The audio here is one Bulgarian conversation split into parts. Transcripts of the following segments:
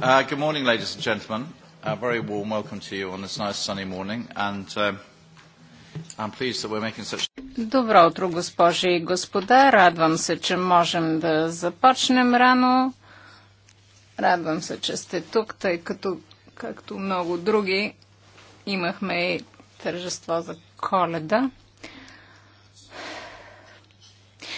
Uh, good morning, ladies and gentlemen. A very warm welcome to you on this nice sunny morning, and uh, I'm pleased that we're making such. Добро утро, госпожи и господа. Радвам се, че можем да започнем рано. Радвам се, че сте тук, тъй като, както много други, имахме и тържество за коледа.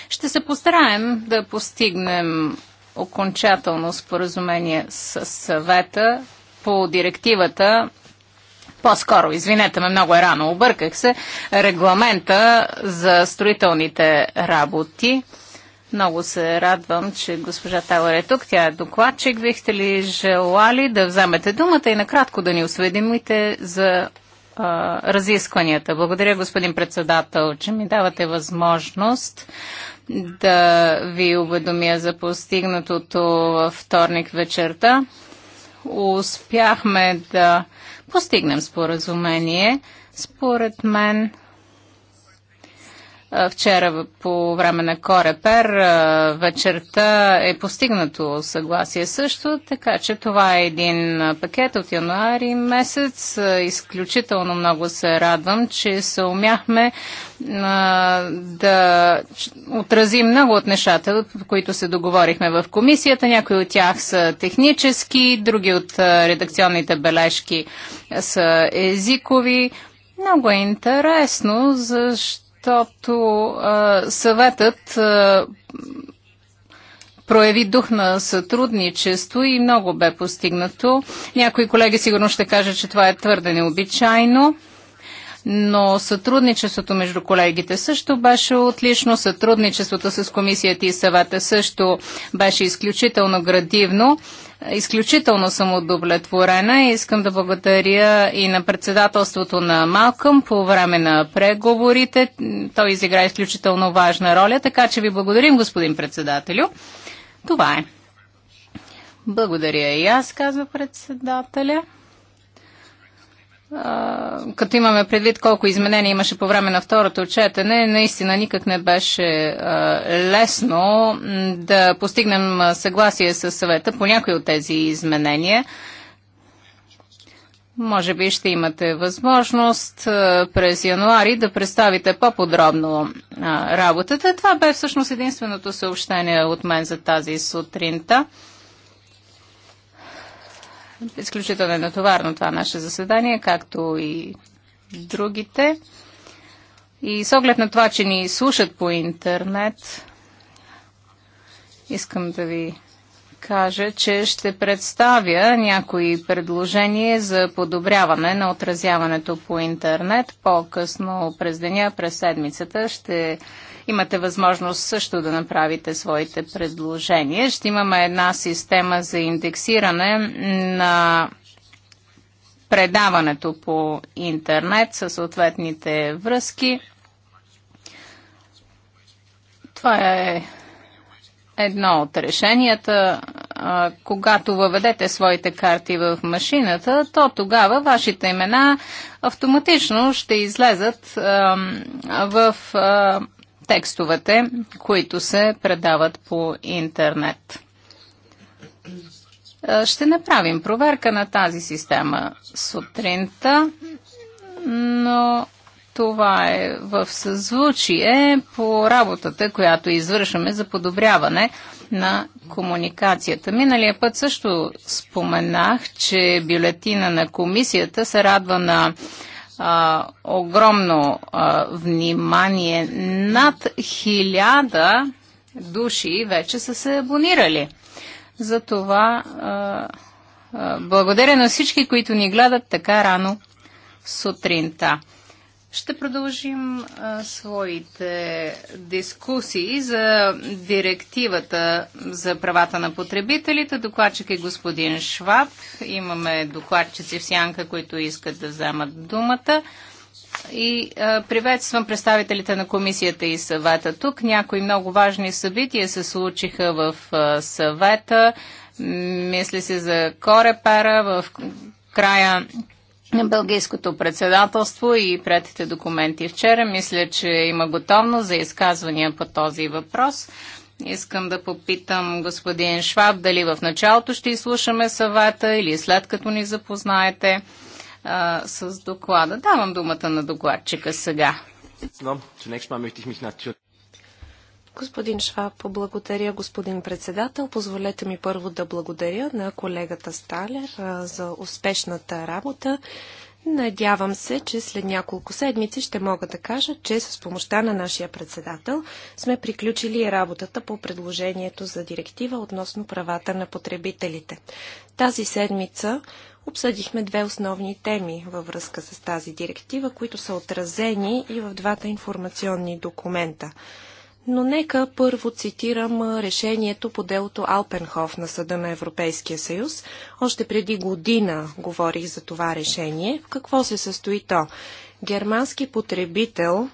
Ще се постараем да постигнем окончателно споразумение с съвета по директивата по-скоро, извинете ме, много е рано, обърках се, регламента за строителните работи. Много се радвам, че госпожа Талър е тук. Тя е докладчик. Бихте ли желали да вземете думата и накратко да ни осведомите за а, разискванията? Благодаря, господин председател, че ми давате възможност да ви уведомя за постигнатото във вторник вечерта. Успяхме да постигнем споразумение. Според мен Вчера по време на Корепер вечерта е постигнато съгласие също, така че това е един пакет от януари месец. Изключително много се радвам, че се умяхме да отразим много от нещата, които се договорихме в комисията. Някои от тях са технически, други от редакционните бележки са езикови. Много е интересно, защото защото а, съветът а, прояви дух на сътрудничество и много бе постигнато. Някои колеги сигурно ще кажат, че това е твърде необичайно но сътрудничеството между колегите също беше отлично, сътрудничеството с комисията и съвета също беше изключително градивно. Изключително съм удовлетворена и искам да благодаря и на председателството на Малкъм по време на преговорите. Той изигра изключително важна роля, така че ви благодарим, господин председателю. Това е. Благодаря и аз, казва председателя като имаме предвид колко изменения имаше по време на второто четене, наистина никак не беше лесно да постигнем съгласие с съвета по някои от тези изменения. Може би ще имате възможност през януари да представите по-подробно работата. Това бе всъщност единственото съобщение от мен за тази сутринта. Изключително е натоварно това наше заседание, както и другите. И с оглед на това, че ни слушат по интернет, искам да ви кажа, че ще представя някои предложения за подобряване на отразяването по интернет. По-късно през деня, през седмицата ще Имате възможност също да направите своите предложения. Ще имаме една система за индексиране на предаването по интернет със съответните връзки. Това е едно от решенията. когато въведете своите карти в машината, то тогава вашите имена автоматично ще излезат в текстовете, които се предават по интернет. Е, ще направим проверка на тази система сутринта, но това е в съзвучие по работата, която извършваме за подобряване на комуникацията. Миналия път също споменах, че бюлетина на комисията се радва на а, огромно а, внимание. Над хиляда души вече са се абонирали. Затова а, а, благодаря на всички, които ни гледат така рано сутринта. Ще продължим а, своите дискусии за директивата за правата на потребителите. Докладчик е господин Шваб. Имаме докладчици в сянка, които искат да вземат думата. И а, приветствам представителите на комисията и съвета тук. Някои много важни събития се случиха в а, съвета. Мисли се за Корепера в края на Бългийското председателство и претите документи вчера. Мисля, че има готовност за изказвания по този въпрос. Искам да попитам господин Шваб дали в началото ще изслушаме съвета или след като ни запознаете а, с доклада. Давам думата на докладчика сега. Господин Шваб, благодаря, господин председател. Позволете ми първо да благодаря на колегата Сталер за успешната работа. Надявам се, че след няколко седмици ще мога да кажа, че с помощта на нашия председател сме приключили работата по предложението за директива относно правата на потребителите. Тази седмица обсъдихме две основни теми във връзка с тази директива, които са отразени и в двата информационни документа. Но нека първо цитирам решението по делото Алпенхоф на Съда на Европейския съюз. Още преди година говорих за това решение. В какво се състои то? Германски потребител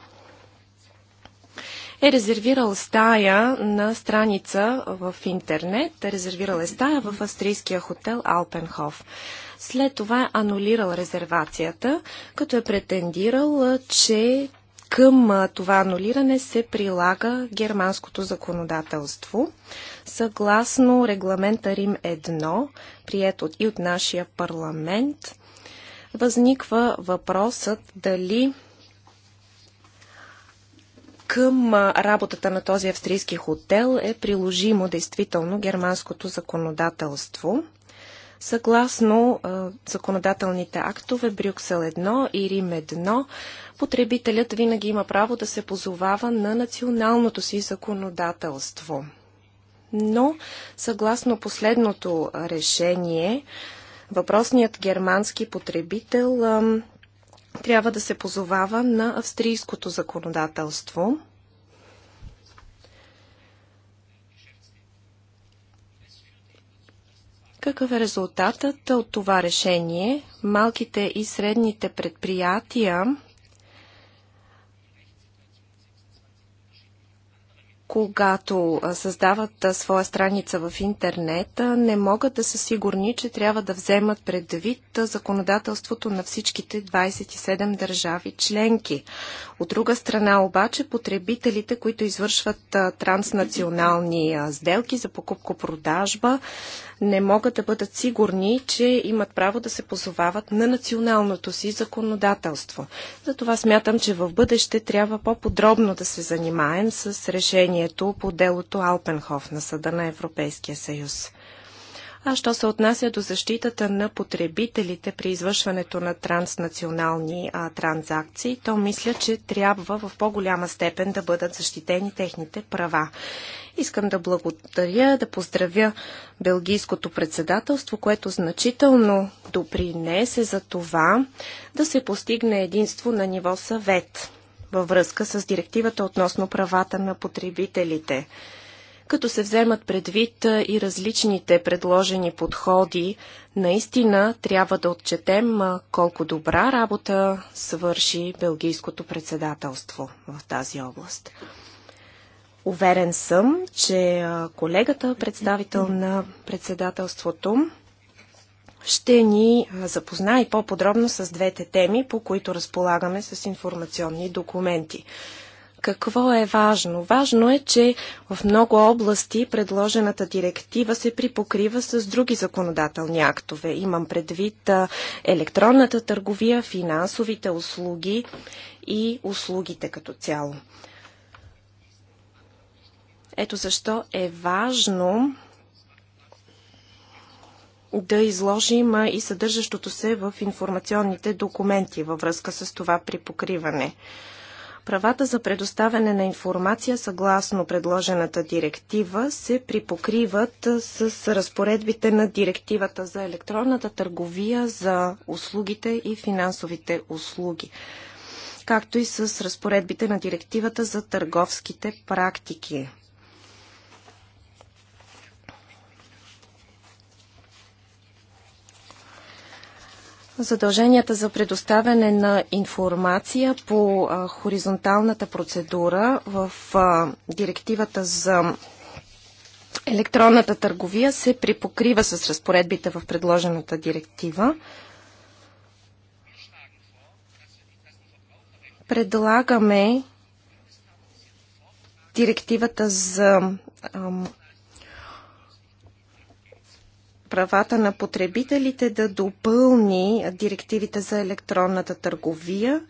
е резервирал стая на страница в интернет. Е резервирал е стая в австрийския хотел Алпенхоф. След това е анулирал резервацията, като е претендирал, че към това анулиране се прилага германското законодателство. Съгласно регламента Рим 1, прият от, и от нашия парламент, възниква въпросът дали към работата на този австрийски хотел е приложимо действително германското законодателство – Съгласно а, законодателните актове Брюксел 1 и Рим 1, потребителят винаги има право да се позовава на националното си законодателство. Но, съгласно последното решение, въпросният германски потребител а, трябва да се позовава на австрийското законодателство – Какъв е резултатът от това решение? Малките и средните предприятия, когато създават своя страница в интернет, не могат да са сигурни, че трябва да вземат предвид законодателството на всичките 27 държави членки. От друга страна обаче, потребителите, които извършват транснационални сделки за покупко-продажба, не могат да бъдат сигурни, че имат право да се позовават на националното си законодателство. Затова смятам, че в бъдеще трябва по-подробно да се занимаем с решението по делото Алпенхоф на Съда на Европейския съюз. А що се отнася до защитата на потребителите при извършването на транснационални а, транзакции, то мисля, че трябва в по-голяма степен да бъдат защитени техните права. Искам да благодаря, да поздравя Белгийското председателство, което значително допринесе за това да се постигне единство на ниво съвет във връзка с директивата относно правата на потребителите като се вземат предвид и различните предложени подходи. Наистина трябва да отчетем колко добра работа свърши Белгийското председателство в тази област. Уверен съм, че колегата, представител на председателството, ще ни запознае по-подробно с двете теми, по които разполагаме с информационни документи какво е важно? Важно е, че в много области предложената директива се припокрива с други законодателни актове. Имам предвид електронната търговия, финансовите услуги и услугите като цяло. Ето защо е важно да изложим и съдържащото се в информационните документи във връзка с това припокриване. покриване. Правата за предоставяне на информация съгласно предложената директива се припокриват с разпоредбите на директивата за електронната търговия, за услугите и финансовите услуги, както и с разпоредбите на директивата за търговските практики. задълженията за предоставяне на информация по а, хоризонталната процедура в а, директивата за електронната търговия се припокрива с разпоредбите в предложената директива. Предлагаме директивата за а, правата на потребителите да допълни директивите за електронната търговия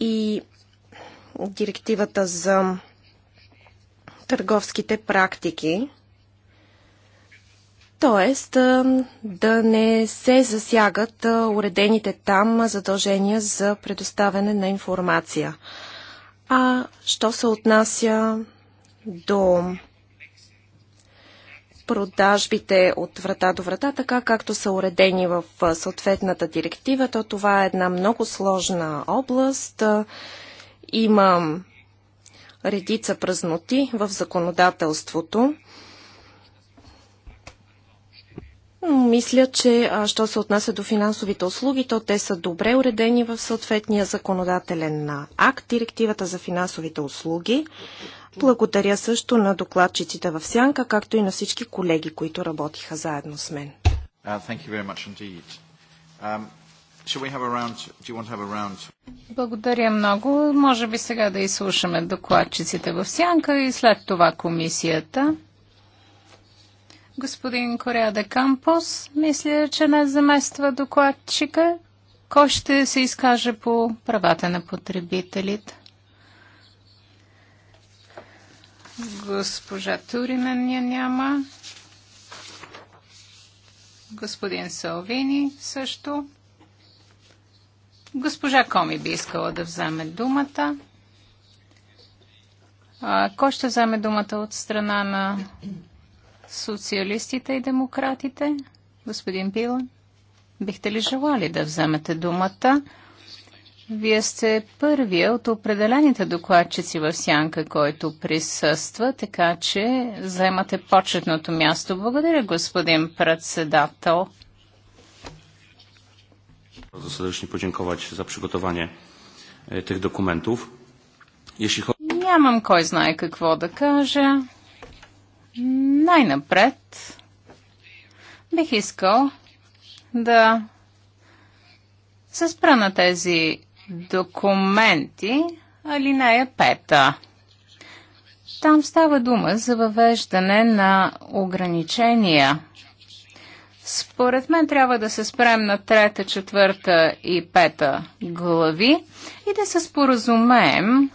и директивата за търговските практики. Тоест да не се засягат уредените там задължения за предоставяне на информация. А що се отнася до продажбите от врата до врата, така както са уредени в съответната директива, то това е една много сложна област. Има редица празноти в законодателството. Мисля, че а, що се отнася до финансовите услуги, то те са добре уредени в съответния законодателен акт, директивата за финансовите услуги. Благодаря също на докладчиците в Сянка, както и на всички колеги, които работиха заедно с мен. Uh, um, Благодаря много. Може би сега да изслушаме докладчиците в Сянка и след това комисията господин Корея де Кампус. Мисля, че не замества докладчика. Кой ще се изкаже по правата на потребителите? Госпожа Туринен я няма. Господин Салвини също. Госпожа Коми би искала да вземе думата. А, кой ще вземе думата от страна на социалистите и демократите. Господин Пила, бихте ли желали да вземете думата? Вие сте първия от определените докладчици в Сянка, който присъства, така че вземате почетното място. Благодаря, господин председател. Bardzo serdecznie podziękować za przygotowanie tych dokumentów. Jeśli chodzi... Нямам кой знае какво да кажа. Най-напред бих искал да се спра на тези документи, алинея пета. Там става дума за въвеждане на ограничения. Според мен трябва да се спрем на трета, четвърта и пета глави и да се споразумеем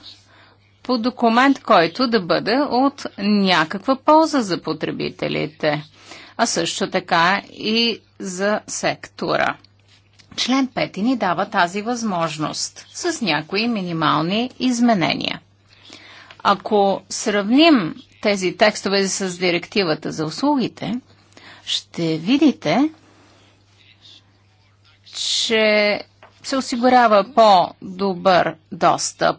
по документ, който да бъде от някаква полза за потребителите, а също така и за сектора. Член 5 ни дава тази възможност с някои минимални изменения. Ако сравним тези текстове с директивата за услугите, ще видите, че се осигурява по-добър достъп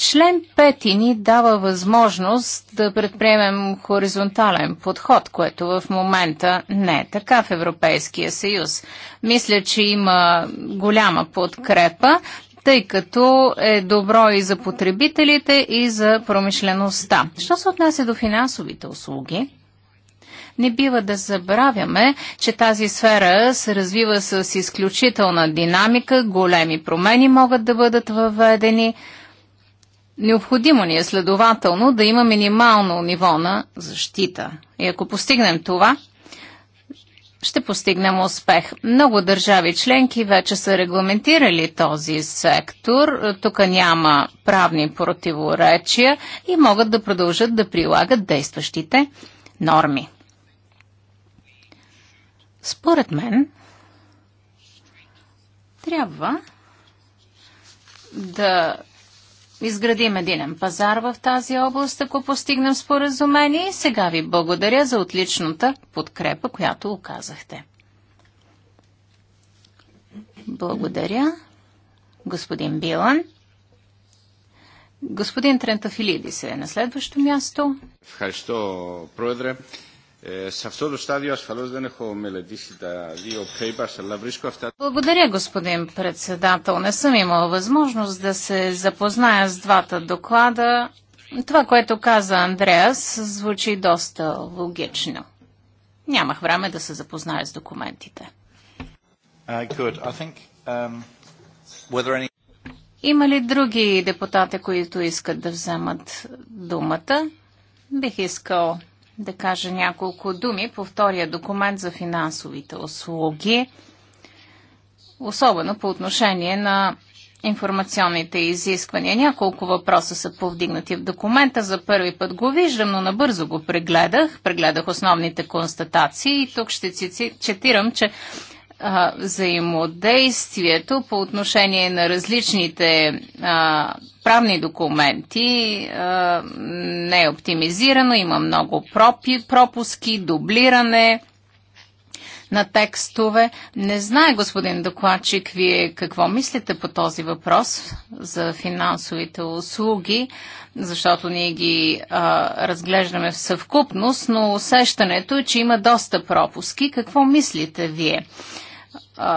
Член 5 ни дава възможност да предприемем хоризонтален подход, което в момента не е така в Европейския съюз. Мисля, че има голяма подкрепа, тъй като е добро и за потребителите, и за промишлеността. Що се отнася до финансовите услуги? Не бива да забравяме, че тази сфера се развива с изключителна динамика, големи промени могат да бъдат въведени – Необходимо ни е следователно да има минимално ниво на защита. И ако постигнем това, ще постигнем успех. Много държави членки вече са регламентирали този сектор. Тук няма правни противоречия и могат да продължат да прилагат действащите норми. Според мен, трябва да изградим единен пазар в тази област, ако постигнем споразумение. И сега ви благодаря за отличната подкрепа, която оказахте. Благодаря, господин Билан. Господин Трентофилиди се е на следващо място. Ευχαριστώ, Πρόεδρε. Благодаря, господин председател. Не съм имал възможност да се запозная с двата доклада. Това, което каза Андреас, звучи доста логично. Нямах време да се запозная с документите. Uh, um, Има ли други депутати, които искат да вземат думата? Бих искал да кажа няколко думи по втория документ за финансовите услуги, особено по отношение на информационните изисквания. Няколко въпроса са повдигнати в документа. За първи път го виждам, но набързо го прегледах. Прегледах основните констатации и тук ще цитирам, че а, взаимодействието по отношение на различните а, правни документи а, не е оптимизирано, има много пропи, пропуски, дублиране на текстове. Не знае, господин докладчик, вие какво мислите по този въпрос за финансовите услуги, защото ние ги а, разглеждаме в съвкупност, но усещането е, че има доста пропуски. Какво мислите вие?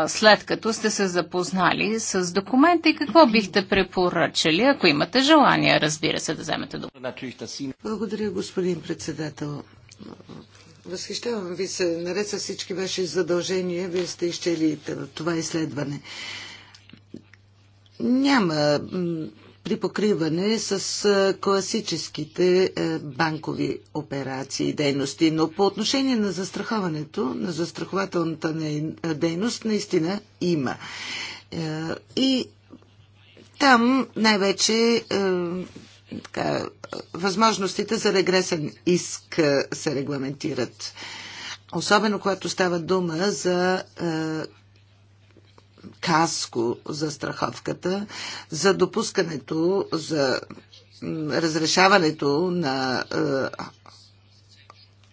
след като сте се запознали с документа и какво бихте препоръчали, ако имате желание, разбира се, да вземете думата. Благодаря, господин председател. Възхищавам ви се. Наред с всички ваши задължения, вие сте изчели това изследване. Няма при покриване с класическите банкови операции и дейности. Но по отношение на застраховането, на застрахователната дейност, наистина има. И там най-вече така, възможностите за регресен иск се регламентират. Особено когато става дума за каско за страховката, за допускането, за разрешаването на е,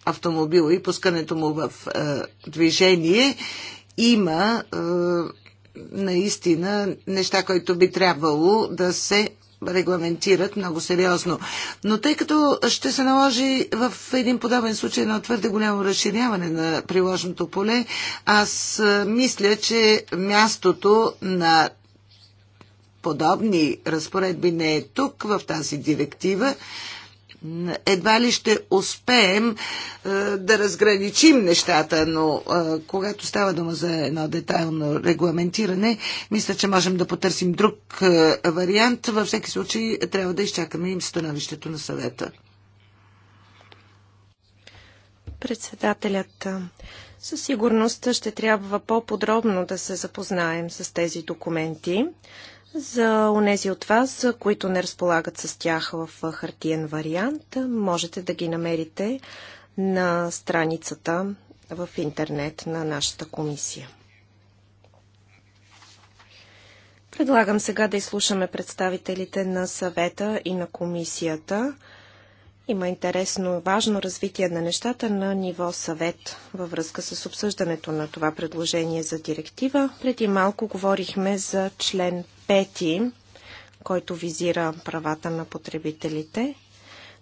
автомобила и пускането му в е, движение има е, наистина неща, които би трябвало да се регламентират много сериозно. Но тъй като ще се наложи в един подобен случай на твърде голямо разширяване на приложното поле, аз мисля, че мястото на подобни разпоредби не е тук, в тази директива, едва ли ще успеем е, да разграничим нещата, но е, когато става дума за едно детайлно регламентиране, мисля, че можем да потърсим друг е, вариант. Във всеки случай трябва да изчакаме им становището на съвета. Председателят е, със сигурност ще трябва по-подробно да се запознаем с тези документи. За унези от вас, които не разполагат с тях в хартиен вариант, можете да ги намерите на страницата в интернет на нашата комисия. Предлагам сега да изслушаме представителите на съвета и на комисията. Има интересно, важно развитие на нещата на ниво съвет във връзка с обсъждането на това предложение за директива. Преди малко говорихме за член Пети, който визира правата на потребителите.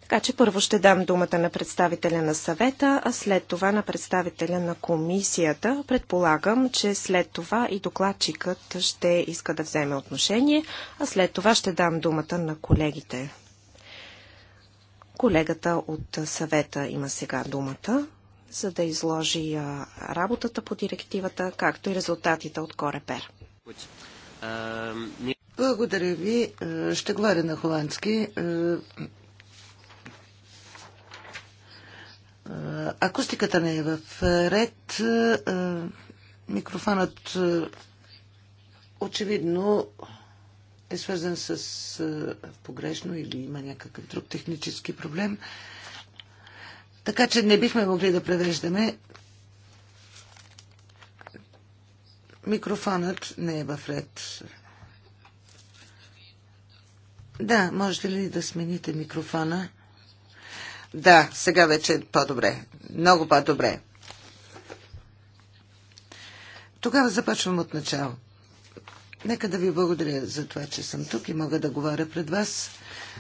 Така че първо ще дам думата на представителя на съвета, а след това на представителя на комисията. Предполагам, че след това и докладчикът ще иска да вземе отношение, а след това ще дам думата на колегите. Колегата от съвета има сега думата, за да изложи работата по директивата, както и резултатите от Корепер. Благодаря ви. Е, ще говоря на холандски. Е, е, акустиката не е в ред. Микрофонът очевидно е свързан с погрешно или има някакъв друг технически проблем. Така че не бихме могли да превеждаме Микрофонът не е в ред. Да, можете ли да смените микрофона? Да, сега вече е по-добре. Много по-добре. Тогава започвам от начало. Нека да ви благодаря за това, че съм тук и мога да говоря пред вас.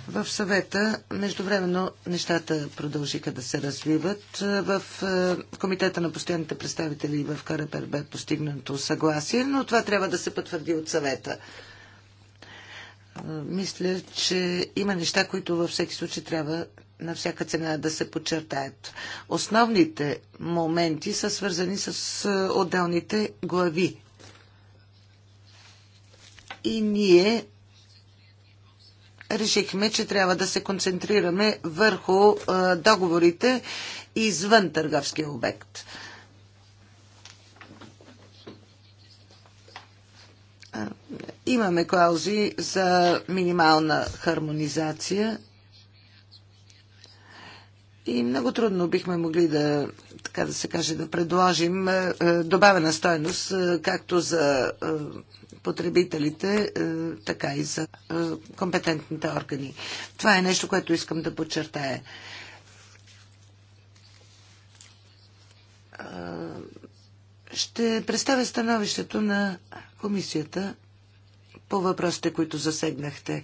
В съвета, междувременно, нещата продължиха да се развиват. В е, Комитета на постоянните представители в Карапер бе постигнато съгласие, но това трябва да се потвърди от съвета. Е, мисля, че има неща, които във всеки случай трябва на всяка цена да се подчертаят. Основните моменти са свързани с е, отделните глави и ние решихме, че трябва да се концентрираме върху договорите извън търговския обект. Имаме клаузи за минимална хармонизация и много трудно бихме могли да, така да се каже, да предложим добавена стойност както за потребителите, е, така и за е, компетентните органи. Това е нещо, което искам да подчертая. Е, ще представя становището на комисията по въпросите, които засегнахте.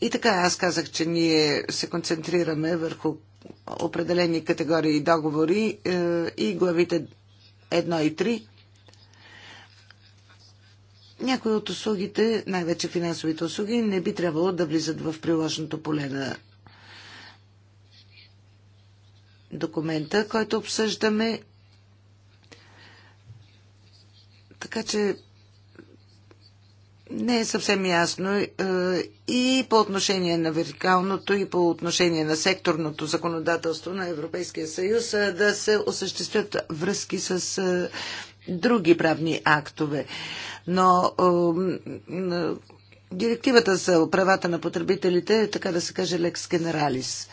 И така, аз казах, че ние се концентрираме върху определени категории договори и главите 1 и някои от услугите, най-вече финансовите услуги, не би трябвало да влизат в приложното поле на документа, който обсъждаме. Така че не е съвсем ясно е, и по отношение на вертикалното, и по отношение на секторното законодателство на Европейския съюз е, да се осъществят връзки с е, други правни актове. Но директивата за правата на потребителите е, така да се каже, лекс генералис.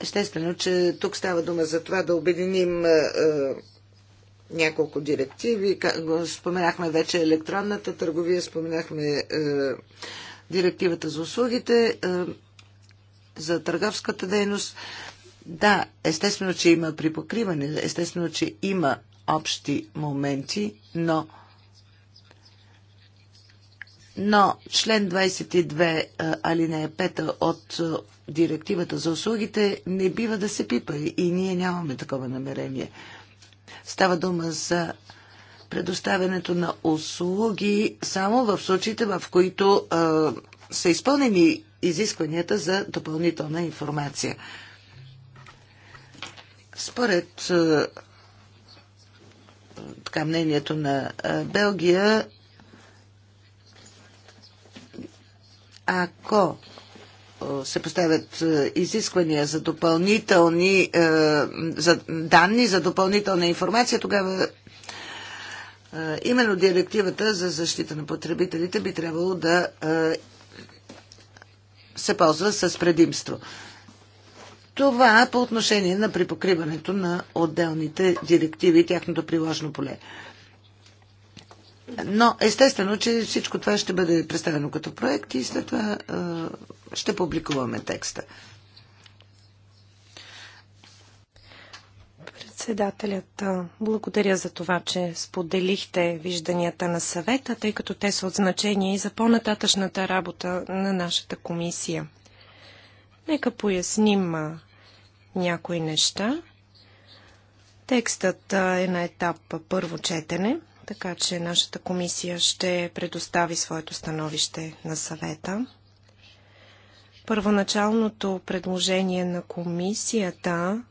Естествено, че тук става дума за това да обединим е, няколко директиви. Споменахме вече електронната търговия, споменахме е, директивата за услугите, е, за търговската дейност. Е, да, естествено, че има припокриване, естествено, че има общи моменти, но но член 22 е, алинея 5 от е, директивата за услугите не бива да се пипа и ние нямаме такова намерение. Става дума за предоставянето на услуги само в случаите, в които а, е, са изпълнени изискванията за допълнителна информация. Според е, така, мнението на е, Белгия, ако е, се поставят изисквания за допълнителни за данни, за допълнителна информация, тогава именно директивата за защита на потребителите би трябвало да се ползва с предимство. Това по отношение на припокриването на отделните директиви и тяхното приложено поле. Но естествено, че всичко това ще бъде представено като проект и след това е, ще публикуваме текста. Председателят, благодаря за това, че споделихте вижданията на съвета, тъй като те са от значение и за по-нататъчната работа на нашата комисия. Нека поясним някои неща. Текстът е на етап първо четене, така че нашата комисия ще предостави своето становище на съвета. Първоначалното предложение на комисията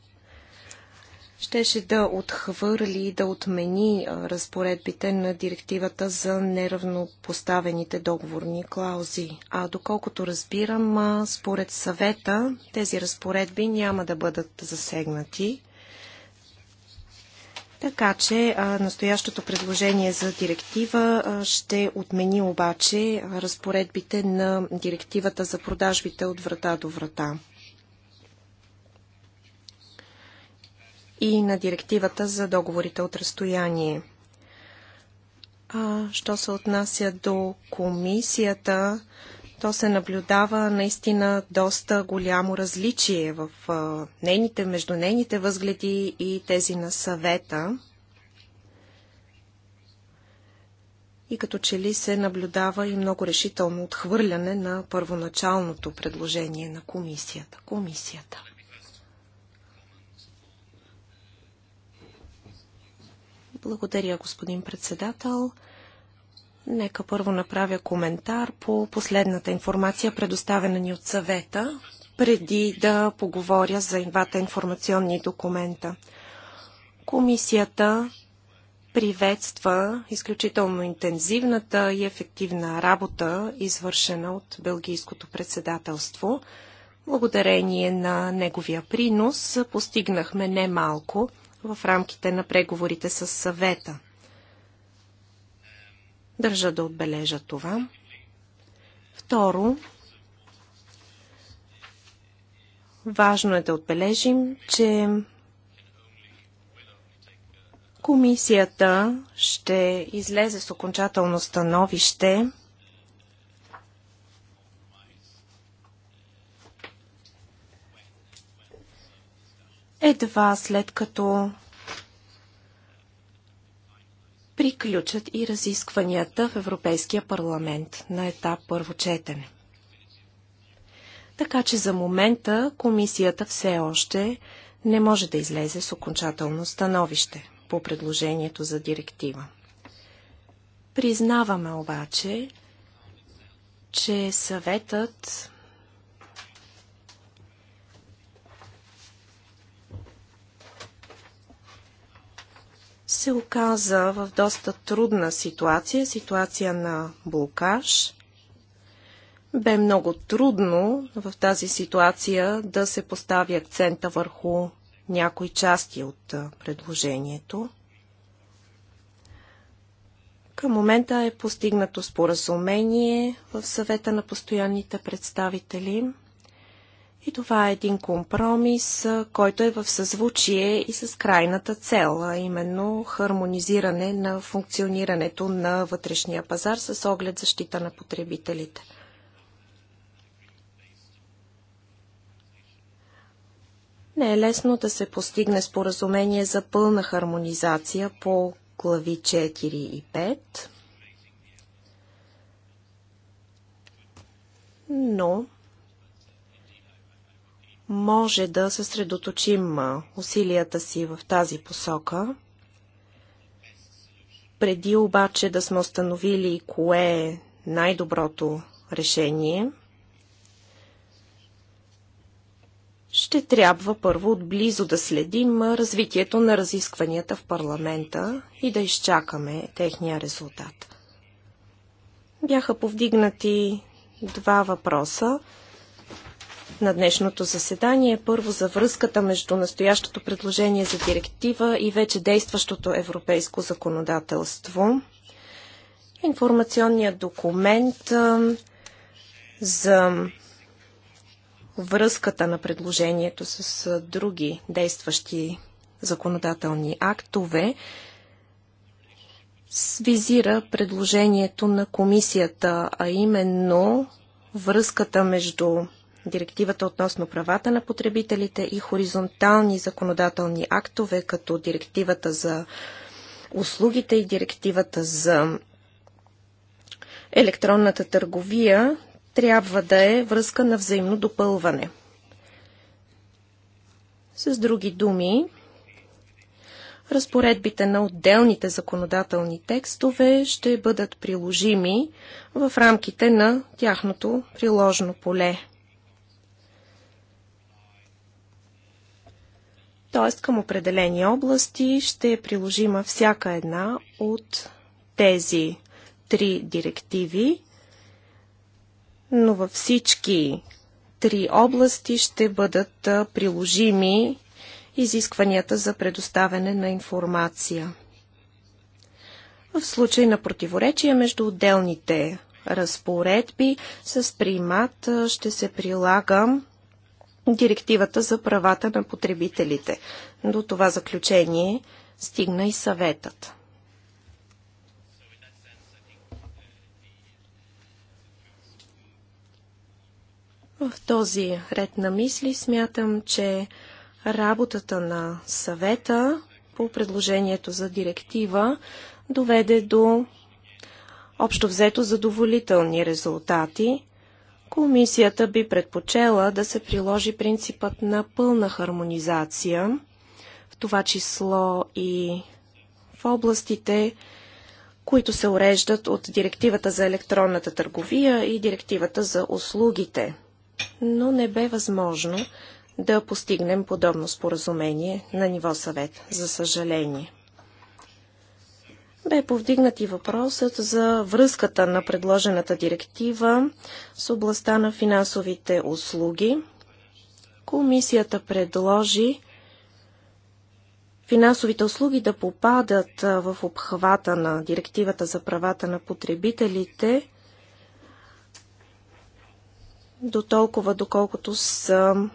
щеше да отхвърли, да отмени разпоредбите на директивата за неравнопоставените договорни клаузи. А доколкото разбирам, според съвета тези разпоредби няма да бъдат засегнати. Така че настоящото предложение за директива ще отмени обаче разпоредбите на директивата за продажбите от врата до врата. и на директивата за договорите от разстояние. А, що се отнася до комисията, то се наблюдава наистина доста голямо различие в а, нейните, между нейните възгледи и тези на съвета. И като че ли се наблюдава и много решително отхвърляне на първоначалното предложение на комисията. Комисията. Благодаря, господин председател. Нека първо направя коментар по последната информация, предоставена ни от съвета, преди да поговоря за двата информационни документа. Комисията приветства изключително интензивната и ефективна работа, извършена от Белгийското председателство. Благодарение на неговия принос постигнахме немалко. малко в рамките на преговорите с съвета. Държа да отбележа това. Второ, важно е да отбележим, че комисията ще излезе с окончателно становище едва след като приключат и разискванията в Европейския парламент на етап първо четене. Така че за момента комисията все още не може да излезе с окончателно становище по предложението за директива. Признаваме обаче, че съветът се оказа в доста трудна ситуация, ситуация на блокаж. Бе много трудно в тази ситуация да се постави акцента върху някои части от предложението. Към момента е постигнато споразумение в съвета на постоянните представители – и това е един компромис, който е в съзвучие и с крайната цел, а именно хармонизиране на функционирането на вътрешния пазар с оглед защита на потребителите. Не е лесно да се постигне споразумение за пълна хармонизация по глави 4 и 5, но може да съсредоточим усилията си в тази посока. Преди обаче да сме установили кое е най-доброто решение, ще трябва първо отблизо да следим развитието на разискванията в парламента и да изчакаме техния резултат. Бяха повдигнати два въпроса на днешното заседание. Първо за връзката между настоящото предложение за директива и вече действащото европейско законодателство. Информационният документ за връзката на предложението с други действащи законодателни актове визира предложението на комисията, а именно връзката между директивата относно правата на потребителите и хоризонтални законодателни актове, като директивата за услугите и директивата за електронната търговия, трябва да е връзка на взаимно допълване. С други думи, разпоредбите на отделните законодателни текстове ще бъдат приложими в рамките на тяхното приложно поле. Т.е. към определени области ще е приложима всяка една от тези три директиви, но във всички три области ще бъдат приложими изискванията за предоставяне на информация. В случай на противоречие между отделните разпоредби с примат ще се прилагам директивата за правата на потребителите. До това заключение стигна и съветът. В този ред на мисли смятам, че работата на съвета по предложението за директива доведе до общо взето задоволителни резултати – Комисията би предпочела да се приложи принципът на пълна хармонизация, в това число и в областите, които се уреждат от Директивата за електронната търговия и Директивата за услугите. Но не бе възможно да постигнем подобно споразумение на ниво съвет, за съжаление бе повдигнат и въпросът за връзката на предложената директива с областта на финансовите услуги. Комисията предложи финансовите услуги да попадат в обхвата на директивата за правата на потребителите до толкова, доколкото са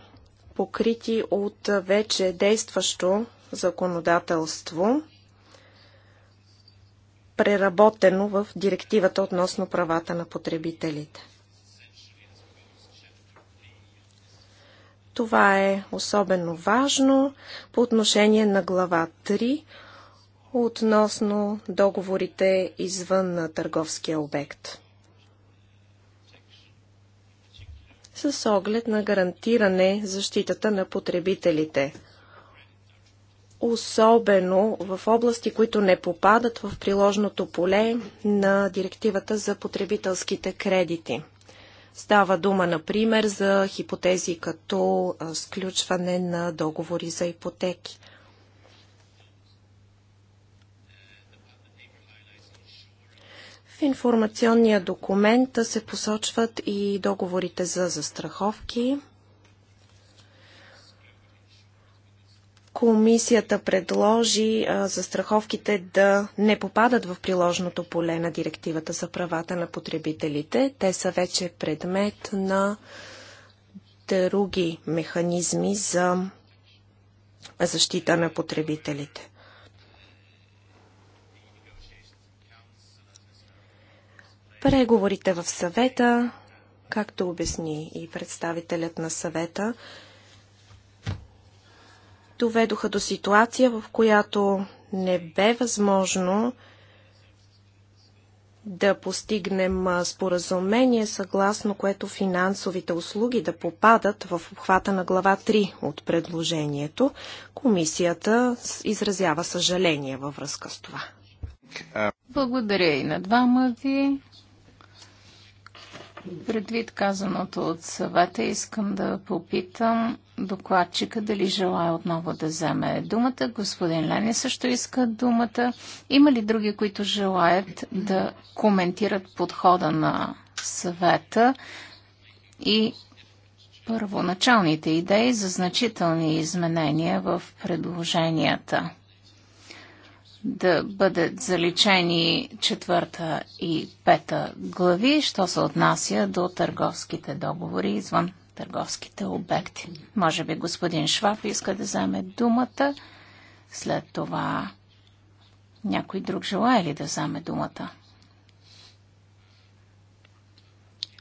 покрити от вече действащо законодателство преработено в директивата относно правата на потребителите. Това е особено важно по отношение на глава 3 относно договорите извън на търговския обект. С оглед на гарантиране защитата на потребителите – особено в области, които не попадат в приложното поле на директивата за потребителските кредити. Става дума, например, за хипотези като сключване на договори за ипотеки. В информационния документ се посочват и договорите за застраховки – Комисията предложи а, застраховките да не попадат в приложното поле на директивата за правата на потребителите. Те са вече предмет на други механизми за защита на потребителите. Преговорите в съвета, както обясни и представителят на съвета, доведоха до ситуация, в която не бе възможно да постигнем споразумение, съгласно което финансовите услуги да попадат в обхвата на глава 3 от предложението. Комисията изразява съжаление във връзка с това. Благодаря и на двама ви. Предвид казаното от съвета, искам да попитам докладчика дали желая отново да вземе думата. Господин Лене също иска думата. Има ли други, които желаят да коментират подхода на съвета и първоначалните идеи за значителни изменения в предложенията? да бъдат заличени четвърта и пета глави, що се отнася до търговските договори извън търговските обекти. Може би господин Шваб иска да вземе думата. След това някой друг желая ли да вземе думата?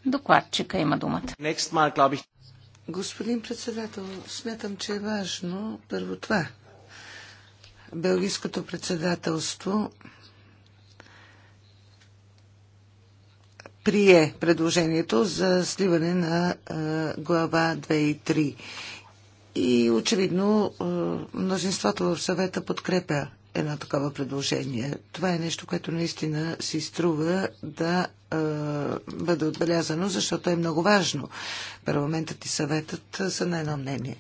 Докладчика има думата. Господин председател, смятам, че е важно първо това. Белгийското председателство прие предложението за сливане на глава 2 и 3. И очевидно мнозинството в съвета подкрепя едно такова предложение. Това е нещо, което наистина си струва да а, бъде отбелязано, защото е много важно. Парламентът и съветът са на едно мнение.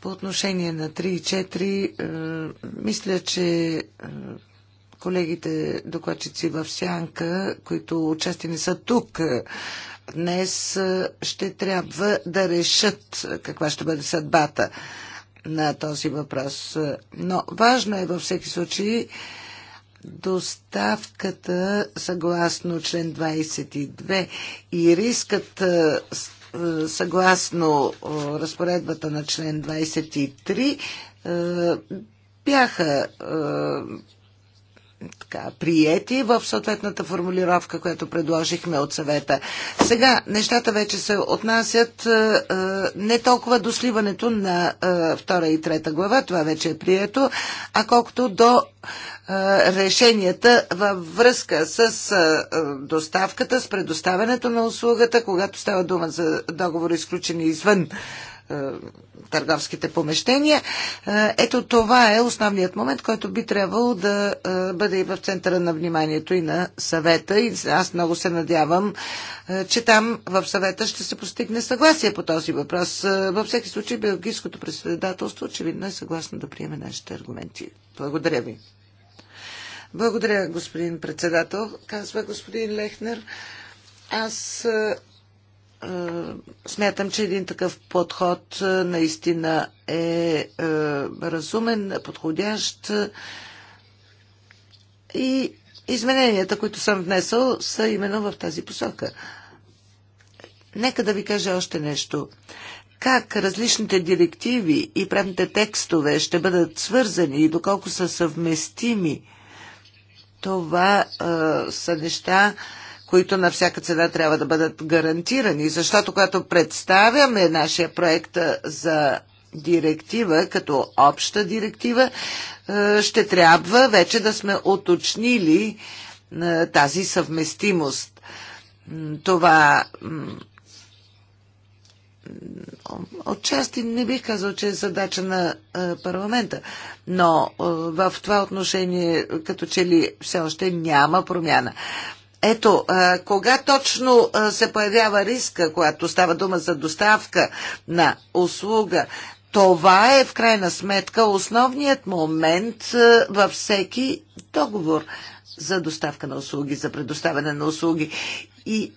По отношение на 3 и 4, а, мисля, че А, колегите докладчици в Сянка, които участие не са тук, днес ще трябва да решат каква ще бъде съдбата на този въпрос. Но важно е във всеки случай доставката съгласно член 22 и рискът е, съгласно е, разпоредбата на член 23 е, бяха така, приети в съответната формулировка, която предложихме от съвета. Сега нещата вече се отнасят е, е, не толкова до сливането на е, втора и трета глава, това вече е прието, а колкото до е, решенията във връзка с е, е доставката, с предоставянето на услугата, когато става дума за договори изключени извън е, търговските помещения. Е, ето това е основният момент, който би трябвало да е, бъде и в центъра на вниманието и на съвета. И аз много се надявам, е, че там в съвета ще се постигне съгласие по този въпрос. Във всеки случай, Белгийското председателство очевидно е съгласно да приеме нашите аргументи. Благодаря ви. Благодаря, господин председател, казва господин Лехнер. Аз е, смятам, че един такъв подход е, наистина е, е разумен, подходящ и измененията, които съм внесъл, са именно в тази посока. Нека да ви кажа още нещо. Как различните директиви и правните текстове ще бъдат свързани и доколко са съвместими, това а, са неща, които на всяка цена трябва да бъдат гарантирани, защото когато представяме нашия проект за директива, като обща директива, ще трябва вече да сме оточнили тази съвместимост. Това отчасти не бих казал, че е задача на парламента, но в това отношение като че ли все още няма промяна. Ето, кога точно се появява риска, когато става дума за доставка на услуга, това е в крайна сметка основният момент във всеки договор за доставка на услуги, за предоставяне на услуги. И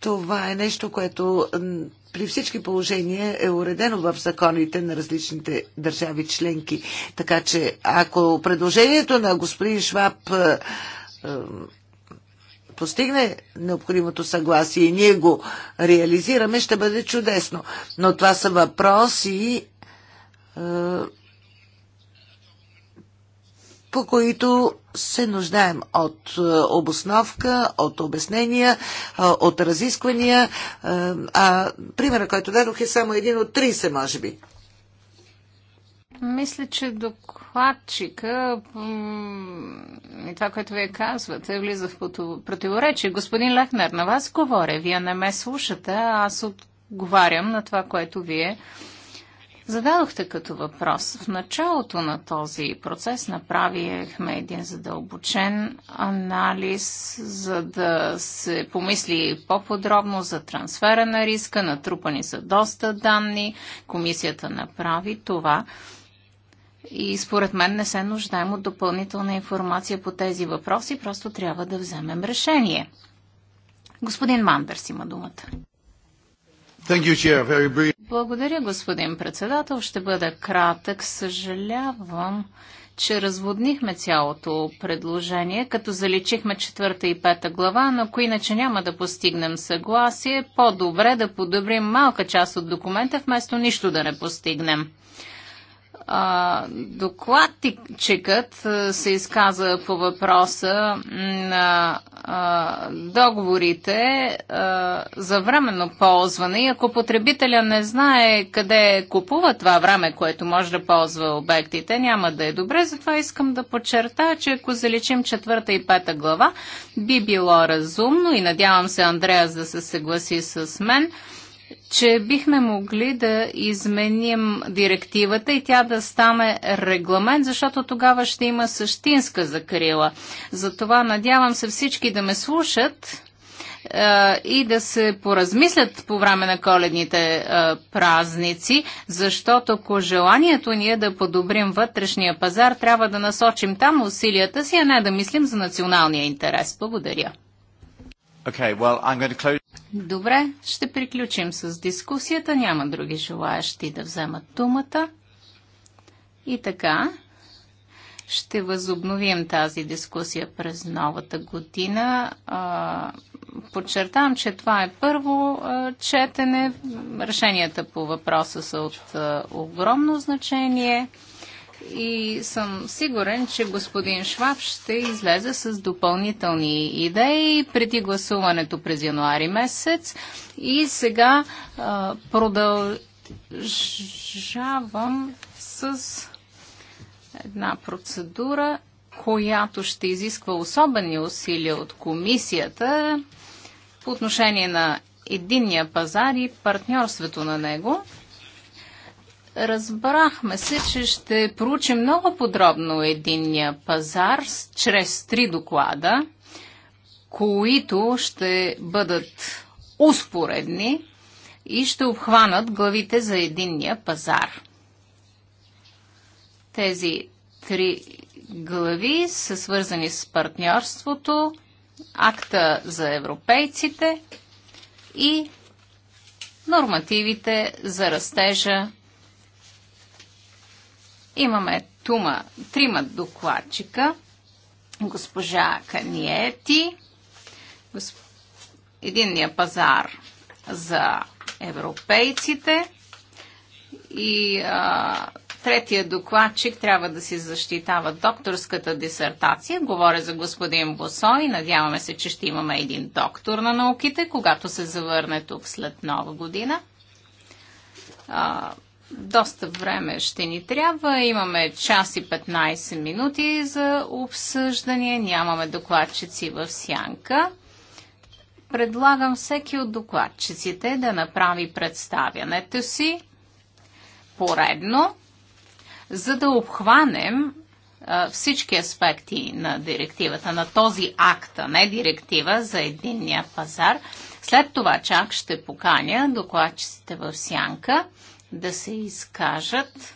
това е нещо, което при всички положения е уредено в законите на различните държави членки. Така че ако предложението на господин Шваб е, е, постигне необходимото съгласие и ние го реализираме, ще бъде чудесно. Но това са въпроси, е, по които се нуждаем от е, обосновка, от обяснения, е, от разисквания. Е, а примера, който дадох е само един от 30, може би. Мисля, че докладчика и това, което вие казвате, влиза в противоречие. Господин Лехнер, на вас говоря. Вие не ме слушате, а аз отговарям на това, което вие зададохте като въпрос. В началото на този процес направихме един задълбочен анализ, за да се помисли по-подробно за трансфера на риска. Натрупани са доста данни. Комисията направи това. И според мен не се нуждаем от допълнителна информация по тези въпроси, просто трябва да вземем решение. Господин Мандърс има думата. Благодаря, господин председател. Ще бъда кратък. Съжалявам, че разводнихме цялото предложение, като заличихме четвърта и пета глава, но ако иначе няма да постигнем съгласие, по-добре да подобрим малка част от документа, вместо нищо да не постигнем докладчикът се изказа по въпроса на договорите за временно ползване и ако потребителя не знае къде купува това време, което може да ползва обектите, няма да е добре. Затова искам да подчертая, че ако заличим четвърта и пета глава, би било разумно и надявам се Андреас да се съгласи с мен – че бихме могли да изменим директивата и тя да стане регламент, защото тогава ще има същинска закрила. Затова надявам се всички да ме слушат е, и да се поразмислят по време на коледните е, празници, защото ако желанието ни е да подобрим вътрешния пазар, трябва да насочим там усилията си, а не да мислим за националния интерес. Благодаря. Okay, well, I'm going to close... Добре, ще приключим с дискусията. Няма други желаящи да вземат думата. И така, ще възобновим тази дискусия през новата година. Подчертавам, че това е първо четене. Решенията по въпроса са от огромно значение и съм сигурен, че господин Шваб ще излезе с допълнителни идеи преди гласуването през януари месец. И сега а, продължавам с една процедура, която ще изисква особени усилия от комисията по отношение на единния пазар и партньорството на него. Разбрахме се, че ще проучим много подробно единния пазар чрез три доклада, които ще бъдат успоредни и ще обхванат главите за единния пазар. Тези три глави са свързани с партньорството, акта за европейците и нормативите за растежа Имаме тума, трима докладчика. Госпожа Каниети, госп... единния пазар за европейците и а, третия докладчик трябва да си защитава докторската дисертация. Говоря за господин Босо и Надяваме се, че ще имаме един доктор на науките, когато се завърне тук след нова година. А, доста време ще ни трябва. Имаме час и 15 минути за обсъждане. Нямаме докладчици в сянка. Предлагам всеки от докладчиците да направи представянето си поредно, за да обхванем всички аспекти на директивата, на този акт, а не директива за единния пазар. След това чак ще поканя докладчиците в сянка да се изкажат.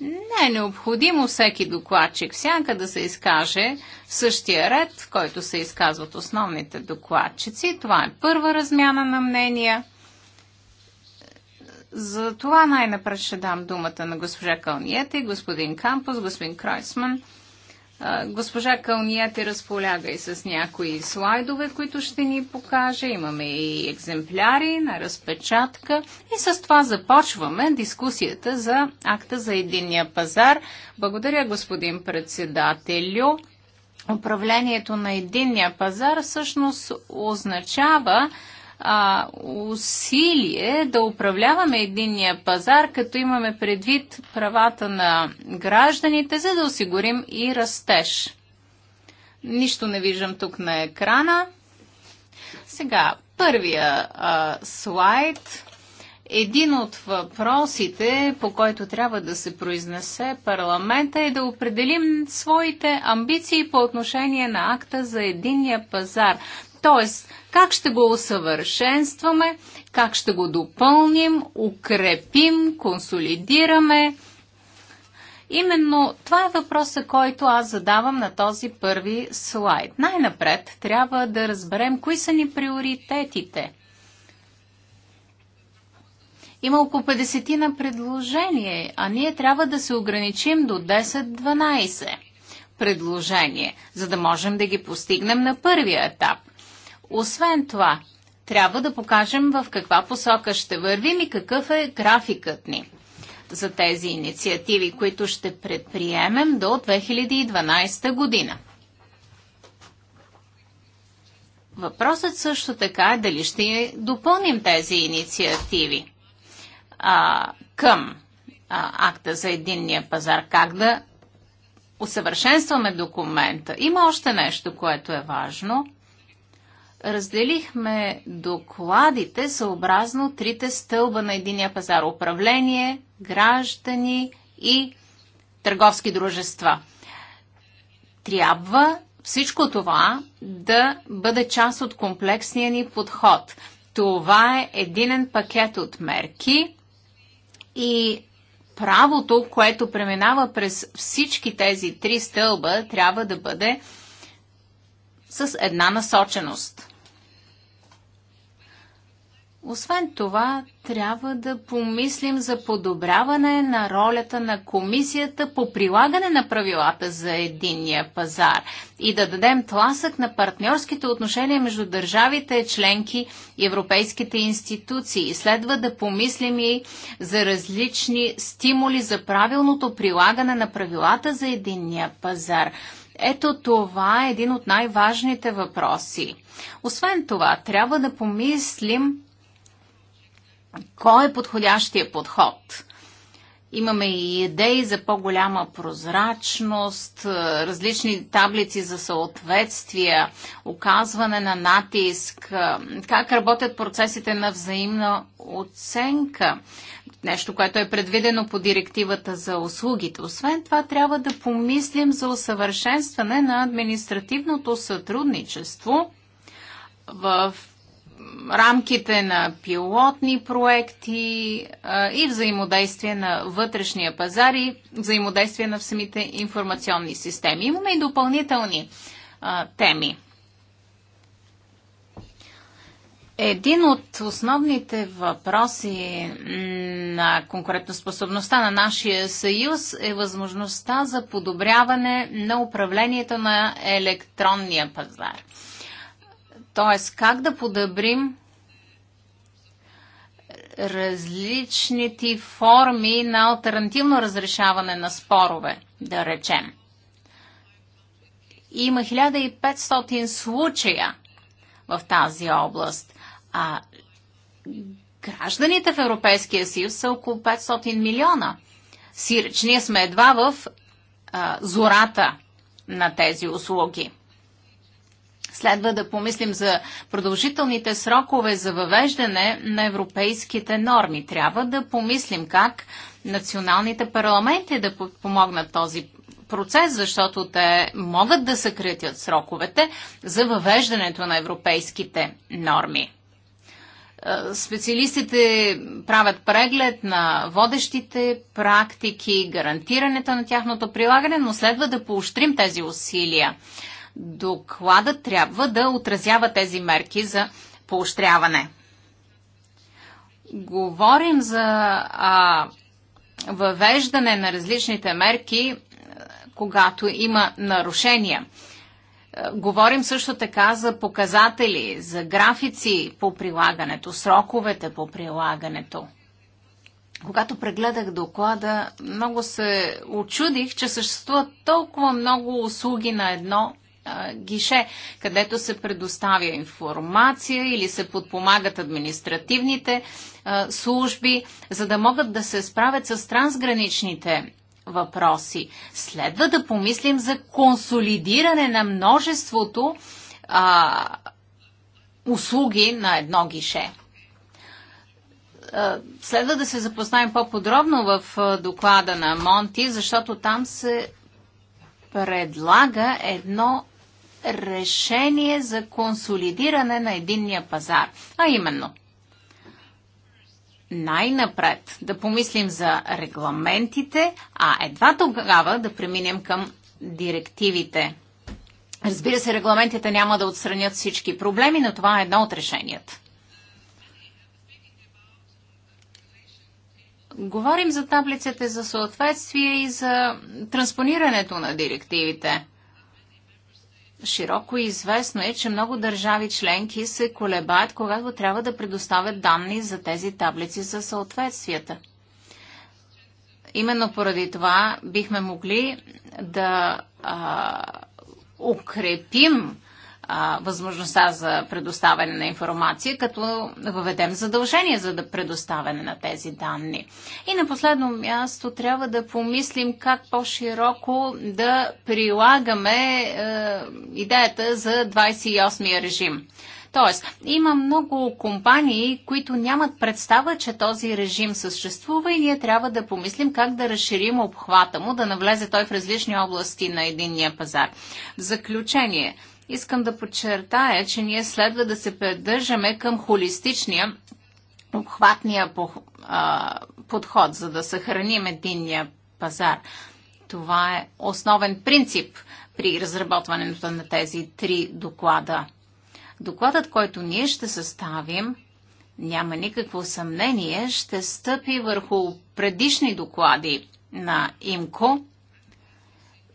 Не е необходимо всеки докладчик всяка да се изкаже в същия ред, в който се изказват основните докладчици. Това е първа размяна на мнения. За това най-напред ще дам думата на госпожа Кълниета и господин Кампус, господин Кройсман – Госпожа те разполяга и с някои слайдове, които ще ни покаже. Имаме и екземпляри на разпечатка. И с това започваме дискусията за акта за единния пазар. Благодаря, господин председателю. Управлението на единния пазар всъщност означава, а, усилие да управляваме единния пазар, като имаме предвид правата на гражданите, за да осигурим и растеж. Нищо не виждам тук на екрана. Сега, първия а, слайд. Един от въпросите, по който трябва да се произнесе парламента е да определим своите амбиции по отношение на акта за единния пазар. Тоест, как ще го усъвършенстваме, как ще го допълним, укрепим, консолидираме. Именно това е въпроса, който аз задавам на този първи слайд. Най-напред трябва да разберем кои са ни приоритетите. Има около 50 на предложение, а ние трябва да се ограничим до 10-12 предложение, за да можем да ги постигнем на първия етап. Освен това, трябва да покажем в каква посока ще вървим и какъв е графикът ни за тези инициативи, които ще предприемем до 2012 година. Въпросът също така е дали ще допълним тези инициативи а, към а, акта за единния пазар, как да усъвършенстваме документа. Има още нещо, което е важно – разделихме докладите съобразно трите стълба на единия пазар – управление, граждани и търговски дружества. Трябва всичко това да бъде част от комплексния ни подход. Това е единен пакет от мерки и правото, което преминава през всички тези три стълба, трябва да бъде с една насоченост – освен това, трябва да помислим за подобряване на ролята на комисията по прилагане на правилата за единния пазар и да дадем тласък на партньорските отношения между държавите, членки и европейските институции. Следва да помислим и за различни стимули за правилното прилагане на правилата за единния пазар. Ето това е един от най-важните въпроси. Освен това, трябва да помислим кой е подходящия подход. Имаме и идеи за по-голяма прозрачност, е, различни таблици за съответствия, оказване на натиск, е, как работят процесите на взаимна оценка. Нещо, което е предвидено по директивата за услугите. Освен това, трябва да помислим за усъвършенстване на административното сътрудничество в рамките на пилотни проекти а, и взаимодействие на вътрешния пазар и взаимодействие на самите информационни системи. Имаме и допълнителни а, теми. Един от основните въпроси на конкурентоспособността на нашия съюз е възможността за подобряване на управлението на електронния пазар. Тоест, как да подобрим различните форми на альтернативно разрешаване на спорове, да речем. Има 1500 случая в тази област, а гражданите в Европейския съюз са около 500 милиона. Сиреч, ние сме едва в а, зората на тези услуги. Следва да помислим за продължителните срокове за въвеждане на европейските норми. Трябва да помислим как националните парламенти да помогнат този процес, защото те могат да съкратят сроковете за въвеждането на европейските норми. Е, специалистите правят преглед на водещите практики, гарантирането на тяхното прилагане, но следва да поощрим тези усилия. Докладът трябва да отразява тези мерки за поощряване. Говорим за а, въвеждане на различните мерки, е, когато има нарушения. Е, говорим също така за показатели, за графици по прилагането, сроковете по прилагането. Когато прегледах доклада, много се очудих, че съществуват толкова много услуги на едно гише, където се предоставя информация или се подпомагат административните служби, за да могат да се справят с трансграничните въпроси. Следва да помислим за консолидиране на множеството а, услуги на едно гише следва да се запознаем по-подробно в доклада на Монти, защото там се предлага едно решение за консолидиране на единния пазар. А именно, най-напред да помислим за регламентите, а едва тогава да преминем към директивите. Разбира се, регламентите няма да отстранят всички проблеми, но това е едно от решенията. Говорим за таблиците за съответствие и за транспонирането на директивите широко известно е, че много държави членки се колебаят, когато трябва да предоставят данни за тези таблици за съответствията. Именно поради това бихме могли да а, укрепим възможността за предоставяне на информация, като въведем задължение за да предоставяне на тези данни. И на последно място трябва да помислим как по-широко да прилагаме е, идеята за 28-я режим. Тоест, има много компании, които нямат представа, че този режим съществува и ние трябва да помислим как да разширим обхвата му, да навлезе той в различни области на единния пазар. В заключение, Искам да подчертая, че ние следва да се придържаме към холистичния обхватния подход, за да съхраним единния пазар. Това е основен принцип при разработването на тези три доклада. Докладът, който ние ще съставим, няма никакво съмнение, ще стъпи върху предишни доклади на ИМКО,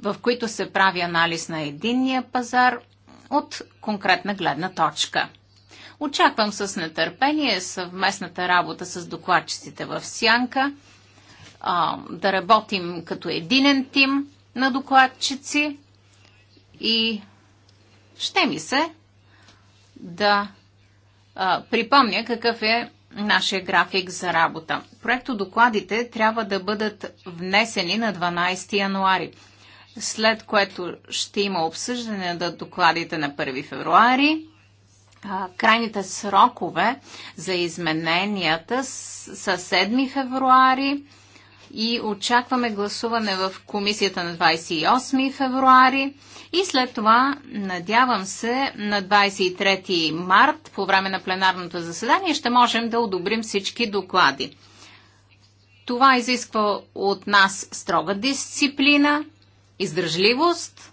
в които се прави анализ на единния пазар – от конкретна гледна точка. Очаквам с нетърпение съвместната работа с докладчиците в Сянка, да работим като единен тим на докладчици и ще ми се да припомня какъв е нашия график за работа. Проекто докладите трябва да бъдат внесени на 12 януари след което ще има обсъждане на докладите на 1 февруари. Крайните срокове за измененията са 7 февруари и очакваме гласуване в комисията на 28 февруари и след това, надявам се, на 23 март по време на пленарното заседание ще можем да одобрим всички доклади. Това изисква от нас строга дисциплина издържливост,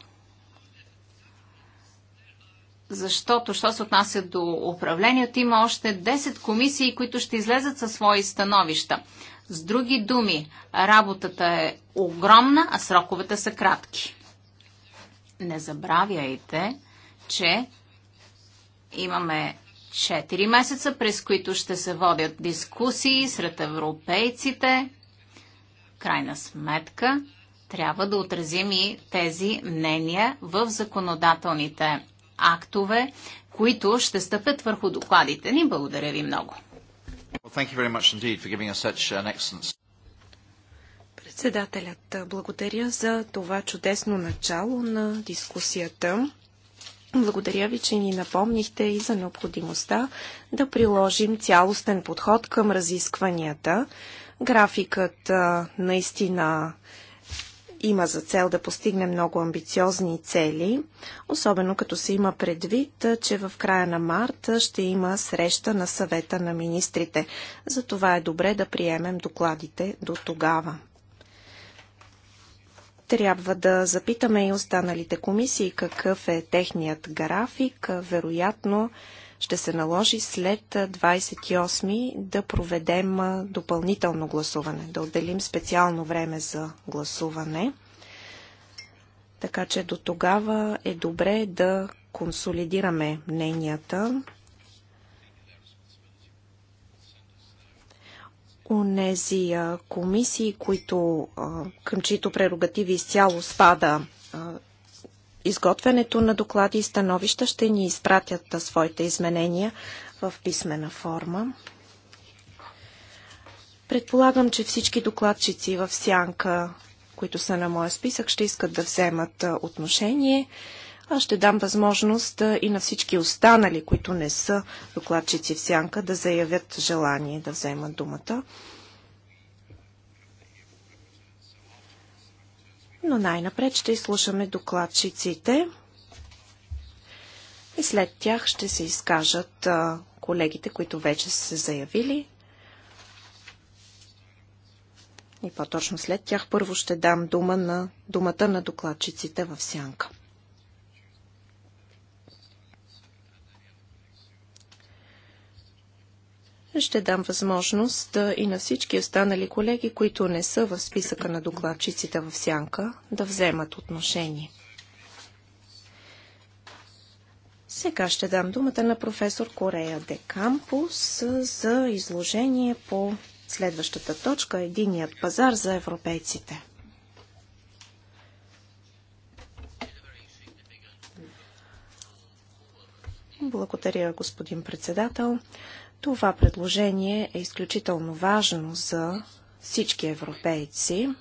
защото, що се отнася до управлението, има още 10 комисии, които ще излезат със свои становища. С други думи, работата е огромна, а сроковете са кратки. Не забравяйте, че имаме 4 месеца, през които ще се водят дискусии сред европейците. Крайна сметка, трябва да отразим и тези мнения в законодателните актове, които ще стъпят върху докладите ни. Благодаря ви много. Председателят, благодаря за това чудесно начало на дискусията. Благодаря ви, че ни напомнихте и за необходимостта да приложим цялостен подход към разискванията. Графикът наистина има за цел да постигне много амбициозни цели, особено като се има предвид, че в края на март ще има среща на съвета на министрите. Затова е добре да приемем докладите до тогава. Трябва да запитаме и останалите комисии какъв е техният график. Вероятно, ще се наложи след 28 да проведем допълнително гласуване, да отделим специално време за гласуване. Така че до тогава е добре да консолидираме мненията. Онези комисии, които, към чието прерогативи изцяло спада изготвянето на доклади и становища ще ни изпратят своите изменения в писмена форма. Предполагам, че всички докладчици в сянка, които са на моя списък, ще искат да вземат отношение. Аз ще дам възможност и на всички останали, които не са докладчици в сянка, да заявят желание да вземат думата. Но най-напред ще изслушаме докладчиците и след тях ще се изкажат колегите, които вече са се заявили. И по-точно след тях първо ще дам дума на, думата на докладчиците в сянка. Ще дам възможност и на всички останали колеги, които не са в списъка на докладчиците в сянка, да вземат отношение. Сега ще дам думата на професор Корея де Кампус за изложение по следващата точка – Единият пазар за европейците. Благодаря, господин председател. Това предложение е изключително важно за всички европейци.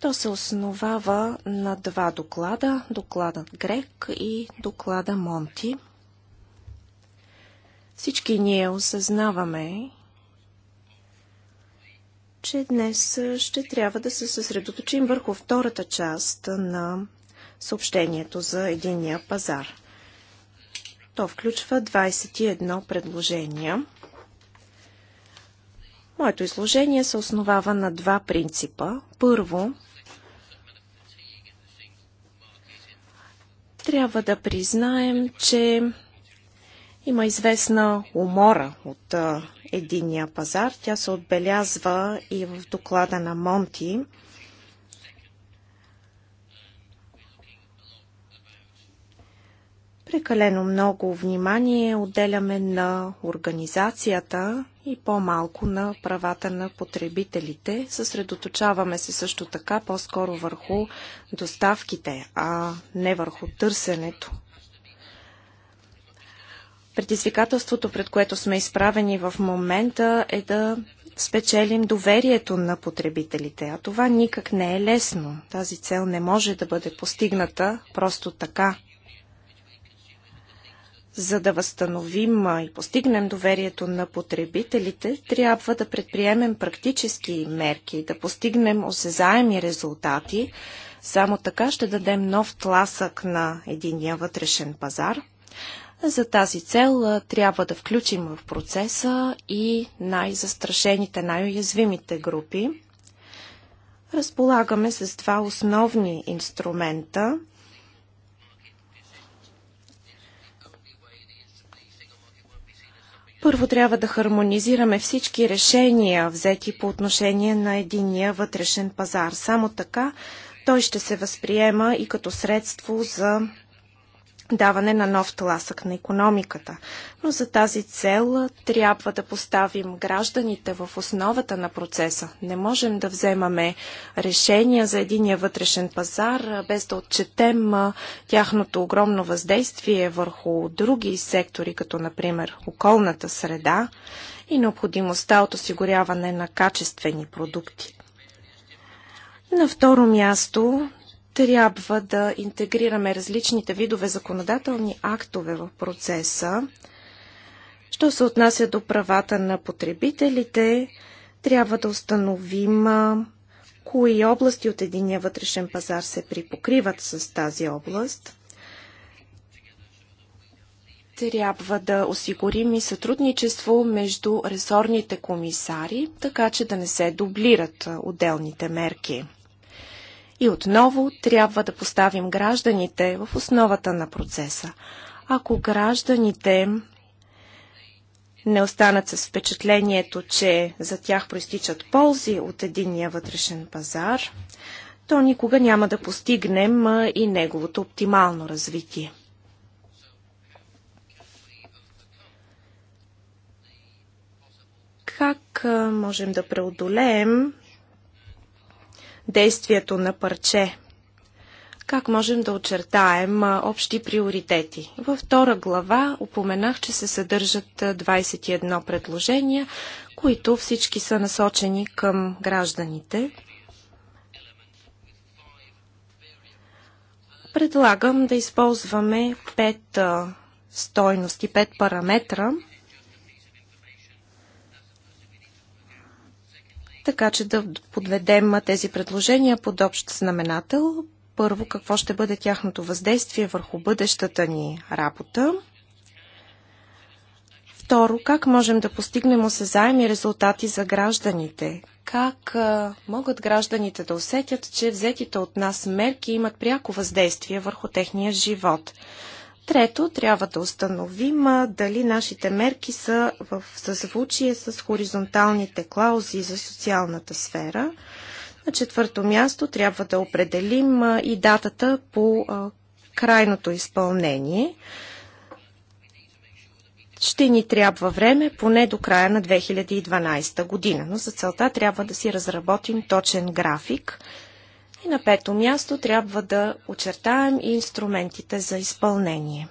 То се основава на два доклада докладът Грек и доклада Монти. Всички ние осъзнаваме, че днес ще трябва да се съсредоточим върху втората част на съобщението за единния пазар. То включва 21 предложения. Моето изложение се основава на два принципа. Първо, трябва да признаем, че има известна умора от единния пазар. Тя се отбелязва и в доклада на Монти. Прекалено много внимание отделяме на организацията и по-малко на правата на потребителите. Съсредоточаваме се също така по-скоро върху доставките, а не върху търсенето. Предизвикателството, пред което сме изправени в момента е да спечелим доверието на потребителите, а това никак не е лесно. Тази цел не може да бъде постигната просто така. За да възстановим и постигнем доверието на потребителите, трябва да предприемем практически мерки, да постигнем осезаеми резултати. Само така ще дадем нов тласък на единия вътрешен пазар. За тази цел трябва да включим в процеса и най-застрашените, най-уязвимите групи. Разполагаме с два основни инструмента – Първо трябва да хармонизираме всички решения, взети по отношение на единия вътрешен пазар. Само така той ще се възприема и като средство за даване на нов тласък на економиката. Но за тази цел трябва да поставим гражданите в основата на процеса. Не можем да вземаме решения за единия вътрешен пазар, без да отчетем тяхното огромно въздействие върху други сектори, като например околната среда и необходимостта от осигуряване на качествени продукти. На второ място трябва да интегрираме различните видове законодателни актове в процеса. Що се отнася до правата на потребителите, трябва да установим кои области от единия вътрешен пазар се припокриват с тази област. Трябва да осигурим и сътрудничество между ресорните комисари, така че да не се дублират отделните мерки. И отново трябва да поставим гражданите в основата на процеса. Ако гражданите не останат с впечатлението, че за тях проистичат ползи от единния вътрешен пазар, то никога няма да постигнем и неговото оптимално развитие. Как можем да преодолеем действието на парче. Как можем да очертаем общи приоритети? Във втора глава упоменах, че се съдържат 21 предложения, които всички са насочени към гражданите. Предлагам да използваме пет стойности, пет параметра – така че да подведем тези предложения под общ знаменател. Първо, какво ще бъде тяхното въздействие върху бъдещата ни работа. Второ, как можем да постигнем осезаеми резултати за гражданите? Как а, могат гражданите да усетят, че взетите от нас мерки имат пряко въздействие върху техния живот? Трето, трябва да установим дали нашите мерки са в съзвучие с хоризонталните клаузи за социалната сфера. На четвърто място трябва да определим и датата по крайното изпълнение. Ще ни трябва време поне до края на 2012 година, но за целта трябва да си разработим точен график, и на пето място трябва да очертаем и инструментите за изпълнение.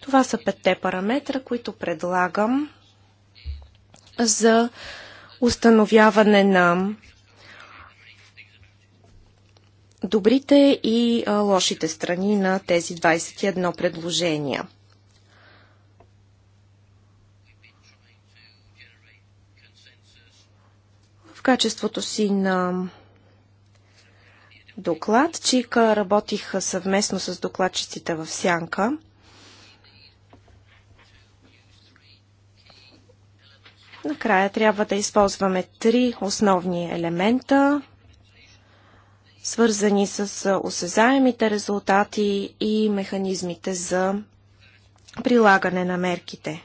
Това са петте параметра, които предлагам за установяване на добрите и лошите страни на тези 21 предложения. В качеството си на докладчик. Работих съвместно с докладчиците в Сянка. Накрая трябва да използваме три основни елемента, свързани с осезаемите резултати и механизмите за прилагане на мерките.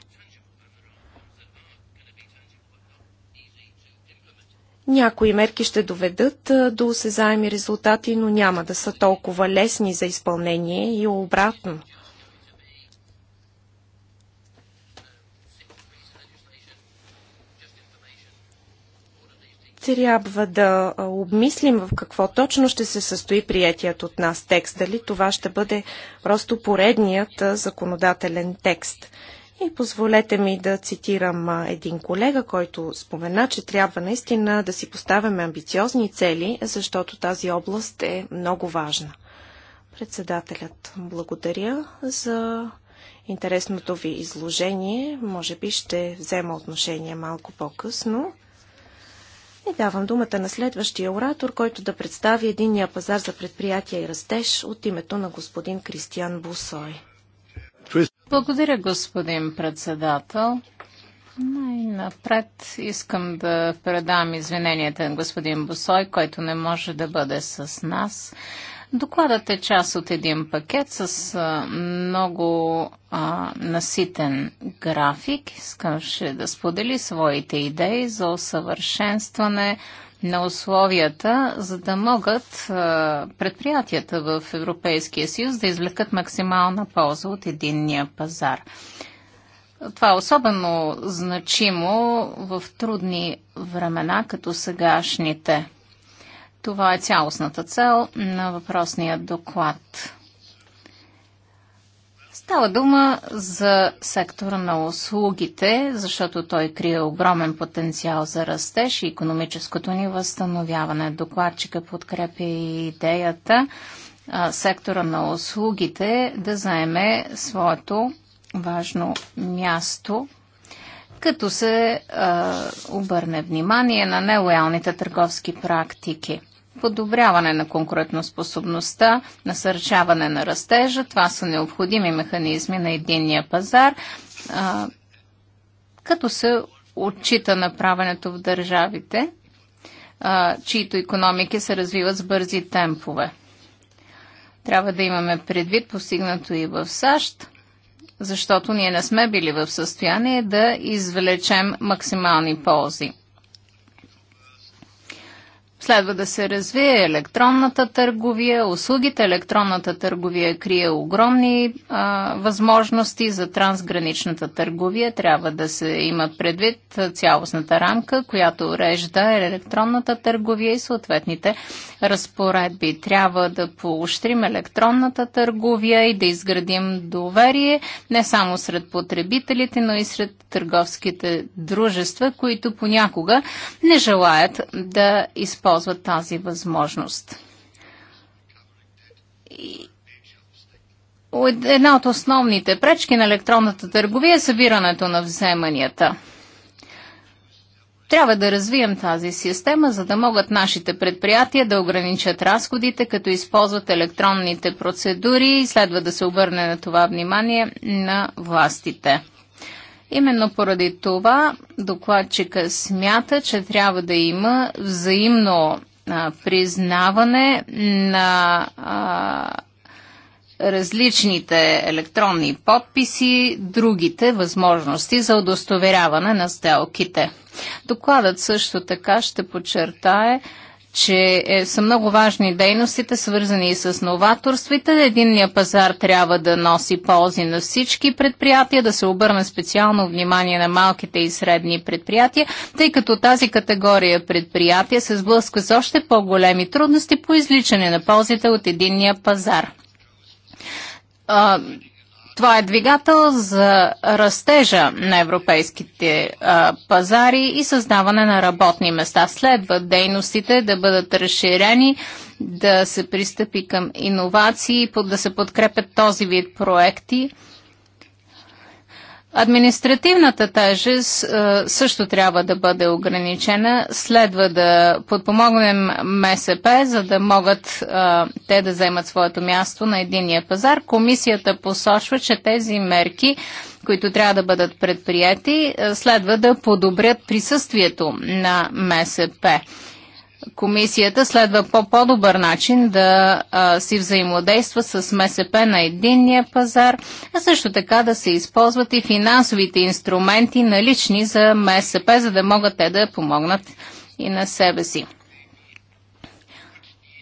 Някои мерки ще доведат до осезаеми резултати, но няма да са толкова лесни за изпълнение и обратно. трябва да обмислим в какво точно ще се състои приятият от нас текст. Дали това ще бъде просто поредният законодателен текст. И позволете ми да цитирам един колега, който спомена, че трябва наистина да си поставяме амбициозни цели, защото тази област е много важна. Председателят, благодаря за интересното ви изложение. Може би ще взема отношение малко по-късно. И давам думата на следващия оратор, който да представи единния пазар за предприятия и растеж от името на господин Кристиан Бусой. Благодаря, господин председател. Най-напред искам да предам извиненията на господин Босой, който не може да бъде с нас. Докладът е част от един пакет с много а, наситен график. ще да сподели своите идеи за усъвършенстване на условията, за да могат предприятията в Европейския съюз да извлекат максимална полза от единния пазар. Това е особено значимо в трудни времена, като сегашните. Това е цялостната цел на въпросния доклад. Става дума за сектора на услугите, защото той крие огромен потенциал за растеж и економическото ни възстановяване. Докладчика подкрепя и идеята а, сектора на услугите да заеме своето важно място като се а, обърне внимание на нелоялните търговски практики подобряване на конкурентоспособността, насърчаване на растежа. Това са необходими механизми на единния пазар, а, като се отчита направенето в държавите, а, чието економики се развиват с бързи темпове. Трябва да имаме предвид постигнато и в САЩ, защото ние не сме били в състояние да извлечем максимални ползи. Следва да се развие електронната търговия, услугите. Електронната търговия крие огромни а, възможности за трансграничната търговия. Трябва да се има предвид цялостната рамка, която урежда електронната търговия и съответните разпоредби. Трябва да поощрим електронната търговия и да изградим доверие не само сред потребителите, но и сред търговските дружества, които понякога не желаят да използват използват тази възможност. И една от основните пречки на електронната търговия е събирането на вземанията. Трябва да развием тази система, за да могат нашите предприятия да ограничат разходите, като използват електронните процедури и следва да се обърне на това внимание на властите. Именно поради това докладчика смята, че трябва да има взаимно а, признаване на а, различните електронни подписи, другите възможности за удостоверяване на сделките. Докладът също така ще подчертае, че е, са много важни дейностите, свързани с новаторствите. Единния пазар трябва да носи ползи на всички предприятия, да се обърне специално внимание на малките и средни предприятия, тъй като тази категория предприятия се сблъсква с още по-големи трудности по изличане на ползите от единния пазар. А, това е двигател за растежа на европейските а, пазари и създаване на работни места. Следва дейностите да бъдат разширени, да се пристъпи към иновации, да се подкрепят този вид проекти – Административната тежест е, също трябва да бъде ограничена. Следва да подпомогнем МСП, за да могат а, е, те да вземат своето място на единия пазар. Комисията посочва, че тези мерки, които трябва да бъдат предприяти, е, следва да подобрят присъствието на МСП комисията следва по по-добър начин да а, си взаимодейства с МСП на единния пазар, а също така да се използват и финансовите инструменти налични за МСП, за да могат те да помогнат и на себе си.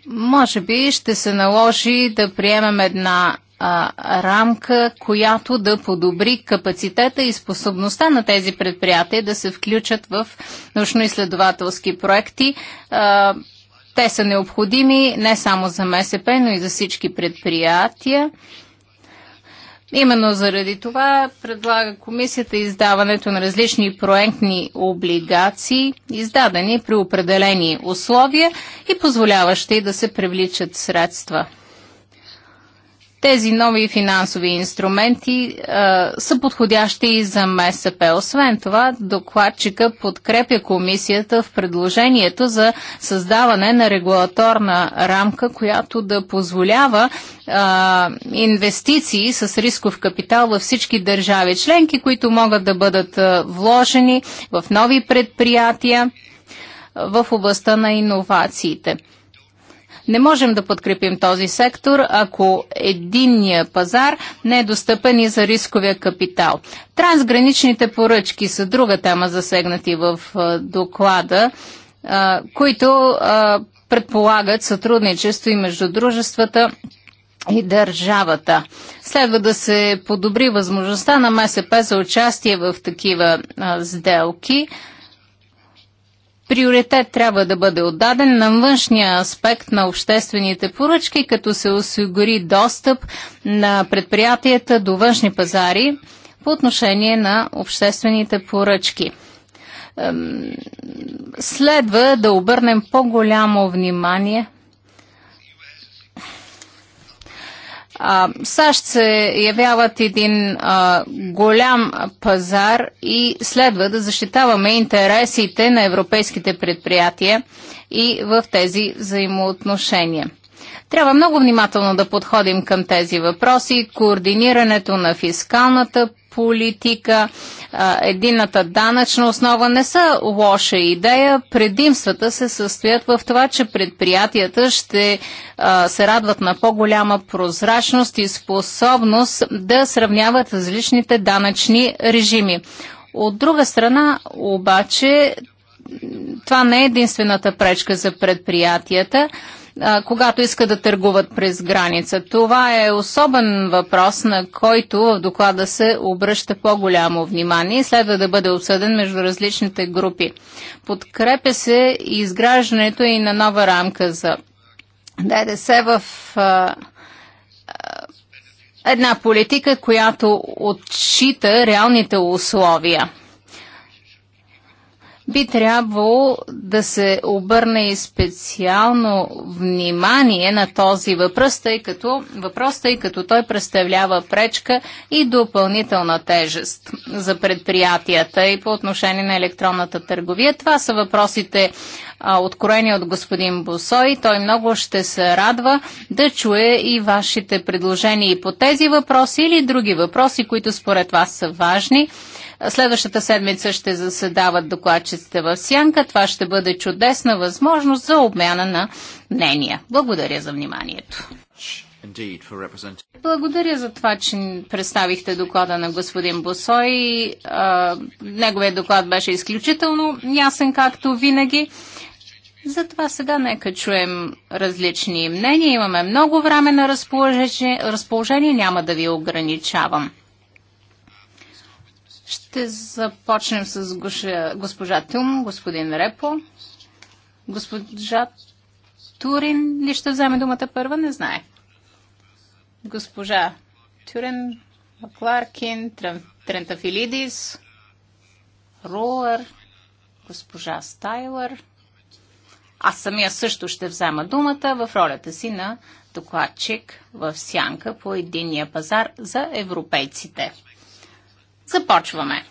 Може би ще се наложи да приемем една а, рамка, която да подобри капацитета и способността на тези предприятия да се включат в научно-изследователски проекти. А, те са необходими не само за МСП, но и за всички предприятия. Именно заради това предлага комисията издаването на различни проектни облигации, издадени при определени условия и позволяващи да се привличат средства тези нови финансови инструменти а, е, са подходящи и за МСП. Освен това, докладчика подкрепя комисията в предложението за създаване на регулаторна рамка, която да позволява а, е, инвестиции с рисков капитал във всички държави членки, които могат да бъдат е, вложени в нови предприятия в областта на иновациите. Не можем да подкрепим този сектор, ако единния пазар не е достъпен и за рисковия капитал. Трансграничните поръчки са друга тема засегнати в доклада, които предполагат сътрудничество и между дружествата и държавата. Следва да се подобри възможността на МСП за участие в такива а, сделки приоритет трябва да бъде отдаден на външния аспект на обществените поръчки, като се осигури достъп на предприятията до външни пазари по отношение на обществените поръчки. Следва да обърнем по-голямо внимание САЩ се явяват един а, голям пазар и следва да защитаваме интересите на европейските предприятия и в тези взаимоотношения. Трябва много внимателно да подходим към тези въпроси. Координирането на фискалната политика, единната данъчна основа не са лоша идея. Предимствата се състоят в това, че предприятията ще се радват на по-голяма прозрачност и способност да сравняват различните данъчни режими. От друга страна, обаче, това не е единствената пречка за предприятията когато искат да търгуват през граница. Това е особен въпрос, на който в доклада се обръща по-голямо внимание и следва да бъде обсъден между различните групи. Подкрепя се изграждането и на нова рамка за ДДС в а, една политика, която отчита реалните условия би трябвало да се обърне и специално внимание на този въпрос, тъй като, въпрос, тъй като той представлява пречка и допълнителна тежест за предприятията и по отношение на електронната търговия. Това са въпросите, а, откроени от господин Босой. Той много ще се радва да чуе и вашите предложения и по тези въпроси или други въпроси, които според вас са важни. Следващата седмица ще заседават докладчиците в Сянка. Това ще бъде чудесна възможност за обмяна на мнения. Благодаря за вниманието. Благодаря за това, че представихте доклада на господин Босой. Неговият доклад беше изключително ясен, както винаги. Затова сега нека чуем различни мнения. Имаме много време на разположение, разположение няма да ви ограничавам. Ще започнем с госпожа Тюм, господин Репо. Госпожа Турин ли ще вземе думата първа? Не знае. Госпожа Тюрин, Макларкин, Трентафилидис, Руър, госпожа Стайлър. Аз самия също ще взема думата в ролята си на докладчик в сянка по единния пазар за европейците. Започваме.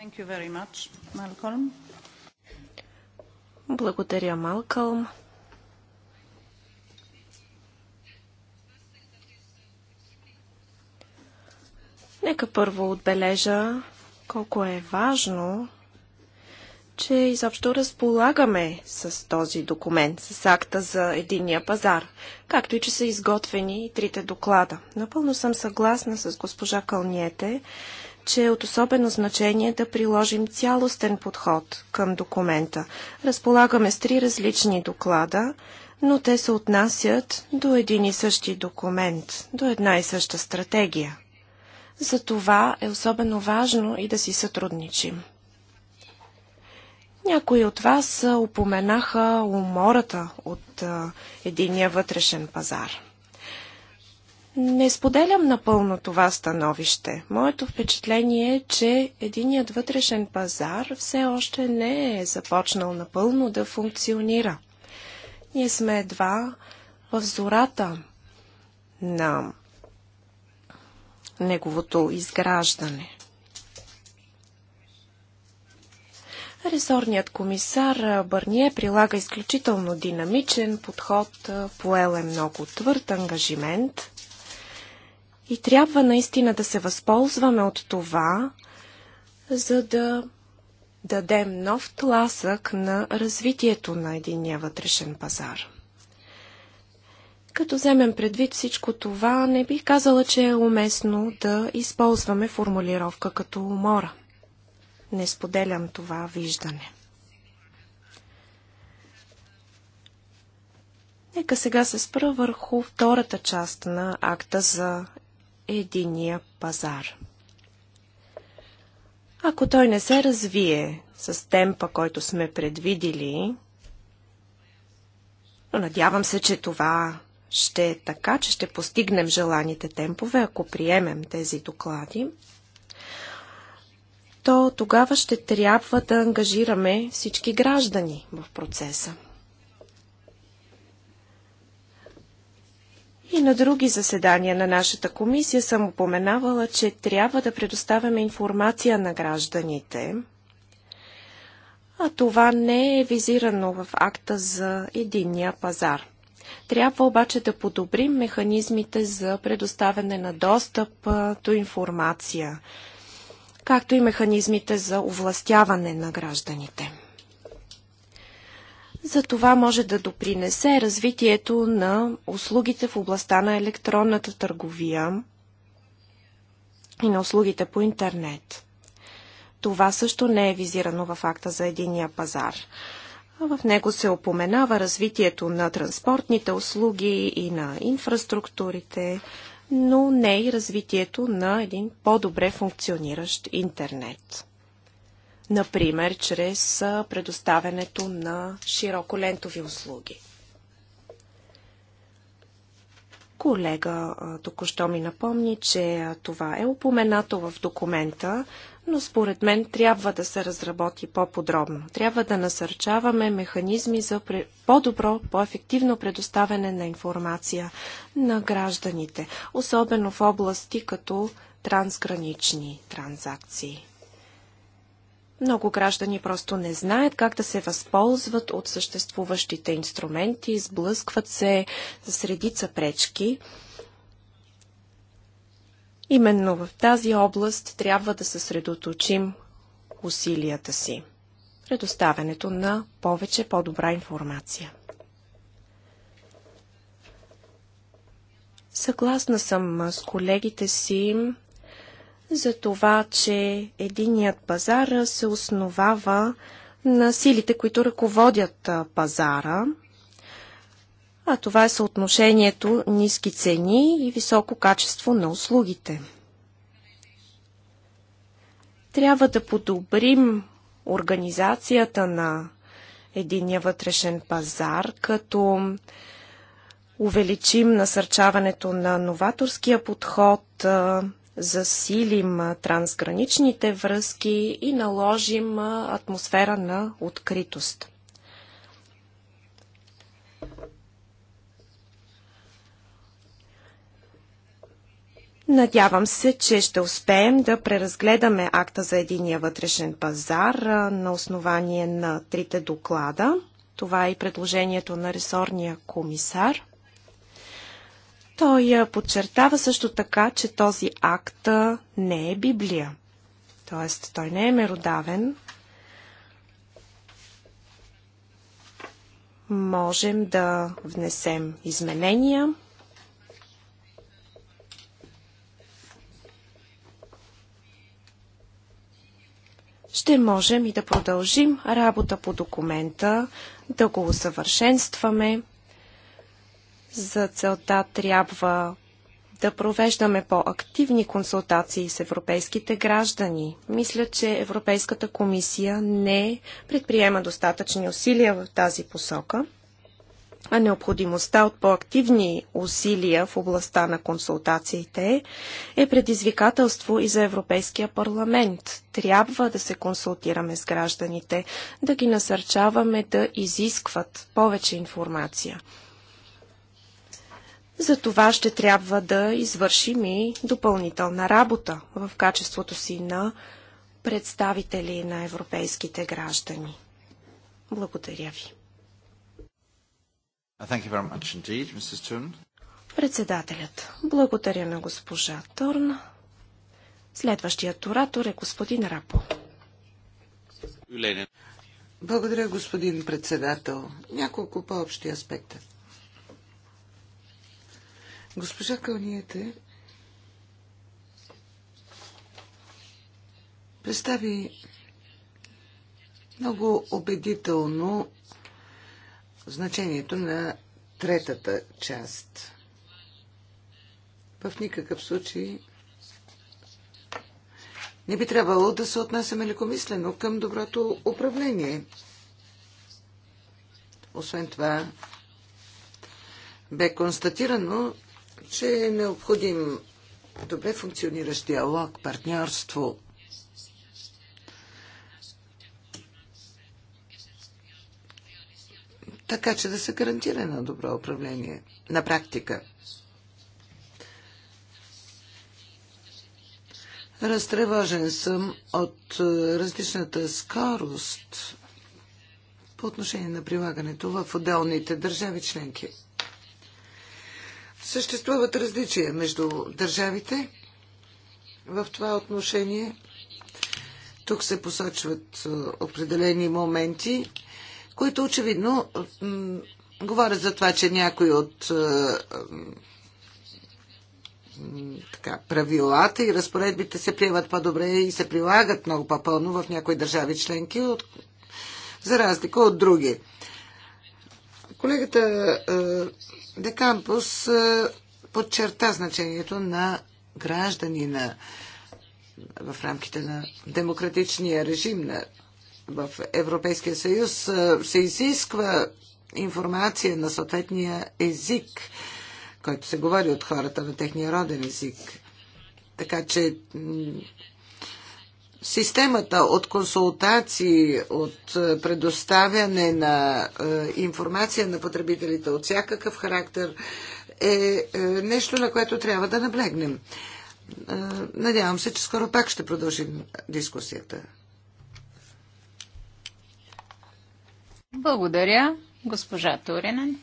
Thank you very much, Malcolm. Благодаря, Малкълм. Нека първо отбележа колко е важно че изобщо разполагаме с този документ, с акта за единния пазар, както и че са изготвени и трите доклада. Напълно съм съгласна с госпожа Кълниете, че е от особено значение да приложим цялостен подход към документа. Разполагаме с три различни доклада, но те се отнасят до един и същи документ, до една и съща стратегия. За това е особено важно и да си сътрудничим. Някои от вас упоменаха умората от единия вътрешен пазар. Не споделям напълно това становище. Моето впечатление е, че единият вътрешен пазар все още не е започнал напълно да функционира. Ние сме едва в зората на неговото изграждане. Ресорният комисар Бърние прилага изключително динамичен подход, поел е много твърд ангажимент и трябва наистина да се възползваме от това, за да дадем нов тласък на развитието на единния вътрешен пазар. Като вземем предвид всичко това, не бих казала, че е уместно да използваме формулировка като умора – не споделям това виждане. Нека сега се спра върху втората част на акта за единия пазар. Ако той не се развие с темпа, който сме предвидили, но надявам се, че това ще е така, че ще постигнем желаните темпове, ако приемем тези доклади, то тогава ще трябва да ангажираме всички граждани в процеса. И на други заседания на нашата комисия съм упоменавала, че трябва да предоставяме информация на гражданите, а това не е визирано в акта за единния пазар. Трябва обаче да подобрим механизмите за предоставяне на достъп до информация както и механизмите за овластяване на гражданите. За това може да допринесе развитието на услугите в областта на електронната търговия и на услугите по интернет. Това също не е визирано в акта за единия пазар. В него се опоменава развитието на транспортните услуги и на инфраструктурите, но не и развитието на един по-добре функциониращ интернет. Например, чрез предоставянето на широколентови услуги. Колега току-що ми напомни, че това е упоменато в документа но според мен трябва да се разработи по-подробно. Трябва да насърчаваме механизми за по-добро, по-ефективно предоставяне на информация на гражданите, особено в области като трансгранични транзакции. Много граждани просто не знаят как да се възползват от съществуващите инструменти, изблъскват се с редица пречки – Именно в тази област трябва да съсредоточим усилията си. Предоставянето на повече по-добра информация. Съгласна съм с колегите си за това, че единият пазар се основава на силите, които ръководят пазара – а това е съотношението ниски цени и високо качество на услугите. Трябва да подобрим организацията на единия вътрешен пазар, като увеличим насърчаването на новаторския подход, засилим трансграничните връзки и наложим атмосфера на откритост. Надявам се, че ще успеем да преразгледаме акта за единия вътрешен пазар на основание на трите доклада. Това е и предложението на ресорния комисар. Той подчертава също така, че този акт не е Библия. Тоест, той не е меродавен. Можем да внесем изменения, ще можем и да продължим работа по документа, да го усъвършенстваме. За целта трябва да провеждаме по-активни консултации с европейските граждани. Мисля, че Европейската комисия не предприема достатъчни усилия в тази посока – а необходимостта от по-активни усилия в областта на консултациите е предизвикателство и за Европейския парламент. Трябва да се консултираме с гражданите, да ги насърчаваме да изискват повече информация. За това ще трябва да извършим и допълнителна работа в качеството си на представители на европейските граждани. Благодаря ви. Uh, indeed, Председателят. Благодаря на госпожа Торн. Следващият оратор е господин Рапо. Благодаря, господин председател. Няколко по-общи аспекта. Госпожа Кълниете представи много убедително значението на третата част. В никакъв случай не би трябвало да се отнасяме лекомислено към доброто управление. Освен това, бе констатирано, че е необходим добре функциониращ диалог, партньорство така че да се гарантира на добро управление на практика. Разтревожен съм от е, различната скорост по отношение на прилагането в отделните държави членки. Съществуват различия между държавите в това отношение. Тук се посочват е, определени моменти, които очевидно говорят за това, че някои от е, така, правилата и разпоредбите се приемат по-добре и се прилагат много по-пълно в някои държави членки, от, за разлика от други. Колегата е, Декампус е, подчерта значението на гражданина в рамките на демократичния режим на в Европейския съюз се изисква информация на съответния език, който се говори от хората на техния роден език. Така че системата от консултации, от предоставяне на информация на потребителите от всякакъв характер е, е нещо, на което трябва да наблегнем. Надявам се, че скоро пак ще продължим дискусията. Благодаря, госпожа Туринен.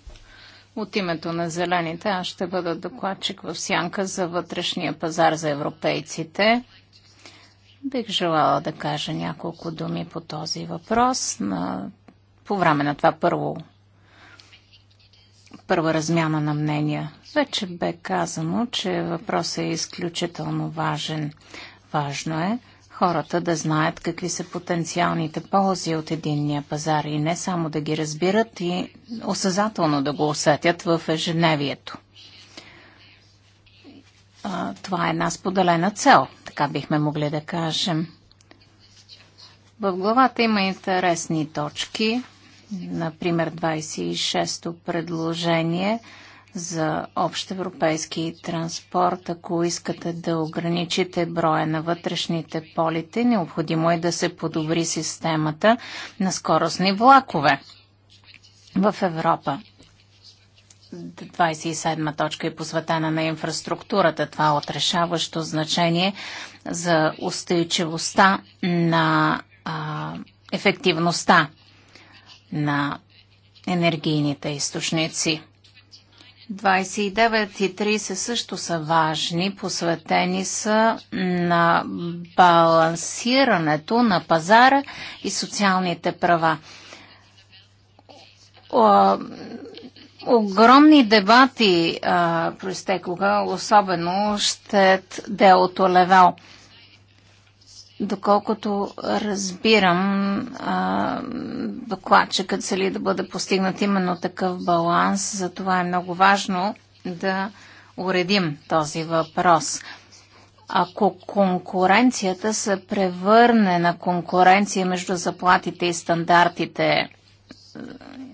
От името на Зелените аз ще бъда докладчик в сянка за вътрешния пазар за европейците. Бих желала да кажа няколко думи по този въпрос на, по време на това първо първа размяна на мнения. Вече бе казано, че въпросът е изключително важен. Важно е хората да знаят какви са потенциалните ползи от единния пазар и не само да ги разбират и осъзнателно да го усетят в ежедневието. Това е една споделена цел, така бихме могли да кажем. В главата има интересни точки, например 26-то предложение – за общ европейски транспорт, ако искате да ограничите броя на вътрешните полите, необходимо е да се подобри системата на скоростни влакове в Европа. 27-ма точка е посветена на инфраструктурата. Това е отрешаващо значение за устойчивостта на а, ефективността на енергийните източници. 29 и 30 също са важни, посветени са на балансирането на пазара и социалните права. огромни дебати а, проистекоха, особено щет делото Левел. Доколкото разбирам, докладчикът цели да бъде постигнат именно такъв баланс, затова е много важно да уредим този въпрос. Ако конкуренцията се превърне на конкуренция между заплатите и стандартите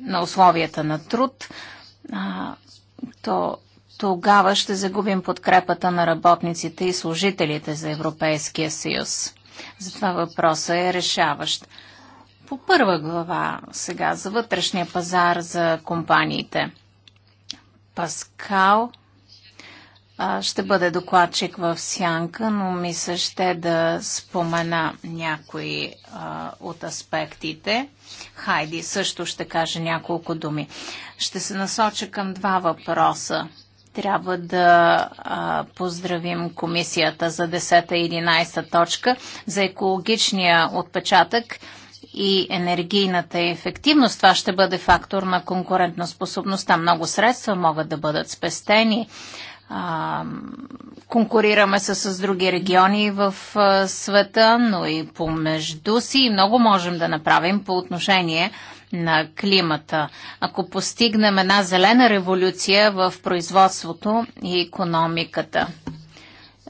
на условията на труд, то тогава ще загубим подкрепата на работниците и служителите за Европейския съюз. Затова въпросът е решаващ. По първа глава сега за вътрешния пазар за компаниите. Паскал ще бъде докладчик в сянка, но ми се ще да спомена някои а, от аспектите. Хайди също ще каже няколко думи. Ще се насоча към два въпроса. Трябва да а, поздравим комисията за 10-11 точка за екологичния отпечатък и енергийната ефективност. Това ще бъде фактор на конкурентоспособността. Много средства могат да бъдат спестени. А, конкурираме се с други региони в а, света, но и помежду си много можем да направим по отношение на климата. Ако постигнем една зелена революция в производството и економиката.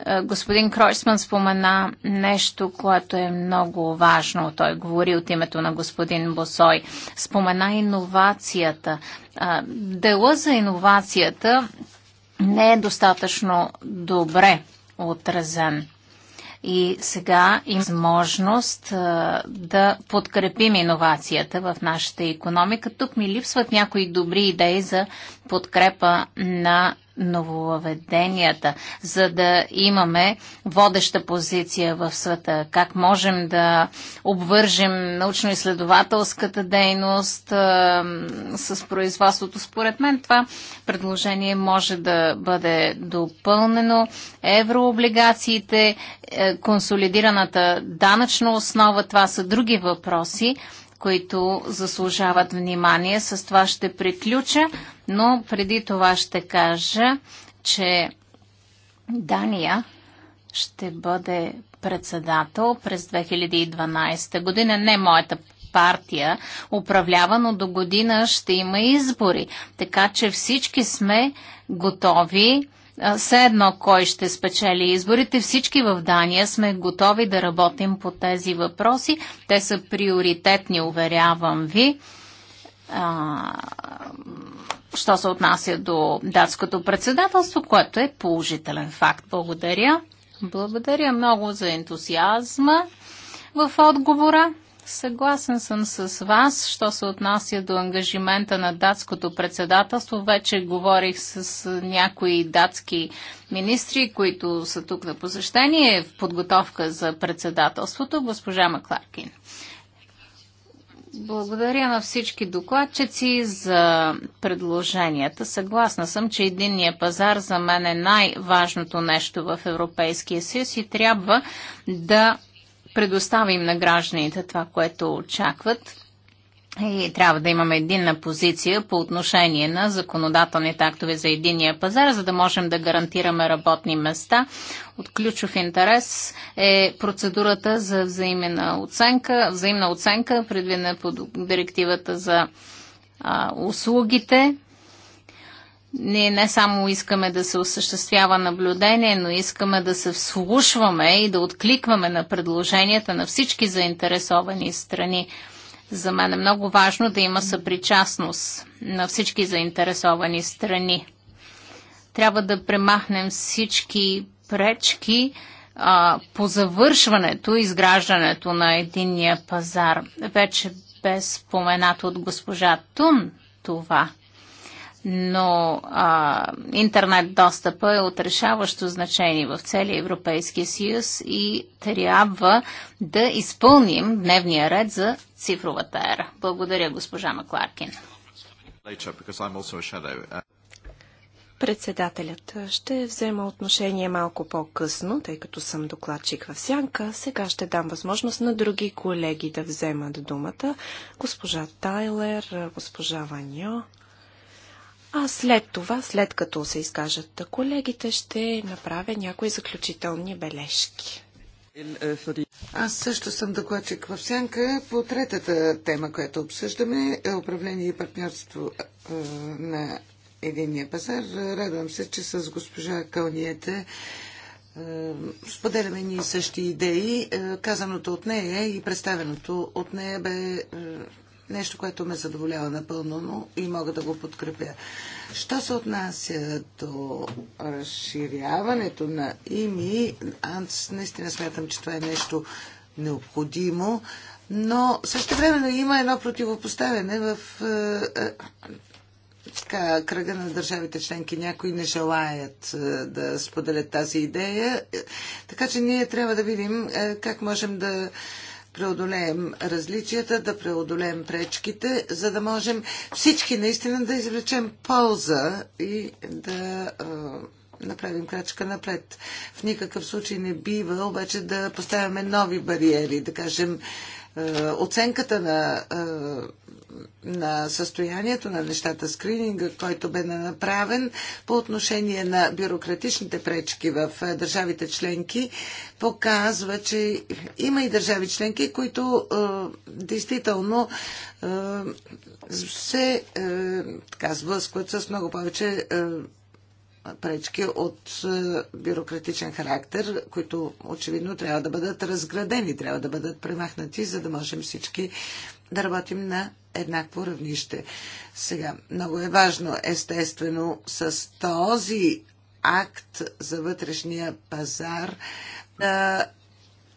Е, господин Кройсман спомена нещо, което е много важно. Той говори от името на господин Босой. Спомена иновацията. Е, дела за иновацията не е достатъчно добре отразен. И сега има възможност да подкрепим иновацията в нашата економика. Тук ми липсват някои добри идеи за подкрепа на нововведенията, за да имаме водеща позиция в света? Как можем да обвържем научно-изследователската дейност а, с производството? Според мен това предложение може да бъде допълнено. Еврооблигациите, е, консолидираната данъчна основа, това са други въпроси които заслужават внимание. С това ще приключа, но преди това ще кажа, че Дания ще бъде председател през 2012 година. Не моята партия управлява, но до година ще има избори. Така че всички сме готови все едно кой ще спечели изборите. Всички в Дания сме готови да работим по тези въпроси. Те са приоритетни, уверявам ви. А, що се отнася до датското председателство, което е положителен факт. Благодаря. Благодаря много за ентусиазма в отговора. Съгласен съм с вас, що се отнася до ангажимента на датското председателство. Вече говорих с някои датски министри, които са тук на посещение в подготовка за председателството. Госпожа Макларкин. Благодаря на всички докладчици за предложенията. Съгласна съм, че единният пазар за мен е най-важното нещо в Европейския съюз и трябва да предоставим на гражданите това, което очакват. И трябва да имаме единна позиция по отношение на законодателните актове за единия пазар, за да можем да гарантираме работни места. От ключов интерес е процедурата за взаимна оценка, взаимна оценка предвидена по директивата за а, услугите. Ние не само искаме да се осъществява наблюдение, но искаме да се вслушваме и да откликваме на предложенията на всички заинтересовани страни. За мен е много важно да има съпричастност на всички заинтересовани страни. Трябва да премахнем всички пречки а, по завършването и изграждането на единния пазар. Вече без споменато от госпожа Тун това – но а, интернет достъпа е от решаващо значение в целия Европейския съюз и трябва да изпълним дневния ред за цифровата ера. Благодаря, госпожа Макларкин. Uh, Председателят ще взема отношение малко по-късно, тъй като съм докладчик в сянка. Сега ще дам възможност на други колеги да вземат думата. Госпожа Тайлер, госпожа Ваньо. А след това, след като се изкажат колегите, ще направя някои заключителни бележки. Аз също съм докладчик в сянка по третата тема, която обсъждаме е управление и партньорство на единния пазар. Радвам се, че с госпожа Кълниете споделяме ние същи идеи. Казаното от нея и представеното от нея бе нещо, което ме задоволява напълно но и мога да го подкрепя. Що се отнася до разширяването на ИМИ, аз наистина смятам, че това е нещо необходимо, но също времено има едно противопоставяне в е, е, така, кръга на държавите членки. Някои не желаят е, да споделят тази идея. Така че ние трябва да видим как можем да преодолеем различията, да преодолеем пречките, за да можем всички наистина да извлечем полза и да а, направим крачка напред. В никакъв случай не бива обаче да поставяме нови бариери, да кажем оценката на на състоянието на нещата, скрининга, който бе направен по отношение на бюрократичните пречки в държавите членки, показва, че има и държави членки, които е, действително е, се е, така, сблъскват с много повече е, пречки от бюрократичен характер, които очевидно трябва да бъдат разградени, трябва да бъдат премахнати, за да можем всички да работим на еднакво равнище. Сега, много е важно, естествено, с този акт за вътрешния пазар да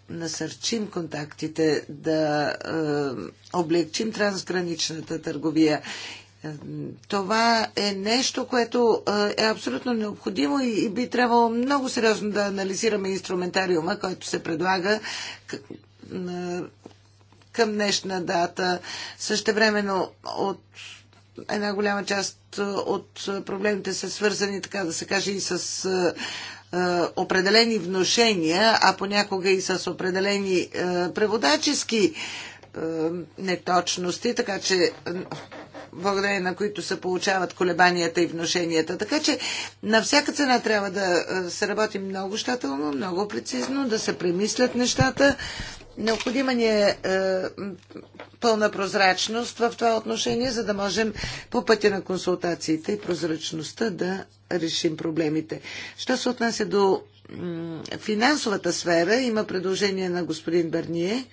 насърчим контактите, да е, облегчим трансграничната търговия. Е, това е нещо, което е абсолютно необходимо и би трябвало много сериозно да анализираме инструментариума, който се предлага към днешна дата. също времено от една голяма част от проблемите са свързани, така да се каже, и с е, е, определени вношения, а понякога и с определени е, преводачески неточности, така че благодарение на които се получават колебанията и вношенията. Така че на всяка цена трябва да е, се работи много щателно, много прецизно, да се премислят нещата. Необходима ни е, е пълна прозрачност в това отношение, за да можем по пътя на консултациите и прозрачността да решим проблемите. Що се отнася до финансовата сфера, има предложение на господин Бърние.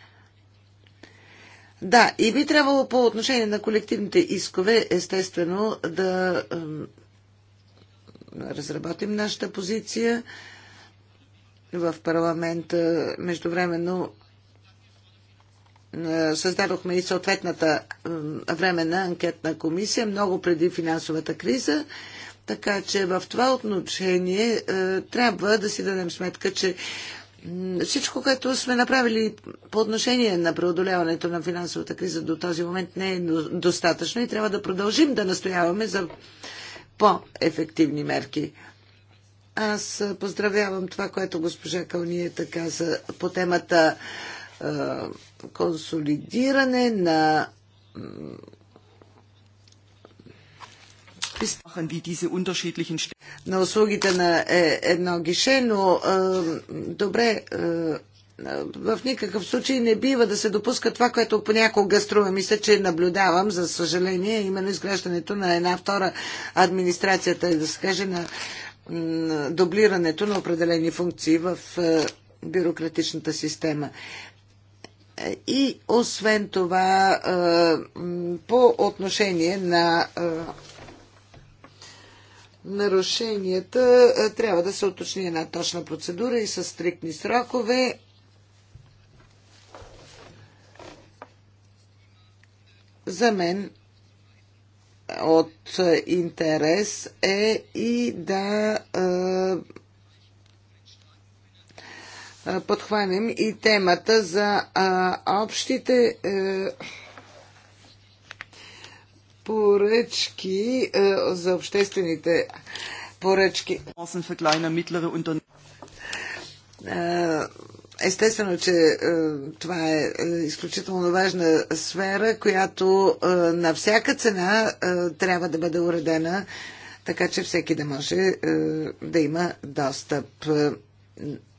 Да, и би трябвало по отношение на колективните искове, естествено, да разработим нашата позиция в парламента. Междувременно създадохме и съответната временна анкетна комисия, много преди финансовата криза. Така че в това отношение трябва да си дадем сметка, че всичко, което сме направили по отношение на преодоляването на финансовата криза до този момент не е достатъчно и трябва да продължим да настояваме за по-ефективни мерки. Аз поздравявам това, което госпожа Калниета каза по темата консолидиране на на услугите на е, едно гише, но е, добре, е, в никакъв случай не бива да се допуска това, което понякога струва. Мисля, че наблюдавам, за съжаление, именно изграждането на една втора администрацията, да се каже, на дублирането на определени функции в бюрократичната система. И освен това, по отношение на нарушенията трябва да се уточни една точна процедура и с стриктни срокове. За мен от интерес е и да подхванем и темата за общите е, поръчки е, за обществените поръчки. Е, естествено, че е, това е изключително важна сфера, която на всяка цена трябва да бъде уредена, така че всеки да може да има достъп.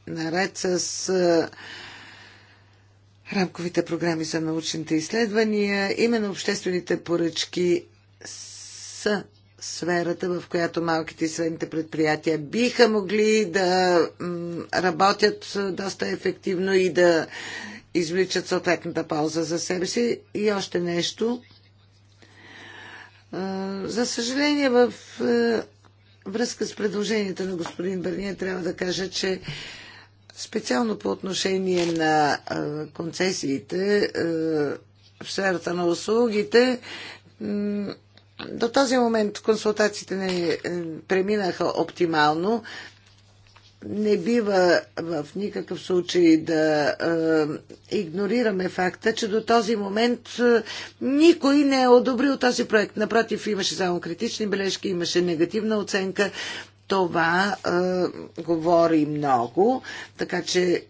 Наред с рамковите програми за научните изследвания, именно обществените поръчки са сферата, в която малките и средните предприятия биха могли да работят доста ефективно и да извличат съответната полза за себе си. И още нещо. За съжаление, в връзка с предложенията на господин Бърния трябва да кажа, че Специално по отношение на концесиите в сферата на услугите, до този момент консултациите не е, преминаха оптимално. Не бива в никакъв случай да е, игнорираме факта, че до този момент е, никой не е одобрил този проект. Напротив, имаше само критични бележки, имаше негативна оценка това а, говори много, така че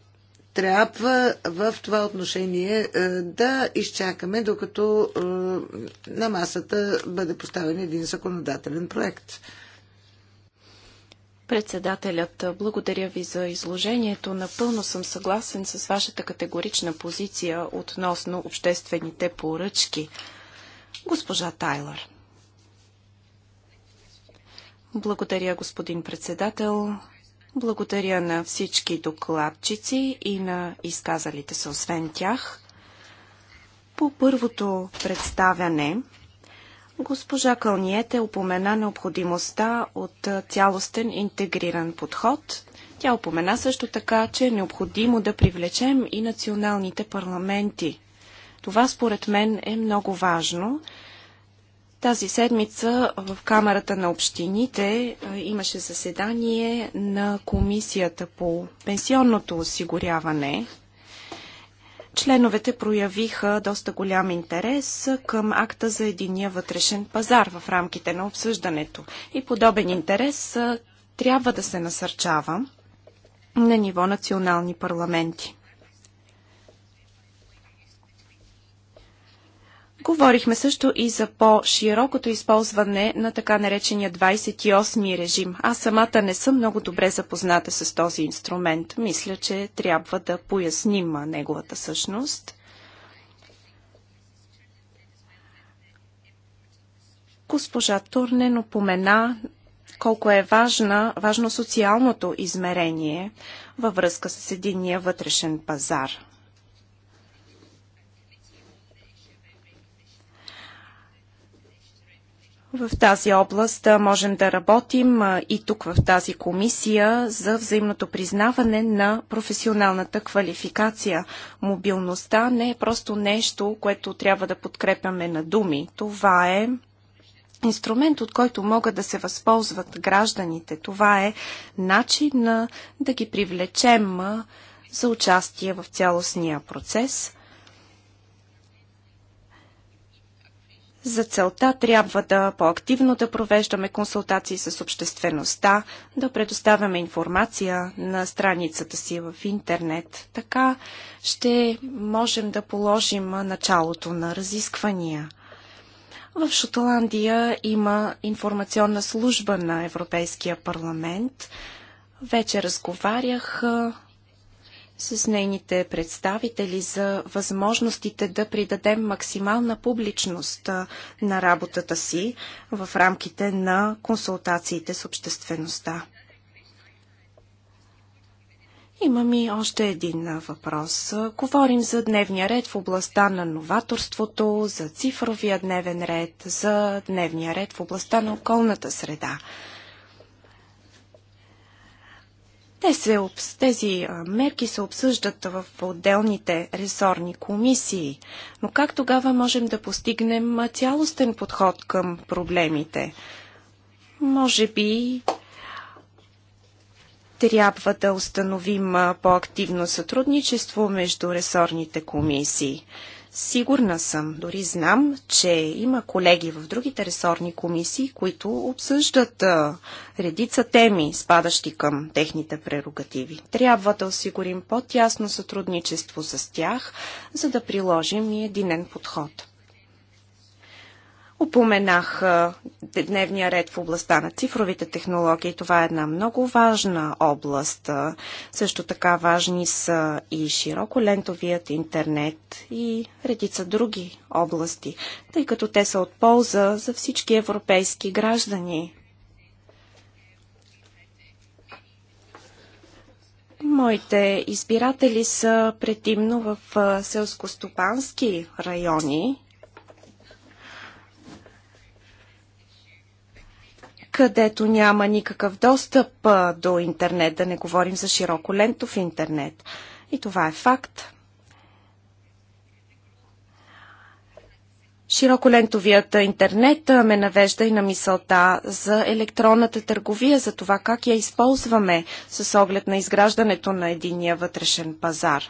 трябва в това отношение да изчакаме, докато на масата бъде поставен един законодателен проект. Председателят, благодаря ви за изложението. Напълно съм съгласен с вашата категорична позиция относно обществените поръчки. Госпожа Тайлър. Благодаря, господин председател. Благодаря на всички докладчици и на изказалите се освен тях. По първото представяне, госпожа Кълниете опомена необходимостта от цялостен интегриран подход. Тя опомена също така, че е необходимо да привлечем и националните парламенти. Това според мен е много важно – тази седмица в Камерата на общините имаше заседание на Комисията по пенсионното осигуряване. Членовете проявиха доста голям интерес към акта за единия вътрешен пазар в рамките на обсъждането. И подобен интерес трябва да се насърчава на ниво национални парламенти. Говорихме също и за по-широкото използване на така наречения 28-ми режим. Аз самата не съм много добре запозната с този инструмент. Мисля, че трябва да поясним неговата същност. Госпожа Турнен упомена колко е важна, важно социалното измерение във връзка с единния вътрешен пазар. В тази област можем да работим и тук в тази комисия за взаимното признаване на професионалната квалификация. Мобилността не е просто нещо, което трябва да подкрепяме на думи. Това е инструмент, от който могат да се възползват гражданите. Това е начин да ги привлечем за участие в цялостния процес – За целта трябва да по-активно да провеждаме консултации с обществеността, да предоставяме информация на страницата си в интернет. Така ще можем да положим началото на разисквания. В Шотландия има информационна служба на Европейския парламент. Вече разговарях с нейните представители за възможностите да придадем максимална публичност на работата си в рамките на консултациите с обществеността. Имам и още един въпрос. Говорим за дневния ред в областта на новаторството, за цифровия дневен ред, за дневния ред в областта на околната среда. Те се, тези мерки се обсъждат в отделните ресорни комисии, но как тогава можем да постигнем цялостен подход към проблемите? Може би трябва да установим по-активно сътрудничество между ресорните комисии. Сигурна съм, дори знам, че има колеги в другите ресорни комисии, които обсъждат редица теми, спадащи към техните прерогативи. Трябва да осигурим по-тясно сътрудничество с тях, за да приложим и единен подход. Упоменах дневния ред в областта на цифровите технологии. Това е една много важна област. Също така важни са и широколентовият интернет и редица други области, тъй като те са от полза за всички европейски граждани. Моите избиратели са предимно в селскостопански райони където няма никакъв достъп до интернет, да не говорим за широко лентов интернет. И това е факт. Широколентовият интернет ме навежда и на мисълта за електронната търговия, за това как я използваме с оглед на изграждането на единия вътрешен пазар.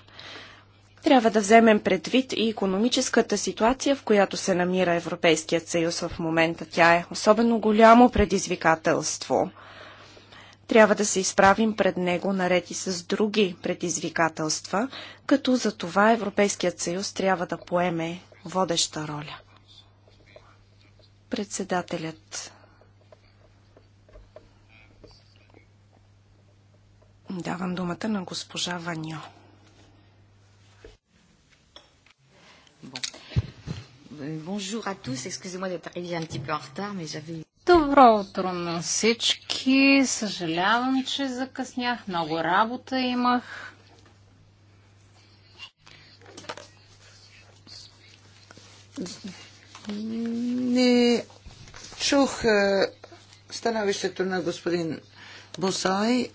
Трябва да вземем предвид и економическата ситуация, в която се намира Европейският съюз в момента. Тя е особено голямо предизвикателство. Трябва да се изправим пред него наред и с други предизвикателства, като за това Европейският съюз трябва да поеме водеща роля. Председателят Давам думата на госпожа Ваньо. Euh, bonjour à tous. Excusez-moi d'être arrivé un petit peu en retard, mais j'avais... Добро утро на всички. Съжалявам, че закъснях. Много работа имах. Не чух е, становището на господин Босой,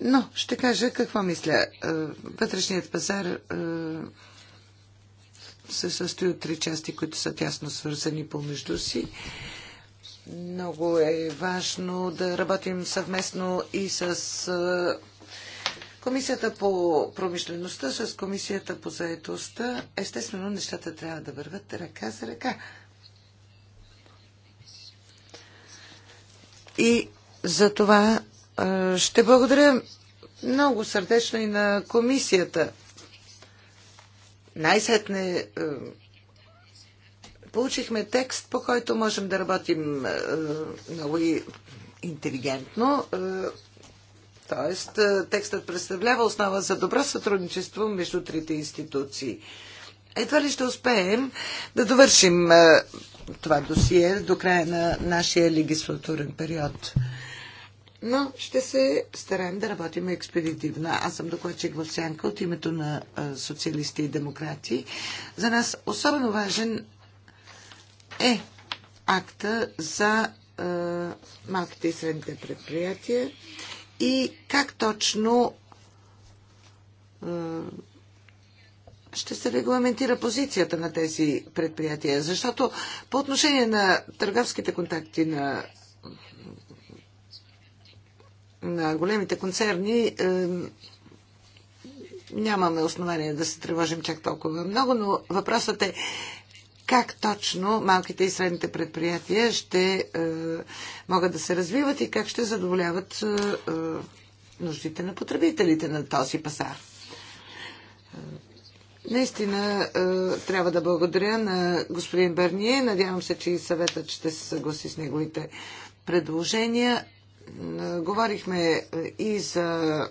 но ще кажа какво мисля. Е, вътрешният пазар е, се състои от три части, които са тясно свързани помежду си. Много е важно да работим съвместно и с Комисията по промишлеността, с Комисията по заедостта. Естествено, нещата трябва да върват ръка за ръка. И за това ще благодаря много сърдечно и на комисията най-сетне е, получихме текст, по който можем да работим е, много и интелигентно. Е, тоест, текстът представлява основа за добро сътрудничество между трите институции. Едва ли ще успеем да довършим това досие до края на нашия легислатурен период но ще се стараем да работим експедитивно. Аз съм докладчик в Сянка от името на социалисти и демократи. За нас особено важен е акта за малките и средните предприятия и как точно ще се регламентира позицията на тези предприятия. Защото по отношение на търговските контакти на на големите концерни е, нямаме основание да се тревожим чак толкова много, но въпросът е как точно малките и средните предприятия ще е, могат да се развиват и как ще задоволяват е, е нуждите на потребителите на този пазар. Е, наистина трябва да благодаря на господин Берние. Надявам се, че и съветът ще се съгласи с неговите предложения говорихме и за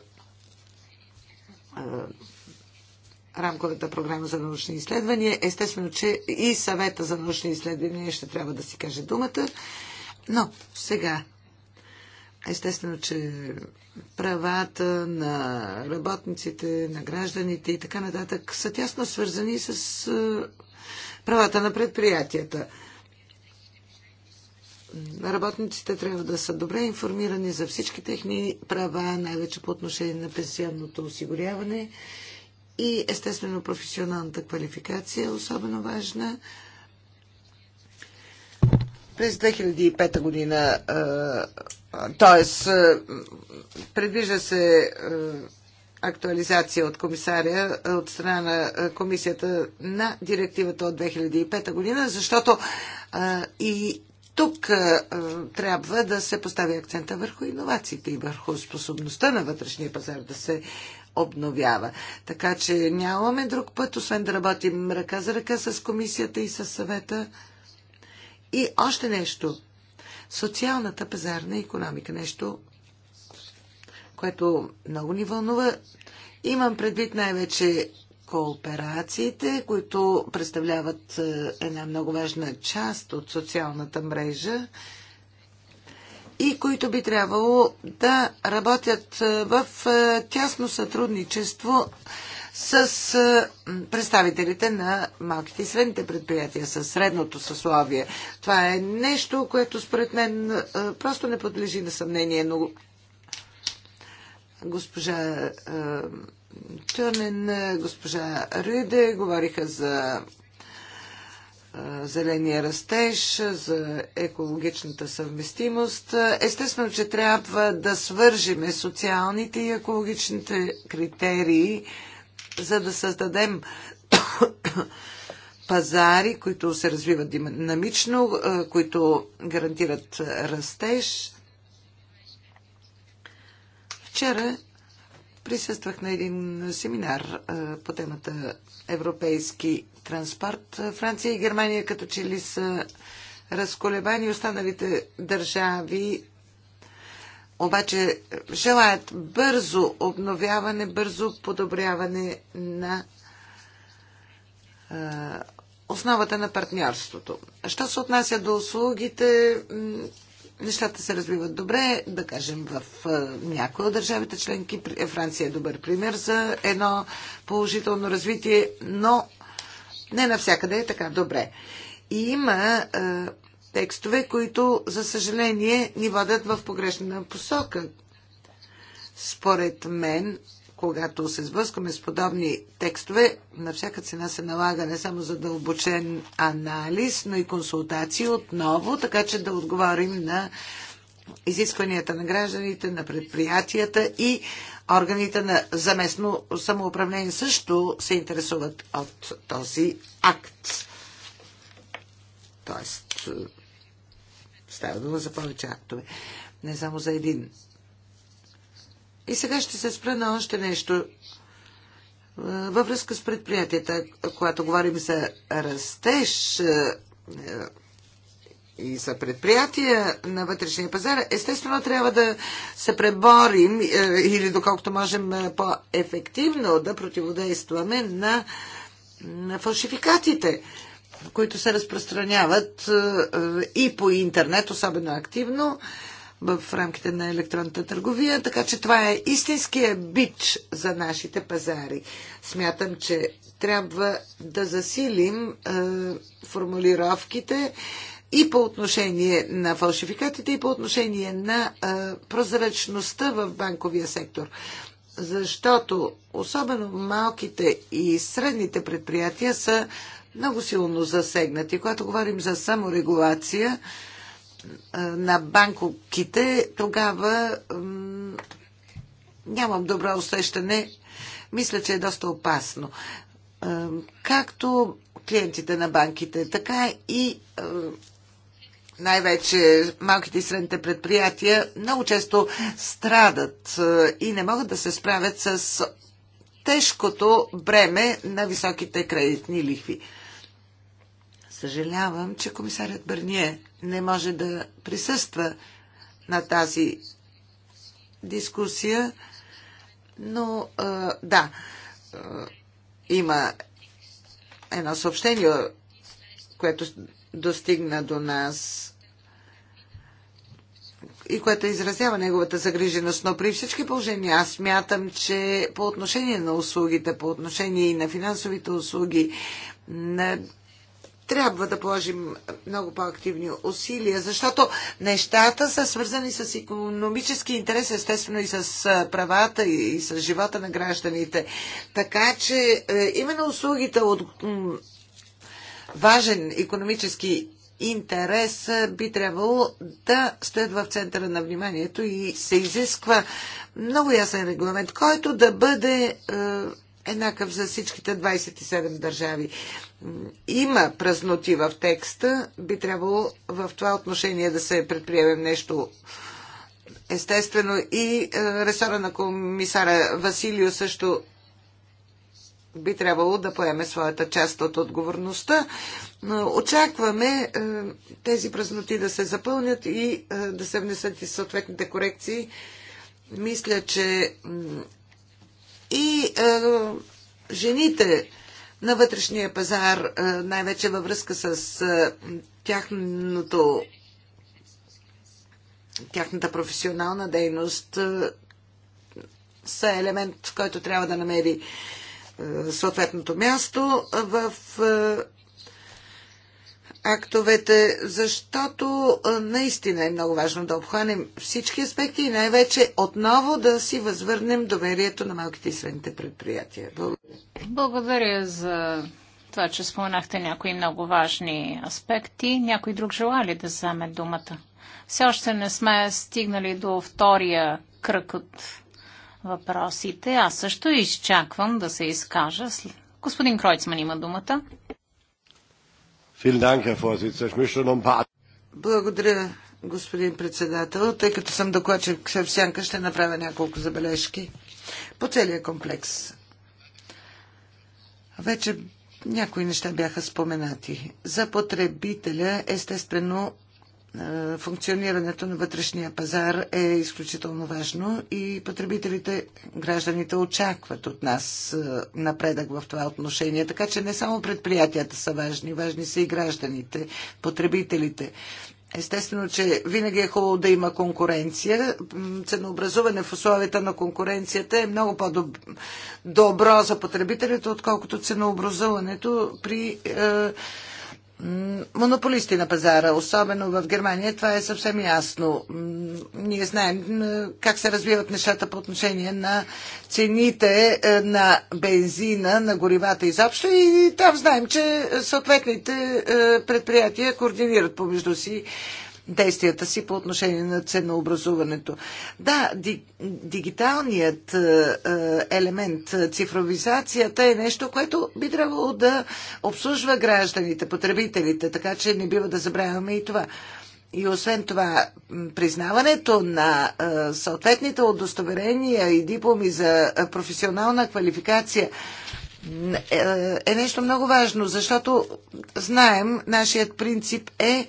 рамковата програма за научни изследвания. Естествено, че и съвета за научни изследвания ще трябва да си каже думата. Но сега, естествено, че правата на работниците, на гражданите и така нататък са тясно свързани с правата на предприятията работниците трябва да са добре информирани за всички техни права, най-вече по отношение на пенсионното осигуряване и естествено професионалната квалификация е особено важна. През 2005 година, т.е. предвижда се актуализация от комисаря от страна на комисията на директивата от 2005 година, защото и тук а, е, е, трябва да се постави акцента върху иновациите и върху способността на вътрешния пазар да се обновява. Така че нямаме друг път, освен да работим ръка за ръка с комисията и с съвета. И още нещо. Социалната пазарна економика. Нещо, което много ни вълнува. Имам предвид най-вече кооперациите, които представляват е, една много важна част от социалната мрежа и които би трябвало да работят е, в е, тясно сътрудничество с представителите на малките и средните предприятия, с средното съсловие. Това е нещо, което според мен просто не подлежи на съмнение, но госпожа Тюнен, госпожа Рюде говориха за зеления растеж, за екологичната съвместимост. Естествено, че трябва да свържиме социалните и екологичните критерии, за да създадем пазари, които се развиват динамично, които гарантират растеж. Вчера присъствах на един семинар по темата Европейски транспорт. Франция и Германия като че ли са разколебани останалите държави обаче желаят бързо обновяване, бързо подобряване на основата на партньорството. Що се отнася до услугите, нещата се развиват добре, да кажем, в някои от държавите членки. Франция е добър пример за едно положително развитие, но не навсякъде е така добре. И има е, текстове, които, за съжаление, ни водят в погрешна посока. Според мен, когато се сблъскаме с подобни текстове, на всяка цена се налага не само задълбочен анализ, но и консултации отново, така че да отговорим на изискванията на гражданите, на предприятията и органите на заместно самоуправление също се интересуват от този акт. Тоест, става дума за повече актове, не само за един. И сега ще се спра на още нещо. Във връзка с предприятията, когато говорим за растеж е, и за предприятия на вътрешния пазар, естествено трябва да се преборим е, или доколкото можем е, по-ефективно да противодействаме на, на фалшификатите, които се разпространяват и по интернет, особено активно, в рамките на електронната търговия, така че това е истинския бич за нашите пазари. Смятам, че трябва да засилим е, формулировките и по отношение на фалшификатите, и по отношение на е, прозрачността в банковия сектор. Защото особено малките и средните предприятия са много силно засегнати. Когато говорим за саморегулация, на банкоките, тогава нямам добро усещане. Мисля, че е доста опасно. Както клиентите на банките, така и най-вече малките и средните предприятия много често страдат и не могат да се справят с тежкото бреме на високите кредитни лихви. Съжалявам, че комисарят Бърние не може да присъства на тази дискусия, но а, да, а, има едно съобщение, което достигна до нас и което изразява неговата загриженост. Но при всички положения аз мятам, че по отношение на услугите, по отношение и на финансовите услуги, на трябва да положим много по-активни усилия, защото нещата са свързани с економически интерес, естествено и с правата и с живота на гражданите. Така че е, именно услугите от важен економически интерес е, би трябвало да стоят в центъра на вниманието и се изисква много ясен регламент, който да бъде е, еднакъв за всичките 27 държави има празноти в текста, би трябвало в това отношение да се предприемем нещо естествено. И е, ресора на комисара Василио също би трябвало да поеме своята част от отговорността. Очакваме е, тези празноти да се запълнят и е, да се внесат и съответните корекции. Мисля, че и жените на вътрешния пазар, най-вече във връзка с тяхното, тяхната професионална дейност, са елемент, в който трябва да намери съответното място в актовете, защото наистина е много важно да обхванем всички аспекти и най-вече отново да си възвърнем доверието на малките и средните предприятия. Благодаря. Благодаря за това, че споменахте някои много важни аспекти. Някой друг желая ли да вземе думата? Все още не сме стигнали до втория кръг от въпросите. Аз също изчаквам да се изкажа. Господин Кройцман има думата. Благодаря, господин председател. Тъй като съм докладчик в сянка, ще направя няколко забележки по целия комплекс. Вече някои неща бяха споменати. За потребителя, естествено, е, функционирането на вътрешния пазар е изключително важно и потребителите, гражданите очакват от нас е, напредък в това отношение. Така че не само предприятията са важни, важни са и гражданите, потребителите. Естествено, че винаги е хубаво да има конкуренция. Ценообразуване в условията на конкуренцията е много по-добро за потребителите, отколкото ценообразуването при е, монополисти на пазара, особено в Германия, това е съвсем ясно. Ние знаем как се развиват нещата по отношение на цените е, на бензина, на горивата изобщо и там знаем, че съответните е, предприятия координират помежду си действията си по отношение на ценообразуването. Да, дигиталният е, е, елемент, е, цифровизацията е нещо, което би трябвало да обслужва гражданите, потребителите, така че не бива да забравяме и това. И освен това, признаването на съответните удостоверения и дипломи за професионална квалификация е нещо много важно, защото знаем, нашият принцип е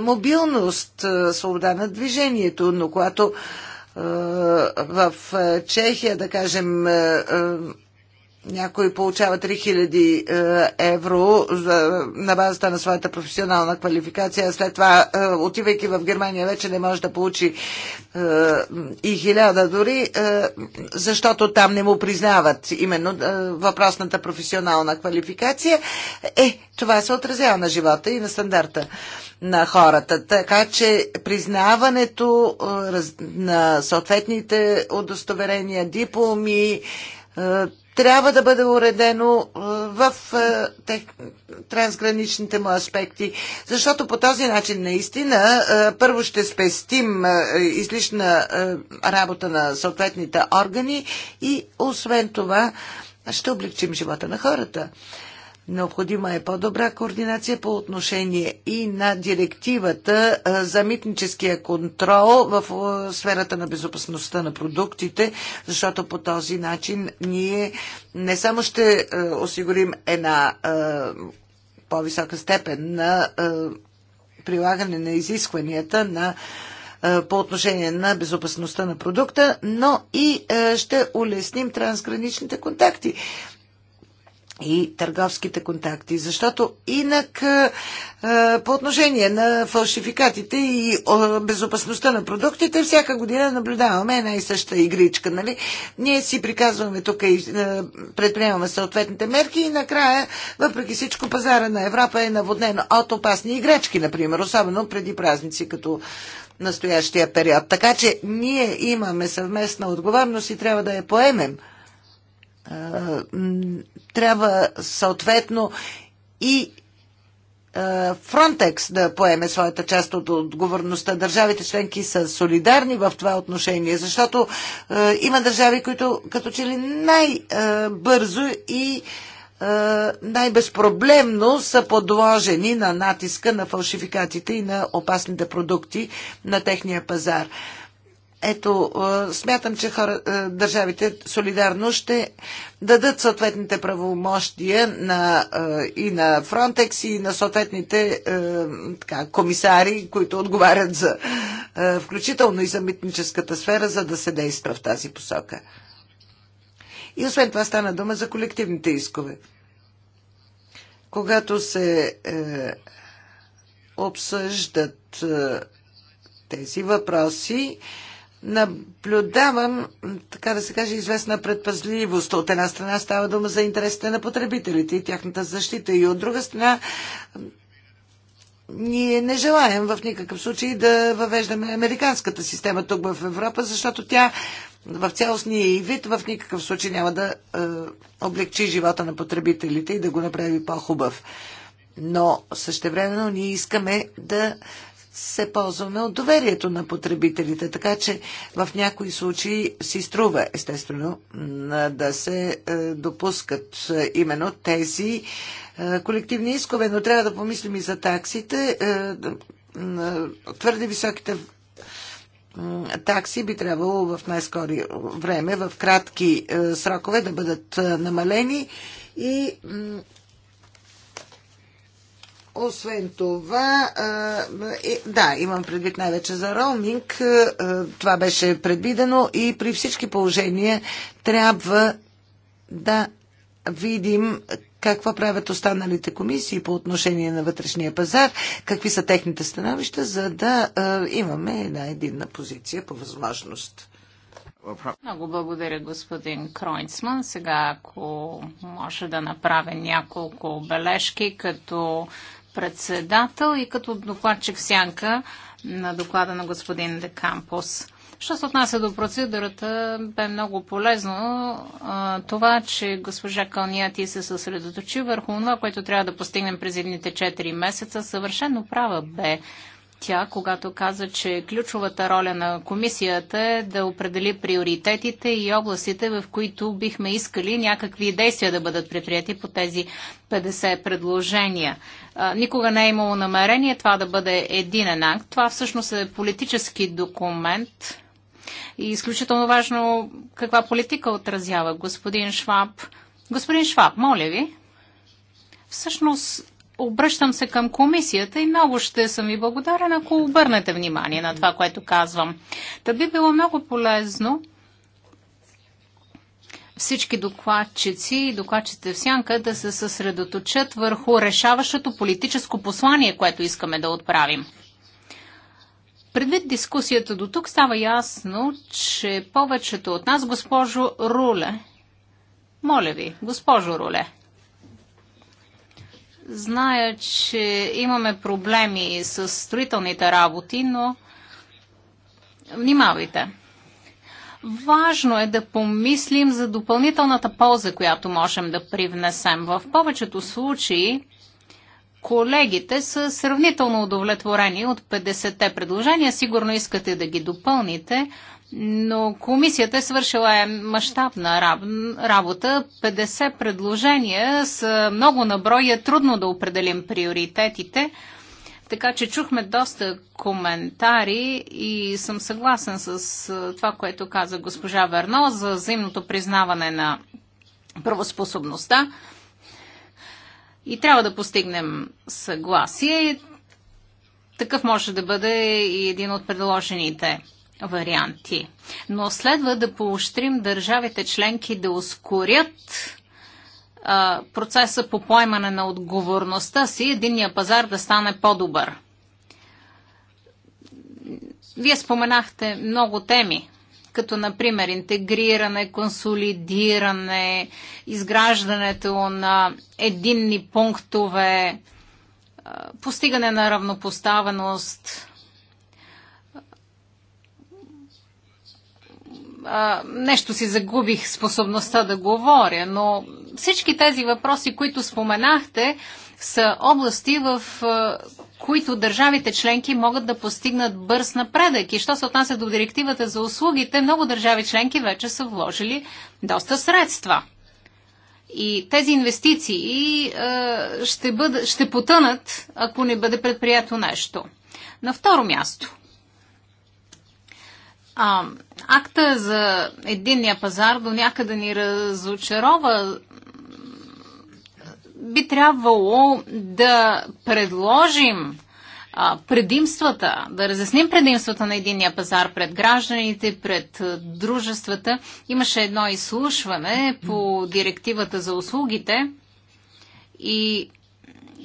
мобилност, свобода на движението, но когато в Чехия, да кажем, някой получава 3000 е, евро за, на базата на своята професионална квалификация, а след това, е, отивайки в Германия, вече не може да получи е, и 1000 дори, защото там не му признават именно въпросната професионална квалификация. Е, това се отразява на живота и на стандарта на хората. Така че признаването на съответните удостоверения, дипломи, трябва да бъде уредено в тех, трансграничните му аспекти, защото по този начин наистина първо ще спестим излишна работа на съответните органи и освен това ще облегчим живота на хората. Необходима е по-добра координация по отношение и на директивата за митническия контрол в сферата на безопасността на продуктите, защото по този начин ние не само ще осигурим една по-висока степен на прилагане на изискванията на по отношение на безопасността на продукта, но и ще улесним трансграничните контакти и търговските контакти, защото инак по отношение на фалшификатите и безопасността на продуктите, всяка година наблюдаваме една и съща игричка. Нали? Ние си приказваме тук и предприемаме съответните мерки и накрая, въпреки всичко, пазара на Европа е наводнен от опасни играчки, например, особено преди празници, като настоящия период. Така че ние имаме съвместна отговорност и трябва да я поемем трябва съответно и Фронтекс да поеме своята част от отговорността. Държавите членки са солидарни в това отношение, защото има държави, които като че ли най-бързо и най-безпроблемно са подложени на натиска на фалшификатите и на опасните продукти на техния пазар. Ето, смятам, че хора, държавите солидарно ще дадат съответните правомощия на, и на Фронтекс, и на съответните така, комисари, които отговарят за, включително и за митническата сфера, за да се действа в тази посока. И освен това стана дума за колективните искове. Когато се е, обсъждат е, тези въпроси, е, наблюдавам, така да се каже, известна предпазливост. От една страна става дума за интересите на потребителите и тяхната защита. И от друга страна ние не желаем в никакъв случай да въвеждаме американската система тук в Европа, защото тя в цялостния и вид в никакъв случай няма да е, облегчи живота на потребителите и да го направи по-хубав. Но същевременно ние искаме да е, се ползваме от доверието на потребителите. Така че в някои случаи си струва, естествено, да се е, допускат е, именно тези е, колективни искове, но трябва да помислим и за таксите. Твърде високите такси би трябвало в най-скори време, в кратки срокове да бъдат намалени и освен това, е, да, имам предвид най-вече за роуминг. Това беше предвидено и при всички положения трябва да видим какво правят останалите комисии по отношение на вътрешния пазар, какви са техните становища, за да имаме една единна позиция по възможност. Много благодаря, господин Кройцман. Сега, ако може да направя няколко бележки, като председател и като докладчик сянка на доклада на господин Де Кампус. Що се отнася до процедурата, бе много полезно а, това, че госпожа Калнияти се съсредоточи върху това, което трябва да постигнем през едните 4 месеца. Съвършено права бе тя, когато каза, че ключовата роля на комисията е да определи приоритетите и областите, в които бихме искали някакви действия да бъдат предприяти по тези 50 предложения никога не е имало намерение това да бъде един акт. Това всъщност е политически документ и изключително важно каква политика отразява господин Шваб. Господин Шваб, моля ви, всъщност обръщам се към комисията и много ще съм ви благодарен, ако обърнете внимание на това, което казвам. Та би било много полезно всички докладчици и докладчите в сянка да се съсредоточат върху решаващото политическо послание, което искаме да отправим. Предвид дискусията до тук става ясно, че повечето от нас, госпожо Руле, моля ви, госпожо Руле, зная, че имаме проблеми с строителните работи, но внимавайте. Важно е да помислим за допълнителната полза, която можем да привнесем. В повечето случаи колегите са сравнително удовлетворени от 50-те предложения. Сигурно искате да ги допълните, но комисията е свършила е мащабна работа. 50 предложения са много наброя, е трудно да определим приоритетите. Така че чухме доста коментари и съм съгласен с това, което каза госпожа Верно за взаимното признаване на правоспособността. И трябва да постигнем съгласие. Такъв може да бъде и един от предложените варианти. Но следва да поощрим държавите членки да ускорят процеса по поемане на отговорността си, единния пазар да стане по-добър. Вие споменахте много теми, като например интегриране, консолидиране, изграждането на единни пунктове, постигане на равнопоставеност. а, нещо си загубих способността да говоря, но всички тези въпроси, които споменахте, са области, в а, които държавите членки могат да постигнат бърз напредък. И що се отнася до директивата за услугите, много държави членки вече са вложили доста средства. И тези инвестиции ще, бъд, ще потънат, ако не бъде предприето нещо. На второ място – а, акта за единния пазар до някъде ни разочарова. Би трябвало да предложим а, предимствата, да разясним предимствата на единния пазар пред гражданите, пред дружествата. Имаше едно изслушване по директивата за услугите и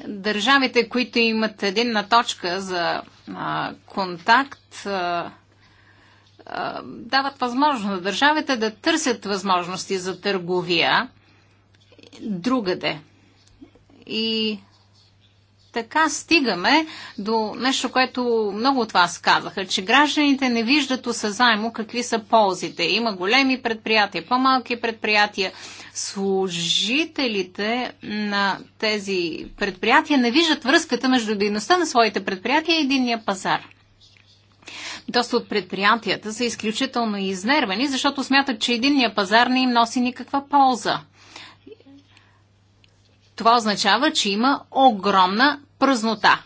държавите, които имат единна точка за а, контакт, а, дават възможност на държавите да търсят възможности за търговия другаде. И така стигаме до нещо, което много от вас казаха, че гражданите не виждат осъзаемо какви са ползите. Има големи предприятия, по-малки предприятия. Служителите на тези предприятия не виждат връзката между дейността на своите предприятия и единния пазар. Доста от предприятията са изключително изнервени, защото смятат, че единния пазар не им носи никаква полза. Това означава, че има огромна празнота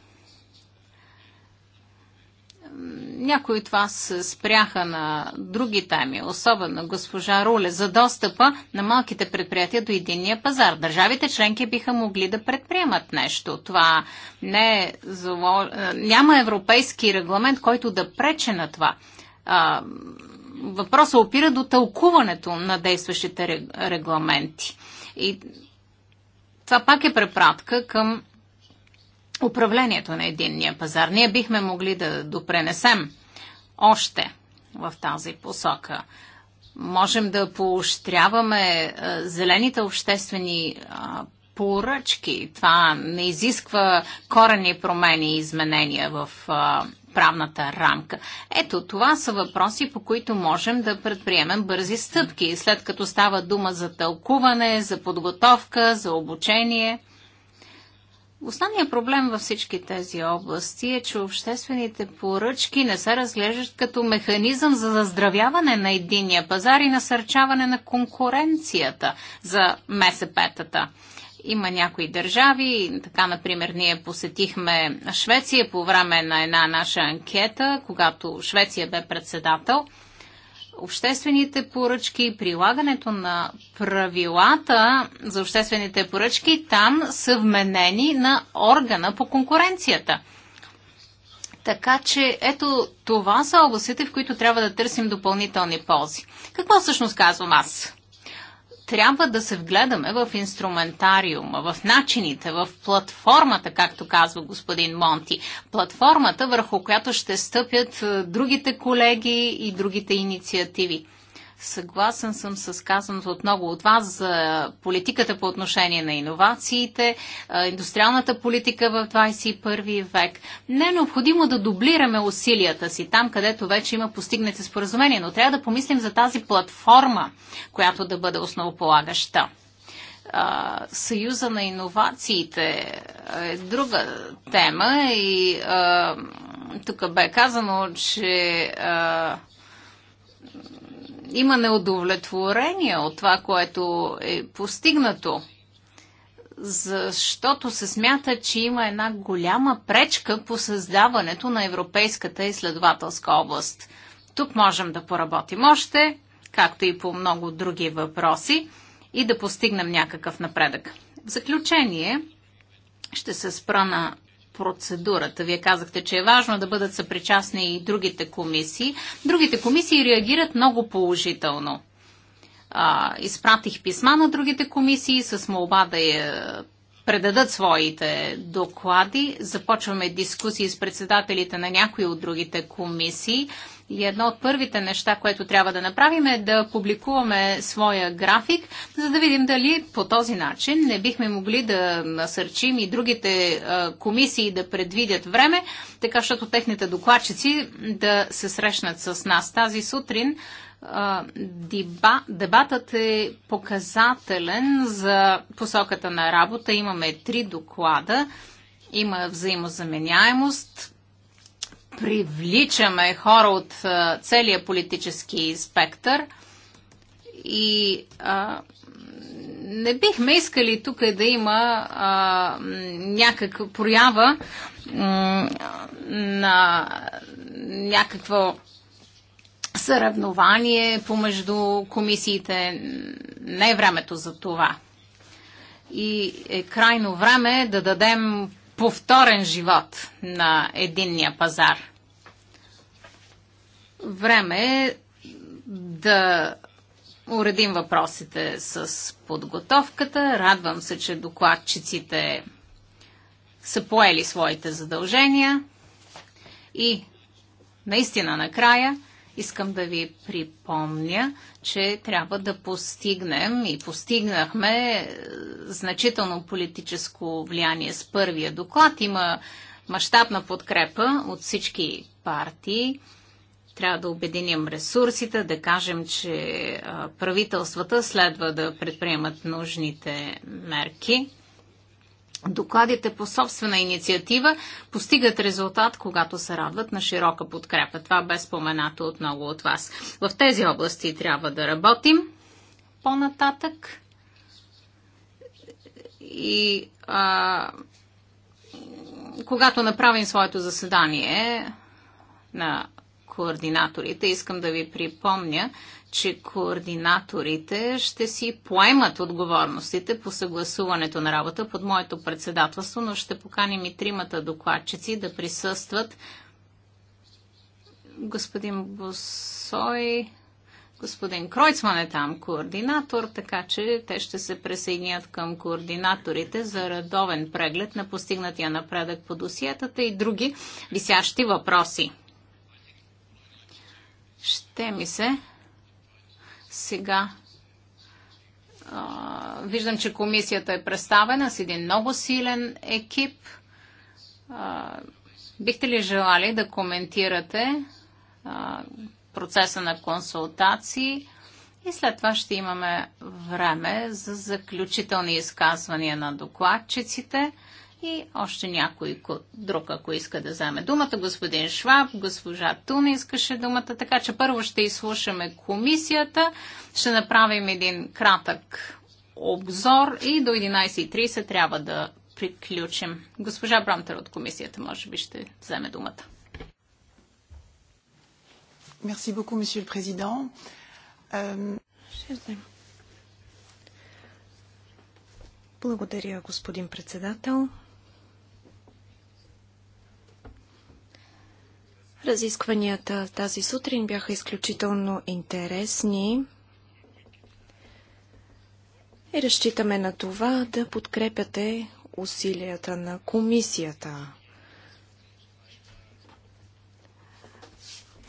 някои от вас спряха на други теми, особено госпожа Руле, за достъпа на малките предприятия до единния пазар. Държавите членки биха могли да предприемат нещо. Това не е, е няма европейски регламент, който да прече на това. Въпросът опира до тълкуването на действащите регламенти. И това пак е препратка към управлението на единния пазар. Ние бихме могли да допренесем още в тази посока. Можем да поощряваме е, зелените обществени е, поръчки. Това не изисква корени промени и изменения в е, правната рамка. Ето, това са въпроси, по които можем да предприемем бързи стъпки, след като става дума за тълкуване, за подготовка, за обучение. Основният проблем във всички тези области е, че обществените поръчки не се разглеждат като механизъм за заздравяване на единния пазар и насърчаване на конкуренцията за МСП-тата. Има някои държави, така например ние посетихме Швеция по време на една наша анкета, когато Швеция бе председател – обществените поръчки, прилагането на правилата за обществените поръчки там са вменени на органа по конкуренцията. Така че ето това са областите, в които трябва да търсим допълнителни ползи. Какво всъщност казвам аз? трябва да се вгледаме в инструментариума, в начините, в платформата, както казва господин Монти. Платформата, върху която ще стъпят е, другите колеги и другите инициативи. Съгласен съм с казаното от много от вас за политиката по отношение на иновациите, индустриалната политика в 21 век. Не е необходимо да дублираме усилията си там, където вече има постигнати споразумения, но трябва да помислим за тази платформа, която да бъде основополагаща. Съюза на иновациите е друга тема и тук бе казано, че има неудовлетворение от това, което е постигнато, защото се смята, че има една голяма пречка по създаването на Европейската изследователска област. Тук можем да поработим още, както и по много други въпроси, и да постигнем някакъв напредък. В заключение ще се спра на процедурата. Вие казахте, че е важно да бъдат съпричастни и другите комисии. Другите комисии реагират много положително. А, изпратих писма на другите комисии с молба да я предадат своите доклади. Започваме дискусии с председателите на някои от другите комисии. И едно от първите неща, което трябва да направим е да публикуваме своя график, за да видим дали по този начин не бихме могли да насърчим и другите комисии да предвидят време, така защото техните докладчици да се срещнат с нас. Тази сутрин Деба, дебатът е показателен за посоката на работа. Имаме три доклада. Има взаимозаменяемост привличаме хора от целия политически спектър и а, не бихме искали тук да има а, някаква проява на някакво съревнование помежду комисиите. Не е времето за това. И е крайно време да дадем повторен живот на единния пазар. Време е да уредим въпросите с подготовката. Радвам се, че докладчиците са поели своите задължения. И наистина накрая искам да ви припомня, че трябва да постигнем и постигнахме значително политическо влияние с първия доклад. Има мащабна подкрепа от всички партии. Трябва да обединим ресурсите, да кажем, че правителствата следва да предприемат нужните мерки. Докладите по собствена инициатива постигат резултат, когато се радват на широка подкрепа. Това бе споменато от много от вас. В тези области трябва да работим по-нататък. И а, когато направим своето заседание на координаторите, искам да ви припомня, че координаторите ще си поемат отговорностите по съгласуването на работа под моето председателство, но ще поканим и тримата докладчици да присъстват. Господин Босой, Господин Кройцман е там координатор, така че те ще се присъединят към координаторите за редовен преглед на постигнатия напредък по досиетата и други висящи въпроси. Ще ми се сега а, виждам, че комисията е представена с един много силен екип. А, бихте ли желали да коментирате а, процеса на консултации и след това ще имаме време за заключителни изказвания на докладчиците и още някой друг, ако иска да вземе думата. Господин Шваб, госпожа Туна искаше думата, така че първо ще изслушаме комисията, ще направим един кратък обзор и до 11.30 трябва да приключим. Госпожа Брамтер от комисията може би ще вземе думата. Merci beaucoup, Monsieur le Président. Euh, Благодаря, господин председател. Разискванията тази сутрин бяха изключително интересни и разчитаме на това да подкрепяте усилията на комисията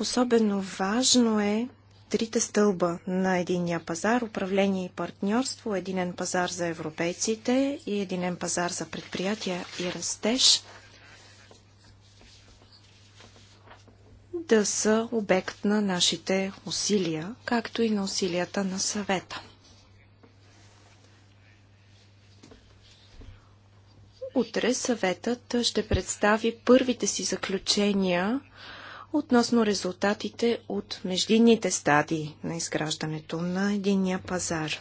Особено важно е трите стълба на единния пазар, управление и партньорство, единен пазар за европейците и единен пазар за предприятия и растеж да са обект на нашите усилия, както и на усилията на съвета. Утре съветът ще представи първите си заключения относно резултатите от междинните стадии на изграждането на единния пазар.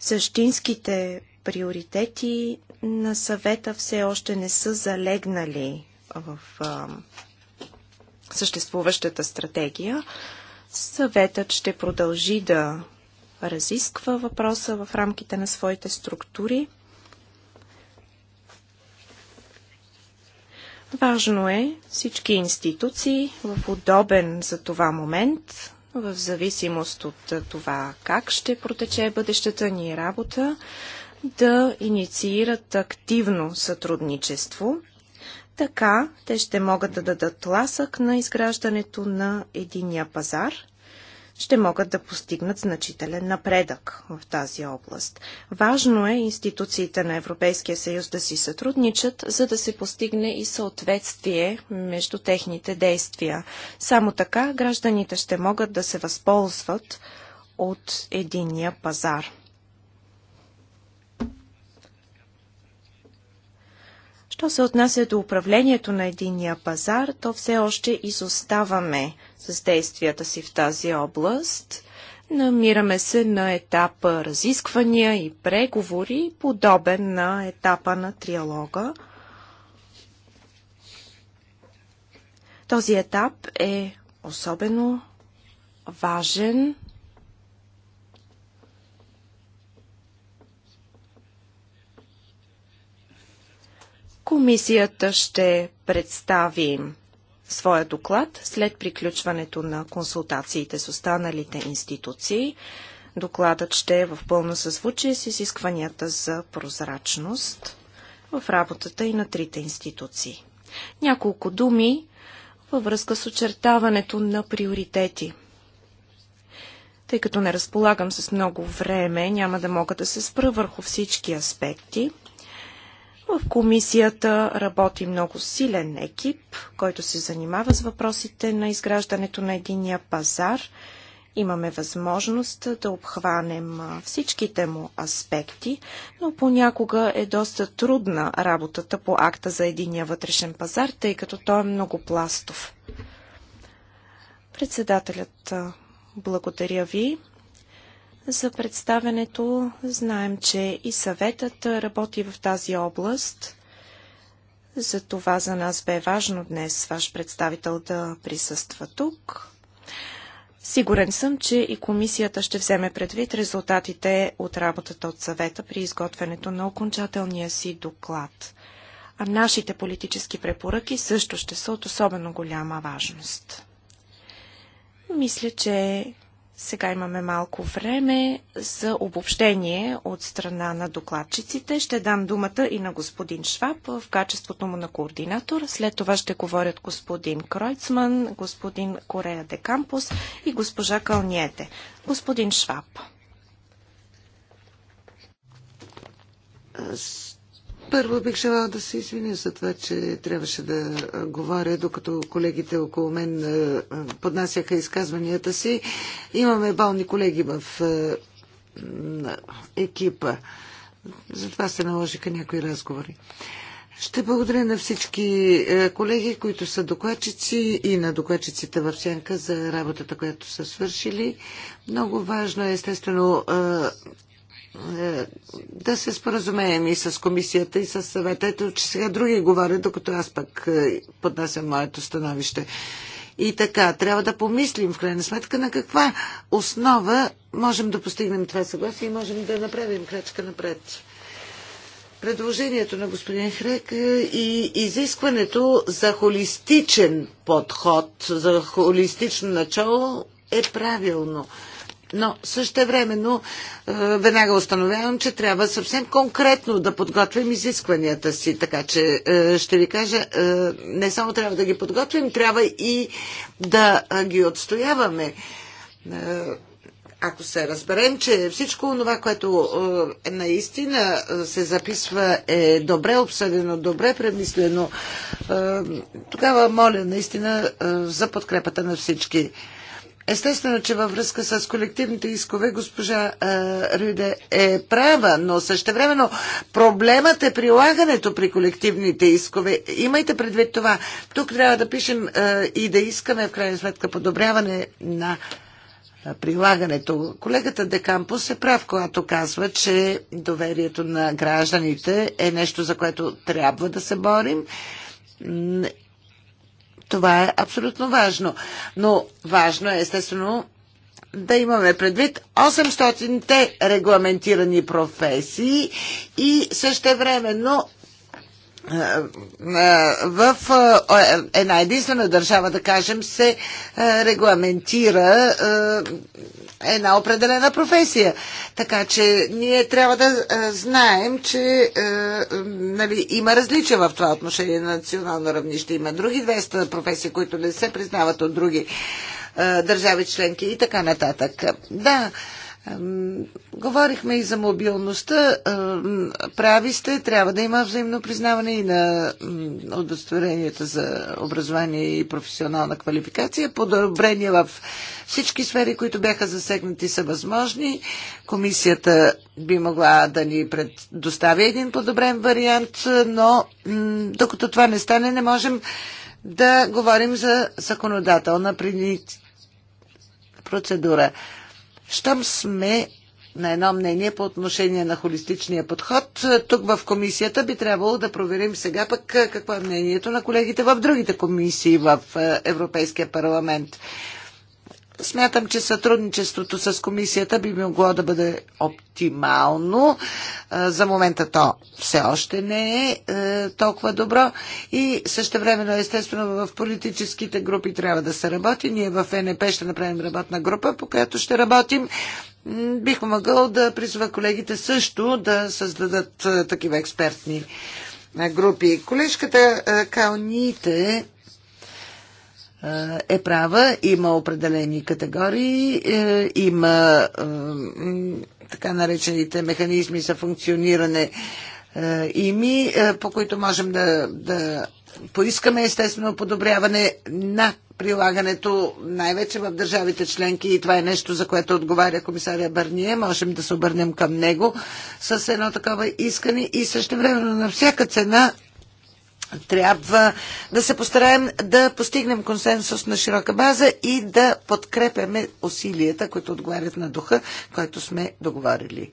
Същинските приоритети на съвета все още не са залегнали в а, съществуващата стратегия. Съветът ще продължи да разисква въпроса в рамките на своите структури. Важно е всички институции в удобен за това момент, в зависимост от това как ще протече бъдещата ни работа, да инициират активно сътрудничество. Така те ще могат да дадат ласък на изграждането на единия пазар – ще могат да постигнат значителен напредък в тази област. Важно е институциите на Европейския съюз да си сътрудничат, за да се постигне и съответствие между техните действия. Само така гражданите ще могат да се възползват от единия пазар. Що се отнася до управлението на единия пазар, то все още изоставаме с действията си в тази област. Намираме се на етапа разисквания и преговори, подобен на етапа на триалога. Този етап е особено важен Комисията ще представи своя доклад след приключването на консултациите с останалите институции. Докладът ще е в пълно съзвучие с изискванията за прозрачност в работата и на трите институции. Няколко думи във връзка с очертаването на приоритети. Тъй като не разполагам с много време, няма да мога да се спра върху всички аспекти. В комисията работи много силен екип, който се занимава с въпросите на изграждането на единия пазар. Имаме възможност да обхванем всичките му аспекти, но понякога е доста трудна работата по акта за единия вътрешен пазар, тъй като той е многопластов. Председателят, благодаря ви за представенето. Знаем, че и съветът работи в тази област. За това за нас бе важно днес ваш представител да присъства тук. Сигурен съм, че и комисията ще вземе предвид резултатите от работата от съвета при изготвянето на окончателния си доклад. А нашите политически препоръки също ще са от особено голяма важност. Мисля, че сега имаме малко време за обобщение от страна на докладчиците. Ще дам думата и на господин Шваб в качеството му на координатор. След това ще говорят господин Кройцман, господин Корея де Кампус и госпожа Кълниете. Господин Шваб. Първо бих желала да се извиня за това, че трябваше да говоря, докато колегите около мен поднасяха изказванията си. Имаме болни колеги в екипа. Затова се наложиха някои разговори. Ще благодаря на всички е, колеги, които са докладчици и на докладчиците в Сянка за работата, която са свършили. Много важно е, естествено, е, е, да се споразумеем и с комисията, и с съвета. Ето, че сега други говорят, докато аз пък е, поднасям моето становище. И така, трябва да помислим в крайна сметка на каква основа можем да постигнем това съгласие и можем да направим крачка напред. Предложението на господин Хрек е, и изискването за холистичен подход, за холистично начало е правилно. Но също времено е, веднага установявам, че трябва съвсем конкретно да подготвим изискванията си. Така че е, ще ви кажа, е, не само трябва да ги подготвим, трябва и да ги отстояваме. Ако се разберем, че всичко това, което наистина се записва е добре обсъдено, добре премислено, тогава моля наистина за подкрепата на всички. Естествено, че във връзка с колективните искове госпожа а, Рюде е права, но същевременно проблемът е прилагането при колективните искове. Имайте предвид това. Тук трябва да пишем а, и да искаме в крайна сметка подобряване на прилагането. Колегата Декампус е прав, когато казва, че доверието на гражданите е нещо, за което трябва да се борим това е абсолютно важно. Но важно е, естествено, да имаме предвид 800-те регламентирани професии и същевременно в една единствена държава, да кажем, се регламентира една определена професия. Така че ние трябва да е, знаем, че а, е, нали, има различия в това отношение на национално равнище. Има други 200 професии, които не се признават от други а, е, държави членки и така нататък. Да, Говорихме и за мобилността. Прави сте, трябва да има взаимно признаване и на удостоверенията за образование и професионална квалификация. Подобрения в всички сфери, които бяха засегнати, са възможни. Комисията би могла да ни предостави един подобрен вариант, но докато това не стане, не можем да говорим за законодателна процедура. Щом сме на едно мнение по отношение на холистичния подход. Тук в комисията би трябвало да проверим сега пък какво е мнението на колегите в другите комисии в е, Европейския парламент. Смятам, че сътрудничеството с комисията би могло да бъде оптимално. За момента то все още не е, е толкова добро и също времено естествено в политическите групи трябва да се работи. Ние в ЕНП ще направим работна група, по която ще работим. Бих могъл да призова колегите също да създадат е, такива експертни е, групи. Колежката Калните е права. Има определени категории, е, има е, така наречените механизми за функциониране е, ими, по които можем да, да поискаме естествено подобряване на прилагането, най-вече в държавите членки и това е нещо, за което отговаря комисаря Барние. Можем да се обърнем към него с едно такова искане и също времено на всяка цена трябва да се постараем да постигнем консенсус на широка база и да подкрепяме усилията, които отговарят на духа, който сме договорили.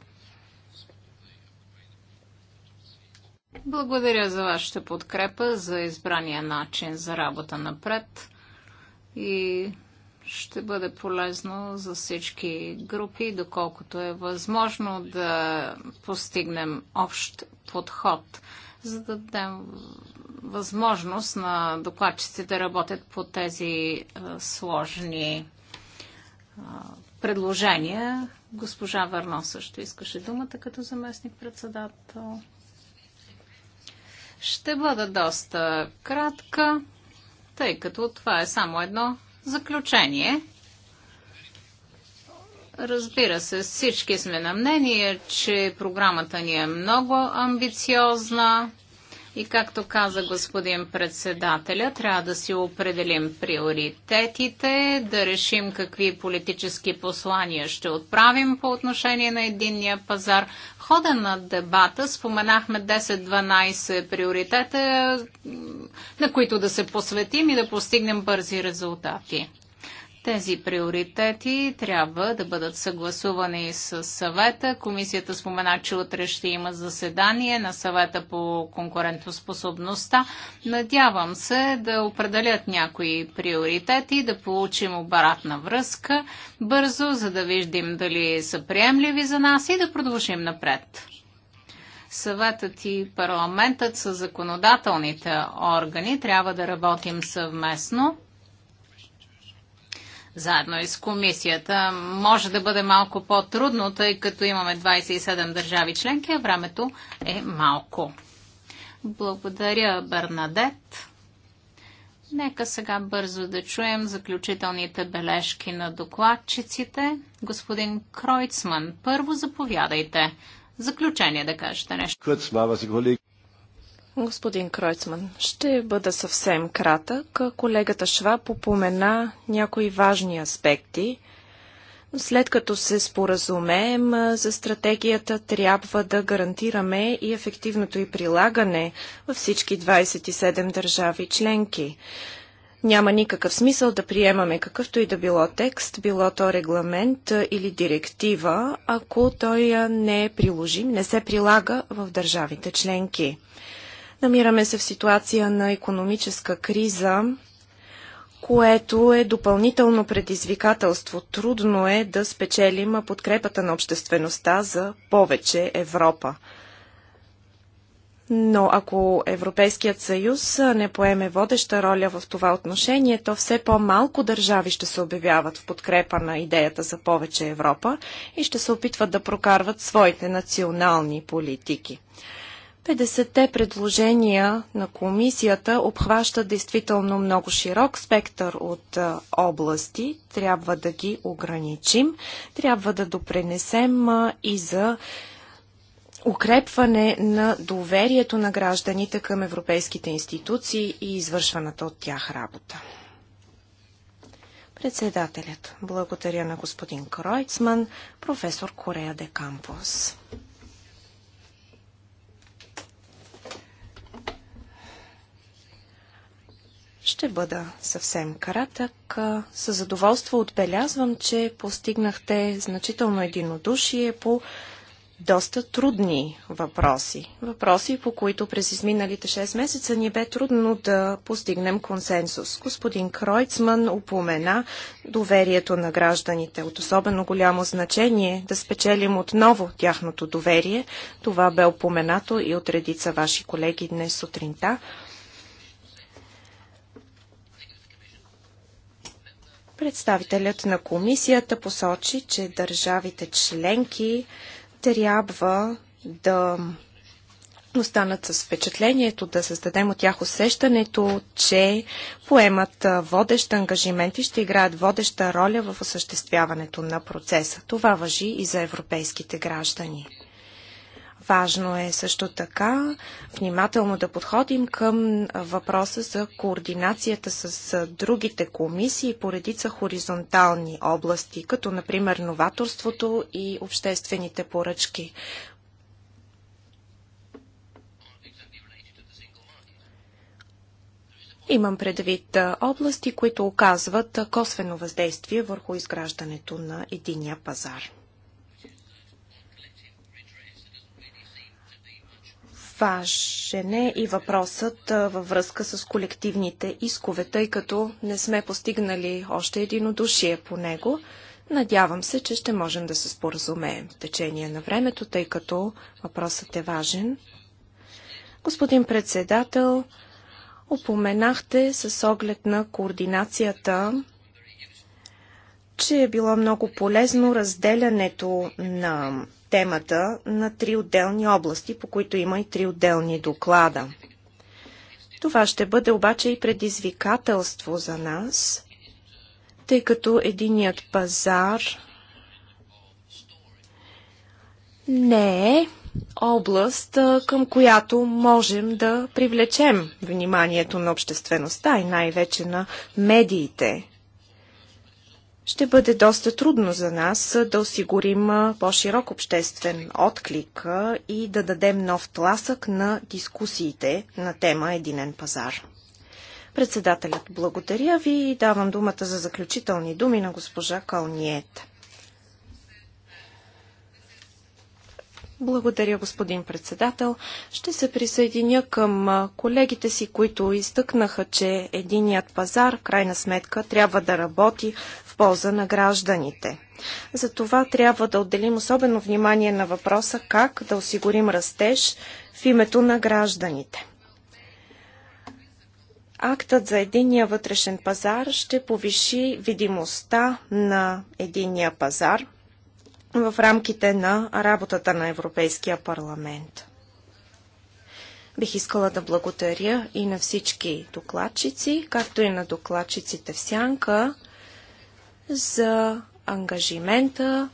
Благодаря за вашата подкрепа, за избрания начин за работа напред и ще бъде полезно за всички групи, доколкото е възможно да постигнем общ подход, за да дадем възможност на докладчиците да работят по тези сложни предложения. Госпожа Върно също искаше думата като заместник-председател. Ще бъда доста кратка, тъй като това е само едно заключение. Разбира се, всички сме на мнение, че програмата ни е много амбициозна и както каза господин председателя, трябва да си определим приоритетите, да решим какви политически послания ще отправим по отношение на единния пазар. В хода на дебата споменахме 10-12 приоритета, на които да се посветим и да постигнем бързи резултати. Тези приоритети трябва да бъдат съгласувани с съвета. Комисията спомена, че утре ще има заседание на съвета по конкурентоспособността. Надявам се да определят някои приоритети, да получим обратна връзка бързо, за да виждим дали са приемливи за нас и да продължим напред. Съветът и парламентът са законодателните органи. Трябва да работим съвместно заедно и с комисията. Може да бъде малко по-трудно, тъй като имаме 27 държави членки, а времето е малко. Благодаря, Бернадет. Нека сега бързо да чуем заключителните бележки на докладчиците. Господин Кройцман, първо заповядайте. Заключение да кажете нещо. Господин Кройцман, ще бъда съвсем кратък. Колегата Шваб попомена някои важни аспекти. След като се споразумеем за стратегията, трябва да гарантираме и ефективното й прилагане във всички 27 държави членки. Няма никакъв смисъл да приемаме какъвто и да било текст, било то регламент или директива, ако той не е приложим, не се прилага в държавите членки. Намираме се в ситуация на економическа криза, което е допълнително предизвикателство. Трудно е да спечелим подкрепата на обществеността за повече Европа. Но ако Европейският съюз не поеме водеща роля в това отношение, то все по-малко държави ще се обявяват в подкрепа на идеята за повече Европа и ще се опитват да прокарват своите национални политики. 50-те предложения на комисията обхващат действително много широк спектър от области. Трябва да ги ограничим. Трябва да допренесем и за укрепване на доверието на гражданите към европейските институции и извършваната от тях работа. Председателят. Благодаря на господин Кройцман, професор Корея де Кампус. Ще бъда съвсем кратък. С задоволство отбелязвам, че постигнахте значително единодушие по доста трудни въпроси. Въпроси, по които през изминалите 6 месеца ни бе трудно да постигнем консенсус. Господин Кройцман упомена доверието на гражданите. От особено голямо значение е да спечелим отново тяхното доверие. Това бе упоменато и от редица ваши колеги днес сутринта. Представителят на комисията посочи, че държавите членки трябва да останат с впечатлението, да създадем от тях усещането, че поемат водещ ангажимент и ще играят водеща роля в осъществяването на процеса. Това въжи и за европейските граждани. Важно е също така внимателно да подходим към въпроса за координацията с другите комисии по редица хоризонтални области, като например новаторството и обществените поръчки. Имам предвид области, които оказват косвено въздействие върху изграждането на единия пазар. Важен е и въпросът във връзка с колективните искове, тъй като не сме постигнали още единодушие по него. Надявам се, че ще можем да се споразумеем в течение на времето, тъй като въпросът е важен. Господин председател, упоменахте с оглед на координацията, че е било много полезно разделянето на темата на три отделни области, по които има и три отделни доклада. Това ще бъде обаче и предизвикателство за нас, тъй като единият пазар не е област, към която можем да привлечем вниманието на обществеността и най-вече на медиите ще бъде доста трудно за нас да осигурим по-широк обществен отклик и да дадем нов тласък на дискусиите на тема Единен пазар. Председателят благодаря ви и давам думата за заключителни думи на госпожа Калниет. Благодаря, господин председател. Ще се присъединя към колегите си, които изтъкнаха, че единият пазар в крайна сметка трябва да работи в полза на гражданите. Затова трябва да отделим особено внимание на въпроса как да осигурим растеж в името на гражданите. Актът за единния вътрешен пазар ще повиши видимостта на единния пазар в рамките на работата на Европейския парламент. Бих искала да благодаря и на всички докладчици, както и на докладчиците в Сянка за ангажимента,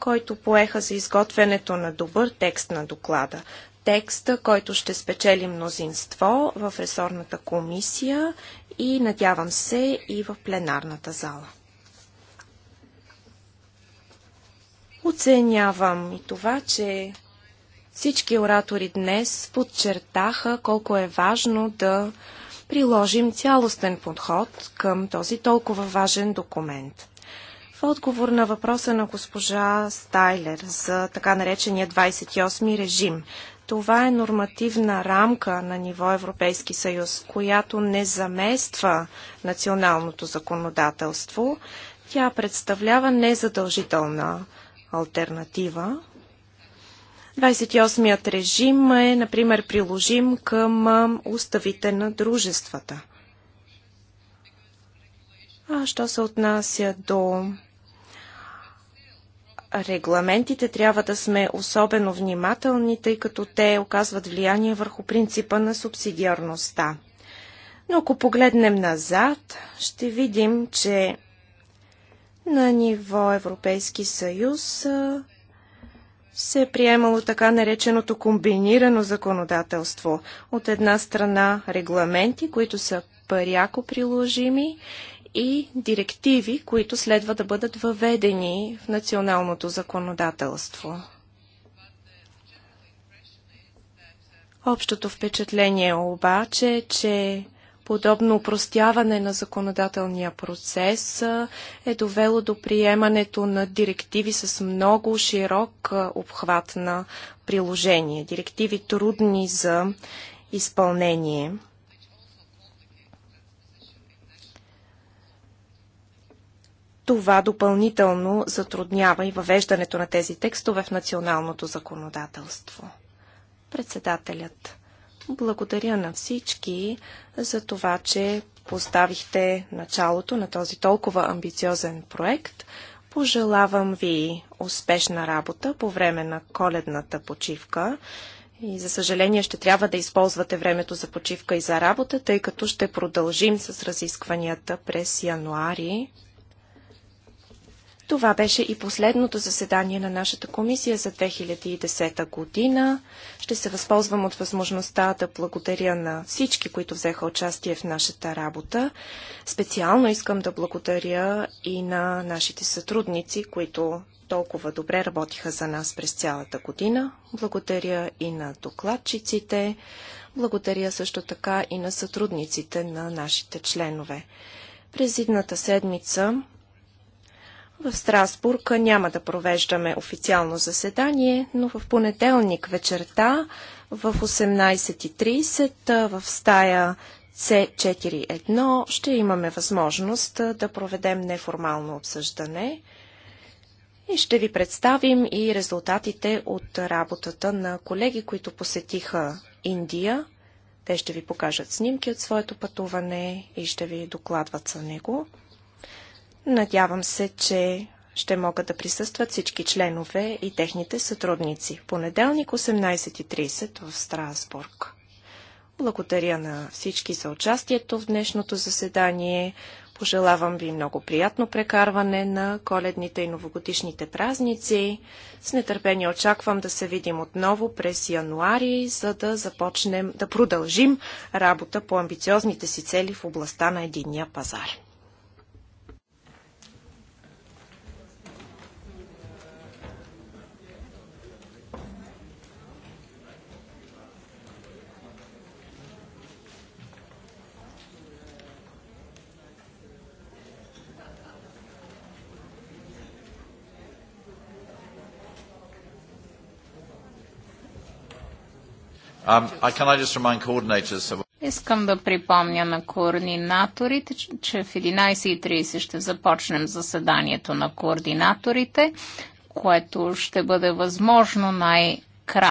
който поеха за изготвянето на добър текст на доклада. Текста, който ще спечели мнозинство в ресорната комисия и надявам се и в пленарната зала. Оценявам и това, че всички оратори днес подчертаха колко е важно да приложим цялостен подход към този толкова важен документ отговор на въпроса на госпожа Стайлер за така наречения 28 режим. Това е нормативна рамка на ниво Европейски съюз, която не замества националното законодателство. Тя представлява незадължителна альтернатива. 28-ят режим е, например, приложим към уставите на дружествата. А що се отнася до регламентите трябва да сме особено внимателни, тъй като те оказват влияние върху принципа на субсидиарността. Но ако погледнем назад, ще видим, че на ниво Европейски съюз се е приемало така нареченото комбинирано законодателство. От една страна регламенти, които са пряко приложими и директиви, които следва да бъдат въведени в националното законодателство. Общото впечатление обаче че подобно упростяване на законодателния процес е довело до приемането на директиви с много широк обхват на приложение. Директиви трудни за изпълнение – това допълнително затруднява и въвеждането на тези текстове в националното законодателство. Председателят, благодаря на всички за това, че поставихте началото на този толкова амбициозен проект. Пожелавам ви успешна работа по време на коледната почивка. И за съжаление ще трябва да използвате времето за почивка и за работа, тъй като ще продължим с разискванията през януари. Това беше и последното заседание на нашата комисия за 2010 година. Ще се възползвам от възможността да благодаря на всички, които взеха участие в нашата работа. Специално искам да благодаря и на нашите сътрудници, които толкова добре работиха за нас през цялата година. Благодаря и на докладчиците. Благодаря също така и на сътрудниците на нашите членове. През идната седмица в Страсбург няма да провеждаме официално заседание, но в понеделник вечерта в 18.30 в стая C4.1 ще имаме възможност да проведем неформално обсъждане и ще ви представим и резултатите от работата на колеги, които посетиха Индия. Те ще ви покажат снимки от своето пътуване и ще ви докладват за него. Надявам се, че ще могат да присъстват всички членове и техните сътрудници. Понеделник 18.30 в Страсбург. Благодаря на всички за участието в днешното заседание. Пожелавам ви много приятно прекарване на коледните и новогодишните празници. С нетърпение очаквам да се видим отново през януари, за да започнем да продължим работа по амбициозните си цели в областта на единния пазар. Um, Искам да припомня на координаторите, че в 11.30 ще започнем заседанието на координаторите, което ще бъде възможно най-